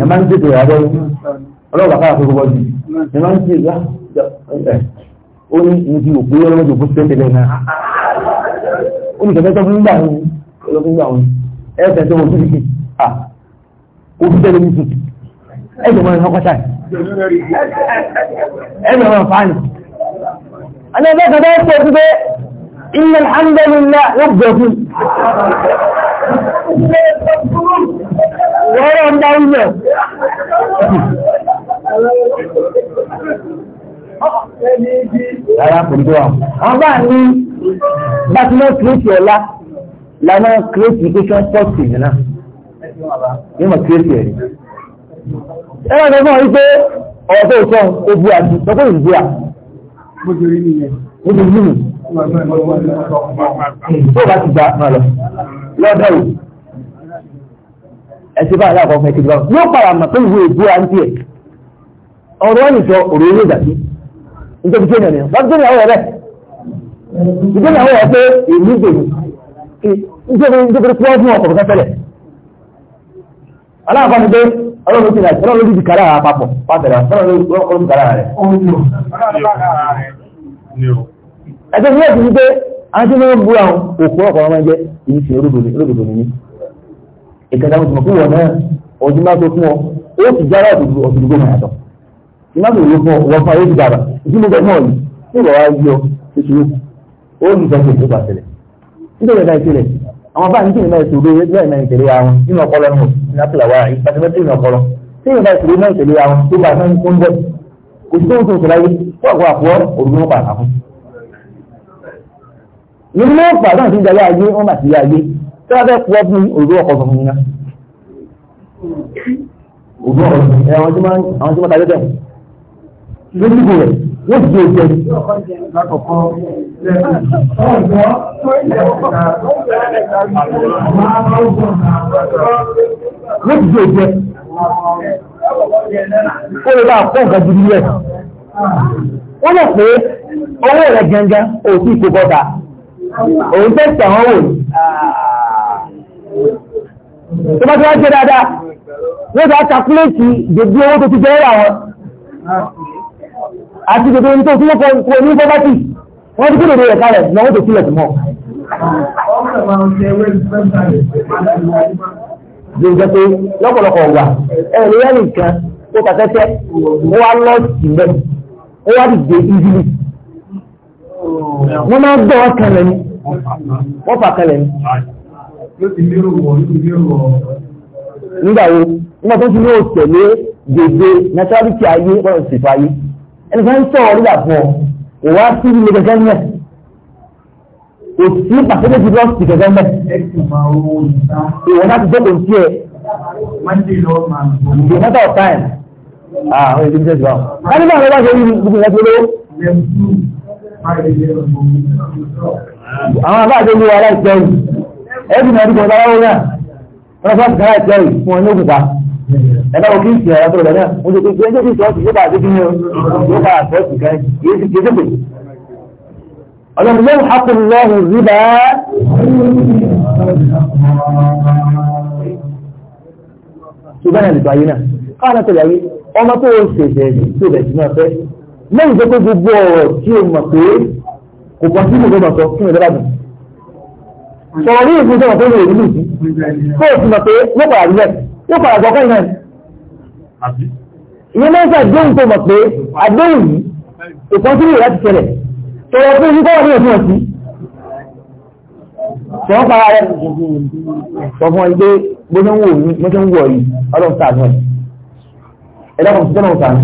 ẹ máa ń tètè rà lọ́wọ́ ọlọ́wọ́ bàbá àkókò bọ́ jù ẹ máa ń tètè rà ó ní ibi òkú ọlọ́wọ́ jòkó tẹ́tẹ̀lẹ̀ náà ó ní kẹfẹ́ tọ́kùn gbà wọn ọlọ́kùn gbà wọn ẹ fẹ́ tọ́ wọn síbi à ó fi tẹ́lẹ̀ mi sùn ẹ jọ máa ń kọ́kọ́ ẹ jọ máa ń fàánì. àná kan bá ń pè é pé ilẹ̀ wọ́rọ̀ ń dá ilẹ̀ ara kò dúró àwọn bá ní bá ti lọ́ọ́ kírètì ọ̀la education pọ́ọ̀tì náà yóò mọ̀ kírètì ẹ̀rí ẹ̀rọ ọ̀dọ́ náà wípé ọ̀rọ̀ tó sọ ó bu àti sọ́kò ìbú à. mo ti rí nìyẹn. mo ti rí nìyẹn. tó o bá ti gbà máa lọ lọ́dọ̀ yìí ẹtì bá aláàkọ́ fún ẹtì bá yóò padà mọ̀ pé ìwé ìbúra ń tiẹ̀ ọ̀rọ̀ wọn nìṣọ ọ̀rọ̀ ilé ìdàgbé nítorí tí ènìyàn bá gbé ìyàwó rẹ̀ ìgbé ìyàwó rẹ̀ pé èmi gbèrú nítorí nítorí pé wọ́n fún ọkọ̀ fẹ́ fẹ́lẹ̀ aláàkọ́ ni pé ọlọ́run ti rà ọlọ́run ló di kàrà àpapọ̀ pàtẹ́rà ọlọ́run ló di kàrà rẹ̀. ẹ̀jẹ̀ ní ẹ̀sìn pé àwọn tí wọ́n búra òkú ọkọ̀ wọn máa jẹ́ ìyí ìkẹta mo ti mọ̀ pé wọ̀ náà ọdún máa tó fún ọ ó sì jára ọ̀dùnkú ọ̀dùnkú náà yàtọ̀ ìmáàmù ìlú fún ọ wọ́n fún ayé ti dàbà ìdílé bẹ́ẹ̀ náà yìí tí ìwà wa yọ kékeré ó lù sọ́kè tó bá bá nítorí náà ìṣòro bẹ́ẹ̀ náà àwọn nínú ọpọlọ nù ní apẹ̀lẹ̀ wa ìpàtẹ́mẹ́tì náà ìtẹ̀lẹ̀ àwọn nínú ọ̀pá náà ti ń darí ayé wọ́n bá ti yá ayé tí wọ́n fẹ́ pọ́ bí òru ọkọ̀ tuntun náà òru ọkọ̀ tuntun ẹ̀ àwọn tí wọ́n ta lẹ́tẹ̀ lórí ìgbò rẹ̀ wọ́n ti jẹ́ lákọ̀ọ́kọ́ wọ́n ti jẹ́ jẹ́ ó lè bá fún nǹkan gidi rẹ̀ wọ́n lọ pé owó rẹ̀ gangan òfin kò bọ́ta òun tẹ̀sí àwọn wò tó bá tó wá jẹ́ dáadáa wọ́n tó kàkúlẹ̀tì gbogbo owó tó ti jẹ́ ẹ̀rà wọn àti gbogbo ohun tó fún ọkọ̀ ní pọ́pátì wọ́n ti kéde rẹ̀ kalẹ̀ lọ́wọ́ tó sílẹ̀ mọ́ Jẹ́jẹ́ pé lọ́pọ̀lọpọ̀ wà ẹ̀rẹ̀ yẹ́ nìkan tó tàtẹ́tẹ́ ó wá lọ sílẹ̀ ó wá Wọ́n máa gbọ́ ọkàn lẹ́nu, wọ́n fà kalẹ̀ ni nígbàwo nígbà tó ti ní o tẹ̀lé gbèdé nàtàlítì ayé lọ́rọ̀ ìsìnkú ayé ẹni kan ń sọ̀rọ̀ nígbà fún ọ ìwà sí ilé gẹ́gẹ́ mẹ́ òtí pàṣẹ́lẹ̀ ti lọ́ọ̀sì gẹ́gẹ́ mẹ́ ìwọ náà ti dẹ́kun tí ẹ the matter of time ah oye o ká nígbà wọn àwọn àbá àti aláìsẹ́yìn ẹ̀dùn náà dìbò báwo náà wọ́n fọ́ àtìkára ìtẹ́ yìí fún ọ ní òkùnfà ẹ̀dá òkè ìsìn ẹ̀rọ tó lọ náà mo ṣe pé ẹjọ́ ìṣọ́ ti yóò àti kíni yóò bá àṣọ ìsìn kan yìí ti ké sépè. ọ̀dọ̀dún lẹ́yìn hakùn lọ́hùn rìbá ṣùgbọ́n náà nìkan ayé náà káwọn náà tẹ̀lé ayé ọmọ tó o ṣèṣẹ̀ tó bẹ̀ sí náà fẹ́ lẹ́yìn tó pé gbogbo ọ̀rọ̀ tí o mọ̀ pé kò kọ́ sí ìgbọ́dọ̀ sọ fún ìdọ́dọ̀ sọ̀rọ̀ ní ìfúnṣẹ́ wọn tó lè rí nìyí kó o sì mọ̀ pé yóò padà rí ẹ̀ yóò padà gbọ́ kẹ́yìn náà ìyẹn náà sọ àdéhùn tó mọ̀ pé àdéhùn yìí ìkan tí yóò láti ṣẹlẹ̀ sọ̀rọ̀ pé ní kọ́wọ́ ní ẹ̀fún ọ̀sí sọ̀rọ̀ para rẹ̀ sọ fún ọ pé gbóná wò ní mọ́tò ń wọ̀ yìí ọlọ́run sàánú ẹ̀ ẹ̀dá kan sọ́nà sàánú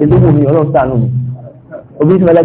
ètò wò ní ọlọ́run sàánú òbí tí mo lẹ́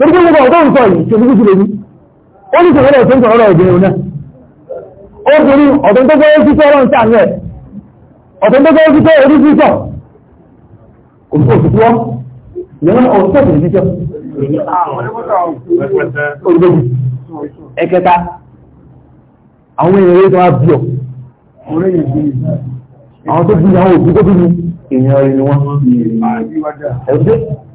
torí pé gbogbo ọ̀dọ́ nǹkan yìí ṣe gbogbo ìṣẹ̀lẹ̀ yìí ó ní ìṣẹ̀lẹ̀ tó ń sọ̀rọ̀ obìnrin náà obìnrin ọ̀dọ́ tó gbọ́wọ́ sí tọ́rọ̀ ń sàárẹ̀ ọ̀dọ́ tó gbọ́wọ́ sí tọ́rọ̀ orí sísọ̀ kò sí òṣìṣẹ́ wọn ìyẹn ọ̀dọ́ tó sì sísọ̀ ẹ̀kẹta àwọn èèyàn tó wá bí ọ àwọn tó bí àwọn òbí tó bí èèyàn rẹ̀ ni wọ́n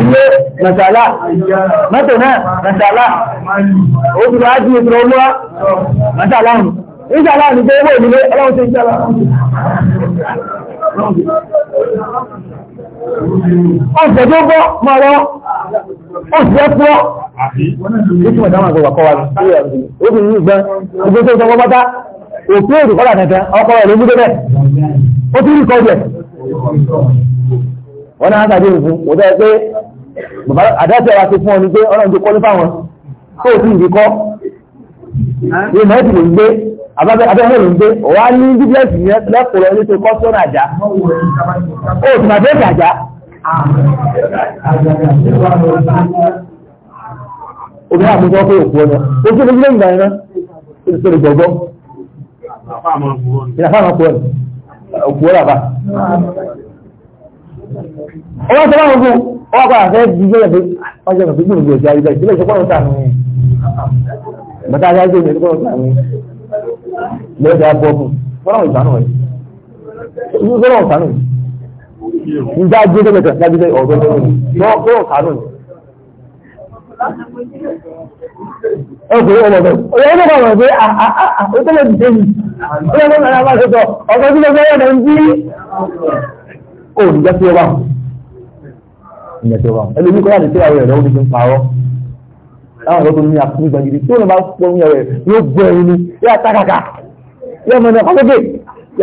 ilé mẹ̀sàlá mẹ́tò náà mẹ̀sàlá òṣùlọ ájú ìṣòro olúwa mẹ́sàlá nù ìṣàlá nù pé owó ìdílé ọlọ́run ti ìṣàlá ọ̀sẹ̀ tó gbọ́ máa lọ ọ̀sẹ̀ pọ́ ìtumọ̀ ìdáwọn àgbà kọ́ wa ní obìnrin ní nke ìgbẹ́ tó sọ ọkọ̀ rẹ̀ ló mú ó ti rí kọ́ jẹ̀ wọn náà sàdé ìfún kò tẹ́ pé àdáṣẹ́ wa ti fún ọ ní pé ọlọ́run ti kọ́ ní fáwọn tó o sì ń kíkọ́ yóò mọ̀ ẹ́sì ló ń gbé ń gbé ọ̀wá ní bíbélì yẹn lẹ́kọ̀ọ́ kọ́ sọ́nà ó sì máa bẹ́ẹ̀ obìnrin pé òkú náà ó sọ̀rọ̀ gbọ̀gbọ́. ọwọ́ sọ báwọn fún ọwọ́ padà fẹ́ di yẹ́lẹ̀ pé ọjọ́ ìgbà gbogbo ìgbà ìgbà ìbílẹ̀ ìṣọ́pọ̀ ọ̀tà mi bàtà ajájú ìgbà ìṣọ́pọ̀ ọ̀tà mi lẹ́ẹ̀dẹ̀ abọ́ọ̀bù fọ́nrán ìbánú rẹ̀ fọ́nrán ìbánú rẹ̀ njẹ ajé tó lẹsẹ lábí sẹ ọgbẹ tó lọ kó ọkàánù ni. ọkùnrin ọmọ bẹ́ẹ̀ ọyọ ọmọ bàbá pé ó tẹ́lẹ̀ ti tẹ́lẹ̀ ó yẹ kó nàá bá ṣe tọ ọgbẹ tó lọ fẹ́ẹ́ yọ ó ní jẹ́ tí ó bá wù ìyẹn tí ó bá wù ẹlòmí kọ́ láti tíra rẹ̀ lọ́wọ́ tuntun parọ́ láwọn ọ̀dọ́ tó ní akúrú gbàgede tí ó lè máa pọ̀ ní ọ̀rẹ́ yóò gbọ́ ẹni ní yóò àtàkàkà yóò mọ̀ ní ọkọ̀ lókè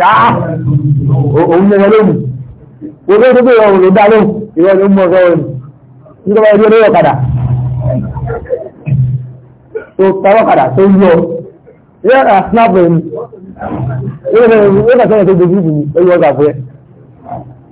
yáá òun ní ẹ̀rọ lóhùn gbogbo tó gbé ìrọ̀rùn ló dá lóhùn ìrọ̀ ni ó mọ̀ ọ̀rọ̀ rẹ̀ nígbà ẹni olóyè ọ̀kadà tó tọwọ́ kadà tó yọ yóò rà snap rẹ̀ ni yóò rà sọ́yìn tó gbogbo ìbùnú ó yọ ọ̀gá fún ẹ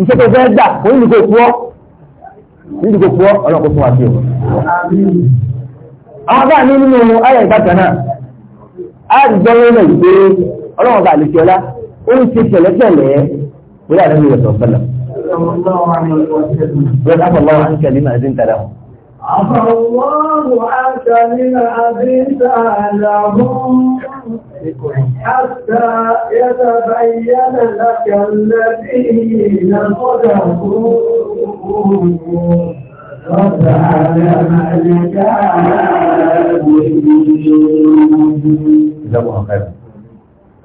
iṣẹ́ tó fẹ́ gbà kò ní kò fúọ́ ní kò fúọ́ ọlọ́kọ̀ fún àti ọ̀. àwọn bá ní nínú ayé ìbátan náà a ti gbọ́ lórí náà pé ọlọ́wọ́n bá lè fi ọlá ó ń ṣe tẹ̀lẹ́tẹ̀lẹ́ pẹ̀lú àdébí rẹ̀ sọ̀fẹ́lẹ̀. Bẹ́ẹ̀ ká fọ̀lọ́ à ń kẹ́lí náà ẹ̀dín tẹ̀lé wọn. Àfọwọ́ حتى يتبين لك الذين صدقوا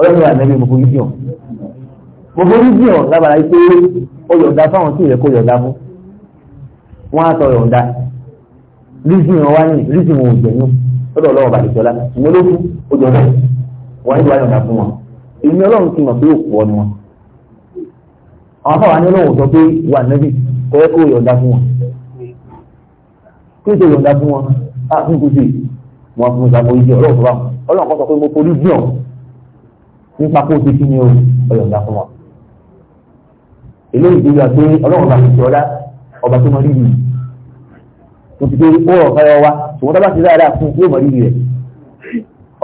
Ọlọ́run àmẹ́rin gbogbo yíò. Gbogbo yíò lábàrá pé ó yọ̀ǹda fáwọn tí ìrẹ́kọ́ yọ̀ǹda fún. Wọ́n á sọ yọ̀ǹda. Rísìn wọn wá ní rísìn wọn ò jẹ̀yún lọ́dọ̀ ọlọ́wọ́ bàdìjọ́lá ìwọ ló kú ó jọ náà wọ́n ní wáyọ̀ dá fún wọn èmi ọlọ́run ti mọ̀ pé òkú ọ ni wọn. àwọn afáwa ní ọlọ́run sọ pé wà nẹ́bì kọ́ ẹ́ kó yọ̀ǹda fún wọn. kí ló yọ̀ǹda fún wọn á fún kùsì mo fún un sàbò ìdí ọlọ́run tó bá wọn ọlọ́run kọ́ sọ pé mo forí bí ọ̀n nípa kó o ti kí ni o ọ̀yọ̀ǹda fún wọn. eléyìí ti yọ pé ọlọ́run bá ti sọ ọlá ọba tó mọ rírì kò sì pé ó rọ̀ fẹ́ wa ṣùgbọ́n tó bá ti dáadáa fún yóò mọ̀ rírì rẹ̀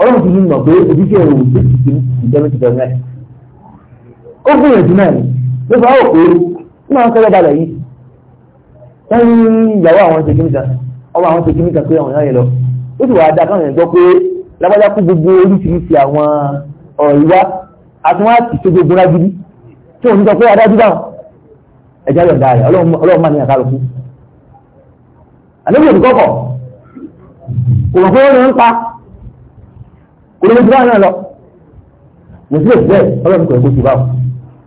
ọlọ́run ti mọ̀ pé ojúṣe òun ti ti ìjọba ti bẹ̀rẹ̀ ó gbìyànjú náà ni ló fà á òkú nígbà wọn kọ́lọ́ balẹ̀ yìí wọ́n ní ìyàwó àwọn ṣe kíníkà ọmọ àwọn ṣe kíníkà pé àwọn ìyá yẹn lọ ó sì wàá da káwọn yẹn gbọ́ pé lágbájá kú gbogbo oríṣiríṣi àwọn ọ̀rọ̀ ìwá àtúnwá ti ṣe gbogbo rágídí tí òun sọ pé adájú báwọn ẹ̀já yọ̀ǹda rẹ̀ ọlọ́run máa ní àkàlùkù àlejò ìdúkọ́kọ̀ kò mọ̀ pé ó ń pa kò lóbi jùlọ náà lọ mùsùlùmí bẹ́ẹ̀ ọlọ́run kò ẹ̀kọ́ ti bá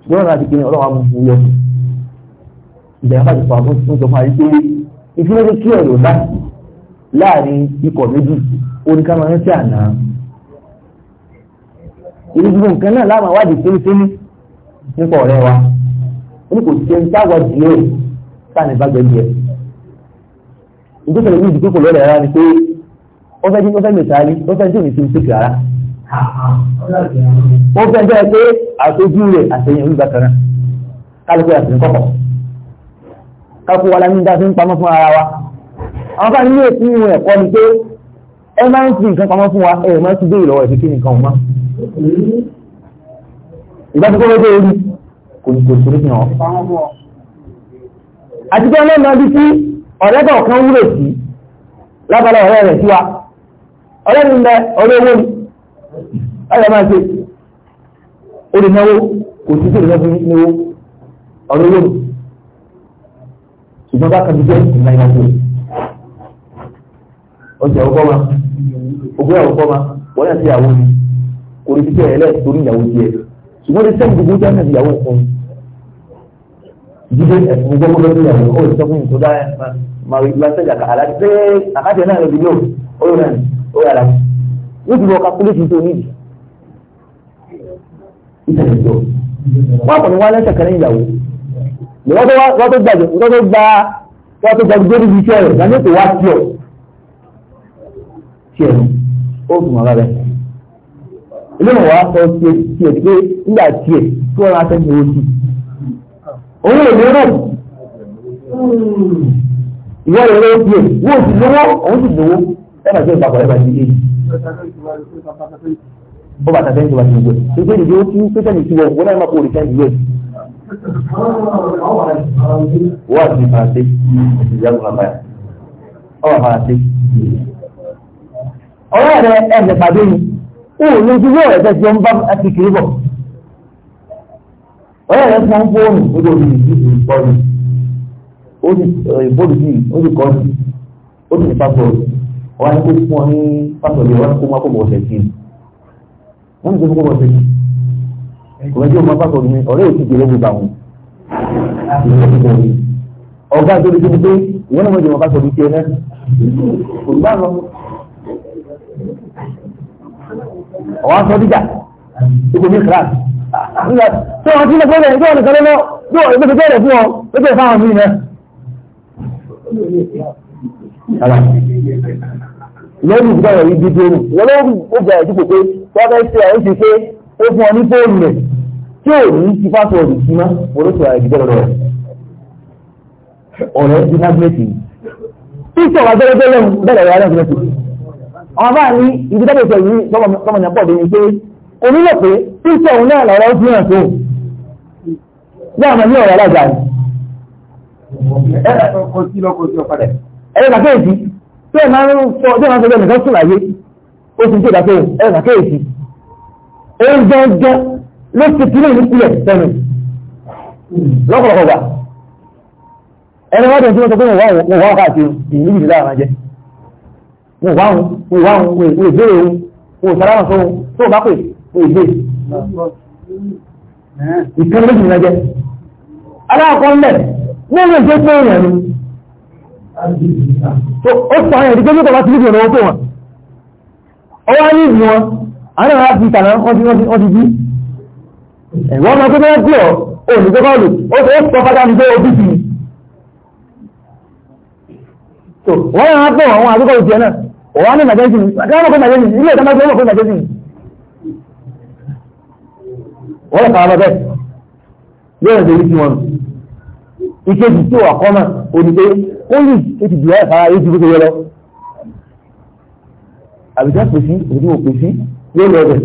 wọn náà ti kiri ọlọ́run àwọn ọmọ yọ ìbẹ̀rẹ̀ bá ti fọ àwọn tó ń sọ fún àyíké ìfúnlẹ́dẹ́ kí ọ̀rọ̀ bá láàrin ikọ̀ méjì oníkàmọ́ rántí àná ìrìsìgbò nǹkan náà láwọn àwádìí fínnífínní nípa ọ̀rẹ́ wa ó ní kò sí ẹni táwọn díẹ̀ sáà ní bá gbẹ díẹ̀ ìdókòlò ní ìdókòlò lọ́dọ̀ ara ni pé ó fẹ́ jí ó fẹ́ mẹ́sàárì ó fẹ́ tí ò ní sí ìsìnkú ara ó fẹ́ jẹ́ pé àtọ́jú rẹ̀ àtẹ̀yìn olùgbà kan náà kálukú àtẹ̀yìn kọ̀kọ̀ kálukú wa la ní dá sí ń pamọ́ fún ara wa àwọn kan ní èsì ìwọ̀n ẹ̀kọ́ ni pé ẹ máa ń fi nǹkan pamọ́ fún wa ẹ máa ń ti dé ìlọ́wọ́ ìfi kí nìkan wọn. ìgbàsókè wọ́n orí kò ọ̀rẹ́bọ̀ kan wúlò sí lábàlá ọ̀rẹ́ rẹ̀ síwá ọ̀rẹ́ mi bẹ ọ̀rẹ́ owó ni ọ̀rẹ́ máa ṣe olùnáwó kò sí sí olùnáwó ní owó ọ̀rẹ́ ni ṣùgbọ́n bá kàbí jẹ́ ìgbà ìgbà tó ọjà ọkọ ma ògbéyàwó ọkọ ma wọ́n yà sí ìyàwó mi kò rí títẹ̀ ẹ̀lẹ́ torí ìyàwó tiẹ̀ ṣùgbọ́n ní sẹ́yìn gbogbo jẹ́ ìyàwó fún mi jíde ẹ̀sìn gbogbo lórí ẹ̀wọ̀n ó sọ fún ìtọ́jà màrí lọ́sẹ̀jà àlájú pé àkájẹ náà lóbi yóò ó rẹ̀ ó yàrá níbi wọ́n kákúlẹ́tì tó níbi ìtẹ̀lẹ̀ tó wọ́n kàn wá lẹ́sẹ̀ kan ìyàwó wọ́n tó gbàgbé wọ́n tó gba wọ́n tó gbàgbé níbi iṣẹ́ rẹ̀ láti ètò wá sí ọ̀ sí ẹ̀ ó fi mọ̀ rárẹ̀ ilé ìwọ̀n wa sọ sí ẹ̀ sí ẹ̀ pé nígbà tí ẹ̀ tí wọ́n òun ò ní rò ìwọ ìwé ojú ẹ wo sì lówó òun sì lówó ẹ bàjẹ́ ìpapọ̀ ẹ bàjẹ́ èyí. bó bàtà fẹ́ǹtì wà nínú ìwé ṣé ìdí ó tún pé sẹ́ni ìwọ òun náà máa kó orí sẹ́ni ìwé. wọ́n àti faransé ìyàgò bàbá yà ọ̀rọ̀ faransé. ọ̀rọ̀ rẹ ẹ̀ ń pàdé ni òun lójú yóò rẹ̀ fẹ́ jẹun bá ti kiri bọ̀ ọ̀rẹ́ rẹ fún fóònù ó lè fi ìdíje ìkọlù ó sì ìbòlù sí ó sì kọlù ó sì ní pásọ̀rọ̀ ọ̀rẹ́ ní kó fún ọ ní pásọ̀rọ̀ ọ̀rẹ́ ní kó máa kó bọ̀ ọ̀sẹ̀ sí i wọ́n ní kó kó bọ̀ ọ̀sẹ̀ sí i ọ̀rẹ́ tí ó máa pásọ̀rọ̀ mi ọ̀rẹ́ ò sì jẹ́ lóògùn bá wọn ọ̀gá tó lè fi pé ìwọ́n náà mọ̀ jẹ́ wọn pásọ̀rọ̀ ẹ náà kò bá lọ ọ̀wá sọ díjà ó kò ní kíláàsì tó ọdún lọ́pọ̀ ẹ̀rẹ̀ tó ọdún sọ́lọ́lọ́ tó ọdún tó bẹ̀rẹ̀ fún ọ tó bẹ̀rẹ̀ fáwọn mí náà lẹ́yìn ìgbàwọ̀ yìí dídé nù lọ́lọ́rù ó bẹ̀rẹ̀ dípò pé wọ́n fẹ́ ṣe àwọn ṣe pé ó fún ọ ní fóònù rẹ̀ tí ò ní ti fásitì ọ̀dùn sí mọ́ olóṣù ààrẹ ìdíjẹ́ lọ́dọ̀ rẹ̀ ọ̀rẹ́ ti mágbẹ́tì tí sọ̀rọ̀ abẹ́rẹ́ bẹ́ẹ̀ lẹ́nu bẹ́ẹ̀ lẹ́nu ọmọ bá ní ibi tábìlì sọ̀rọ̀ yìí tọmọ onílò pé títẹ̀ òun náà lọ́rọ̀ ojú náà tó yá àmọ́ ní ọ̀rọ̀ alájà rẹ̀. ẹ̀rọ kàkéèsì tí ẹ̀ máa ń sọ bí wọ́n sọ bẹ́ẹ̀ nìkan sùn láyé ó ti ń tó ìdáfẹ́ ẹ̀rọ kàkéèsì òun gángan ló ti kí lóyún sílẹ̀ sẹ́nu lọ́kọ̀ọ̀kọ̀ gbà ẹni wọ́n tẹ̀ tí wọ́n sọ pé wọ́n wá káàkiri ìlú ìdílé àwọn jẹ́ wọ́n wá wọn wọ́n wá wọn wọ́n ìbéèrè wọn wọ́n sàrámà sóhun tó bá pè èdè ìkan méjì náà jẹ́ aláàkọ́ ńlẹ̀ nínú ìṣe pé èèyàn ni ó sọ àwọn ìdíkẹ́ ní ọ̀pá sílẹ̀ ìrànwọ́ tó wọn ọwọ́ ní ìlú wọn àwọn ará fi ìtànà wọ́n ti wọ́n ti bí ẹ̀wọ́n ọmọ tó bẹ́ẹ̀ pé ọ olùdókọ́lù ó sọ fátá ní pé ojú sí wọ́n yàrá pé àwọn àdúgbò ìjẹ náà wọ́n ní nàìjíríà ilé ìdámọ́sí ó mọ̀ fún nàìjíríà ọ̀rọ̀ kan lọ́bẹ̀ yóò rẹ̀ lórí tiwọn ìkejì tí wà kọ́mà onígbé ó lè ètì jù láì fara yóò ti bó ṣe yẹ lọ àbíjá pè sí òbí mo pè sí yóò lọ bẹ̀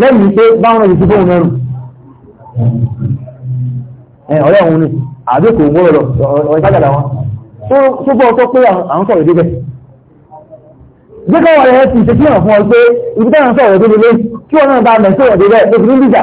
lẹ́yìn pé báwọn ẹni tí fóun náà ẹ ọ̀rẹ́ òun ni àbí kò gbọ́dọ̀ lọ ọ̀rẹ́ sájàdà wọn tó bọ́ ọtọ́ pé àwọn sọ̀rọ̀ débẹ̀ gbẹ́kọ̀ọ́ rẹ̀ ti ṣe kí hàn fún ọ pé ibi táwọn sọ̀rọ̀ débẹ̀ lé kí wọn náà bá mẹ́sọ̀rọ̀ débẹ̀ lóbi ní bíjà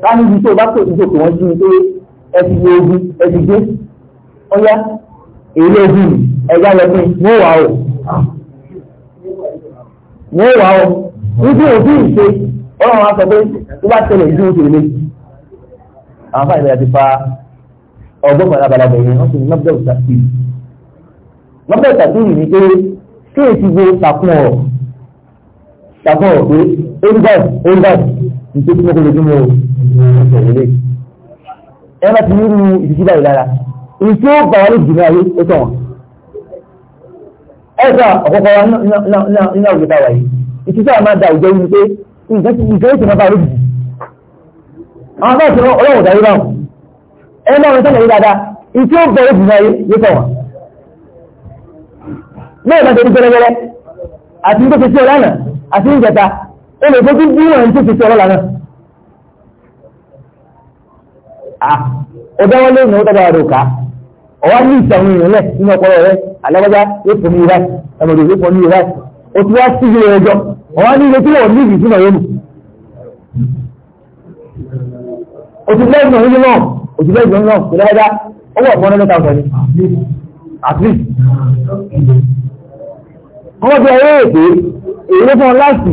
ká níbi tó bá tó ìjọ kò wọ́n jí ni pé ẹ ti gbé ogun ẹ ti gbé ọyá èyí ogun ẹ̀yà lọ sí mú wà ó mú wà ó níbi òbí ìṣe ọlọ́run á sọ pé tó bá tẹ̀lé ìdí òkè lé àwọn fáìlì ìlera ti fa ọgbọ́n kan lábala bẹ̀rẹ̀ wọ́n ti ní mọ́bílẹ̀ òtàkì mọ́bílẹ̀ òtàkì yìí ni pé kí èsì gbé takùn ọ̀rọ̀ takùn ọ̀rọ̀ pé ó ń bọ̀ ó ń bọ̀ nítorí mọ́kò lójúmọ́ ọ̀sẹ̀ lélẹ̀. ẹ má ti ní irú ìdíjí báyìí lára èyí tí ó gbà wá lè jìnnà ayé ó tàn wọ́n. ẹ sọ ọ̀kọ̀ọ̀kọ̀ wa nínú àwùjọ bá wà yìí ìtúsọ̀ àmà da ìjọ yìí pé nǹkan ti ìjọ yìí ti máa bá lójijì. àwọn bá ti ọlọ́wọ̀ dáyé báwọn ẹ má wọn sọ̀rọ̀ yìí dáadáa èyí tí ó gbà wá jìnnà ayé ó tàn wọ́n. bẹ́ẹ̀ má ti rí pẹ́rẹ́pẹ́rẹ́ àti ní Ah, ó lè fojú bí wọn tó fi tọrọ lànà. ọjọ́ wọn lé ìnáwó tọ́ba rẹ̀ ká ọwọ́ ní ìtàwọn èèyàn lẹ̀ nínú ọpọlọ rẹ̀ alágbájá yóò fún mi ráì ẹmọdé yóò fún mi ráì o ti wá sí ilé ẹjọ́ ọwọ́ ní ilé tí wọ́n ní ìdí náà yóò o ti lẹ́yìn náà nínú náà o ti lẹ́yìn náà kò lẹ́gbẹ́dá ọwọ́ ọ̀pọ̀ ọ̀nà mẹ́ta ọ̀sẹ̀ ni at least. wọ́n ti ọ̀rẹ́ èdè èyí fún ọ láti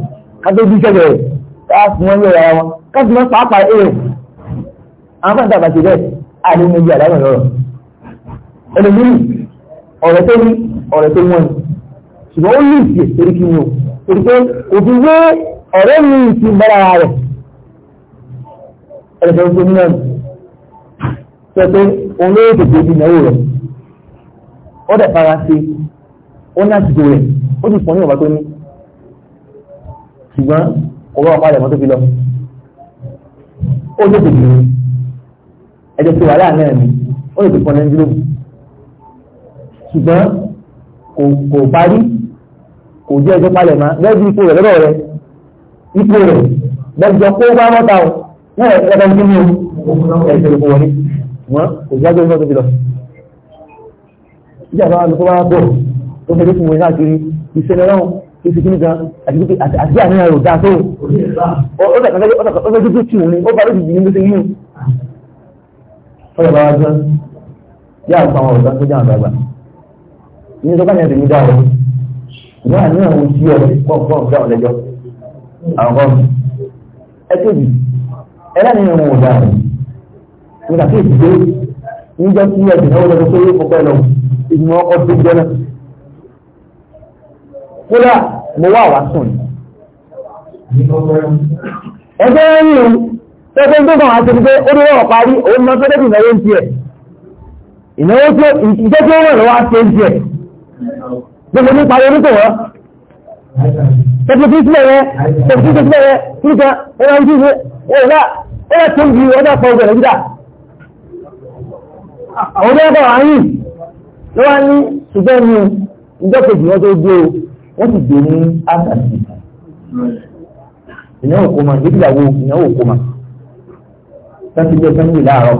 kátó bí sẹ́gbẹ̀ rẹ̀ káàkiri wọn yóò yára wọn káàkiri wọn pàápàá èrè àwọn fẹ́ǹtà bàtì bẹ́ẹ̀ àdé méjì àdámọ̀ lọ́rọ̀ ẹlòmíràn ọ̀rẹ́ tó ní ọ̀rẹ́ tó wọ́n ṣùgbọ́n ó ní ìsì torí kí ni o torí pé òfin wé ọ̀rẹ́ mi ti bára rẹ̀ ẹ̀rẹ́ tó ń tó ní náà sọ pé òun ló tètè di ìnáwó rẹ̀ ó dẹ̀ fara sí ó ní àsìkò rẹ̀ ó sì pọ̀ ní ọ̀bá tó ní ṣùgbọ́n kò wọ́n palẹ̀ mọ́tò fi lọ ó lè tètè ní ẹjọ́ tí wàhálà náà ni ó lè tètè pọn ní gílóòbù ṣùgbọ́n kò parí kò jẹ́ ẹjọ́ palẹ̀ mọ́ lẹ́bi ipò rẹ̀ lọ́dọ̀ rẹ̀ ipò rẹ̀ lẹ́jọ́ kó bá mọ́ta o wọ́n ẹ̀ ẹ̀ka ní kíni o ẹ̀ṣẹ̀ lè kó wọlé wọ́n kò jẹ́ ẹjọ́ mọ́tò fi lọ. ìjà bá wà lóko bá bọ̀ tó fẹ́ ìfi kíni gan àti àníyàn rò dáa tó ó bẹ̀ kan ó fẹ́ tó tì wọ́n ni ó bá lóṣù yìí ló ṣe yíyún. ọ̀rọ̀ bá wá jẹ́ yá àgbà àwọn ọ̀dọ́ tó jáwọn àgbà ní sọ́kà ní ẹ̀sìn mi dáa o ìwọ àníyàn wo sí ọ kọ́ọ̀kan dáwọn lẹ́jọ́ àwọn kan ẹ tóbi ẹ láti ní ìwọ̀n dáa o nígbà tí èsì pé níjọ́ tí ẹ̀sìn náà wọ́n lọ sórí ìfọ̀kọ́ ẹ̀ lọ ìgbìmọ̀ ọkọ̀ kódà mo wà wá sùn ni. ẹgbẹ́ rí o tẹ́tẹ́ tó kàn án ti di pé ó dúró ọ̀pá rí òun náà tẹ́tẹ́ ìnáwó ń tiẹ̀ ìnáwó tó ìjẹ́ tó rẹ̀ lọ́wọ́ ṣe ń tiẹ̀ gbogbo nípa ayé nípò wọ́n tẹ́tẹ́ tí sílẹ̀ rẹ̀ tẹ́tẹ́ tí sílẹ̀ rẹ̀ kíkà ẹ̀rọ ń jíjẹ ọ̀la ọ̀la tó ń di ọjà kan ọgbẹ̀rẹ̀ gíga àwọn ọjọ́ ọgbà wà ń yìn lọ́wọ́ ní ṣùgbọ́n ní ìjọ́ kejì ọjọ́ ojú o wọ́n ti dè ní àkàtì ìyàwó kò mà ìdíyàwó ìyàwó kò mà láti gbé sẹ́yìn yìí láàárọ̀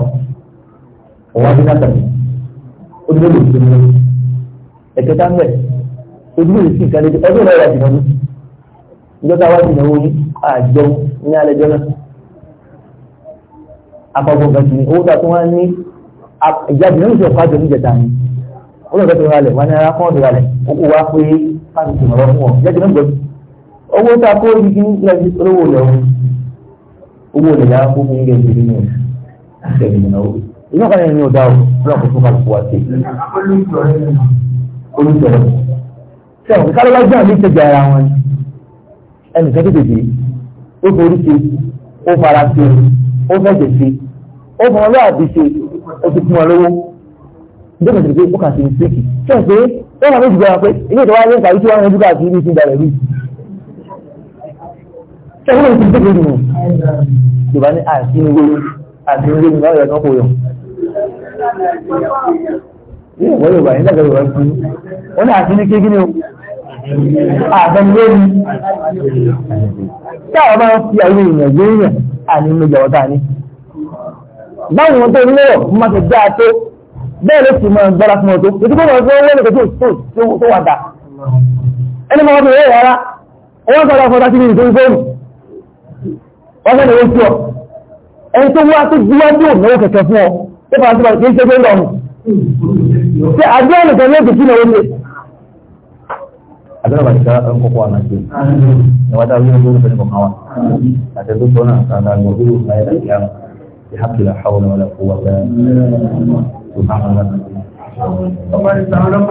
ọ̀wá bí náà tẹ̀lé ó dúró lè fi mú ẹ̀kẹ́ tá ń bẹ̀ ó dúró lè fi ìkàlẹ̀ ọdún náà wà jùlọ ní ìjọba wà jùlọ ní àjọ ní alẹ́ jọ náà àpapọ̀ gàtì ní owó tàbí wọn ní ìjáde náà ń sọ fájọ níjẹta ni ó lọ́ọ́ fẹ́ tó ralẹ̀ wọn ní arákùnrin ralẹ̀ ó kó wá pé káàdì tó lọ́wọ́ fún ọ jẹ́ jẹ́ gbẹ̀mí owó tá a kó ibi kí lẹ́yìn olówó lẹ́wọ́ owó lè yára kó fún ilé ìgbèrè ní ọ̀sẹ̀ ìgbìmọ̀ owó ìyá kan ní ọ̀dà ọ̀rọ̀ tó kálukú wa ṣe. olùsọ̀rọ̀ sẹ́wọ̀n kálọ́lájú àmì ìṣèjà ara wọn ẹnìkan tó tètè ó forí ṣe ó fara ṣe ó fẹsẹ̀ ṣe ó fọwọ́ lọ́wọ́ àbí ṣe ó ti fún ọ lọ́wọ́ ìjọba ìdìbò pé ó kà sí mistake ṣe pé ó wà méjì gbára pé ilé ìjọba ní ìpàdé tí wọ́n yanjú káàkiri ní ìsìn ìdàrẹ̀ rí ṣe wọ́n ti dìbò nù ìjọba ní àtìwé àtìwé ní ọ̀rẹ́ kan kò yọ. ní ìwọ yorùbá yìí dàgbà yorùbá fún wọn ní àti ní kéèké ni o àtẹnuwé ni tí àwọn máa ń fi àwọn èèyàn gbé èèyàn àní méjì ọ̀tá ni báwo tó ń lọ mo tó bẹ́ẹ̀ ló sì máa ń gbára fún ọdún ètò bọ́ọ̀lù ọdún owó lè tó tó wà dà ẹni máa bèèrè rárá wọ́n gbára fún ọdún ìdó ìfóònù wọ́n fẹ́ lówó sí ọ ẹni tó wá tó gbúwá tí ò náwó kẹ̀kẹ́ fún ọ tó bá tó bá kì í ṣe pé lọ́rùn ṣe àjọ ẹnìkan ní èdè kí náwó lè àbẹ́rẹ́ bàtí ká ń kọ́kọ́ àná sí ní wájú àwọn olóògbé fẹ́ nìkan wá àti tó tọ́nà àtàlà ní olóògbé ayé àti àmì ìhàkìlà àwọn ọmọ ọlọ́pàá ọmọ ìtàwọn lọ́pọ̀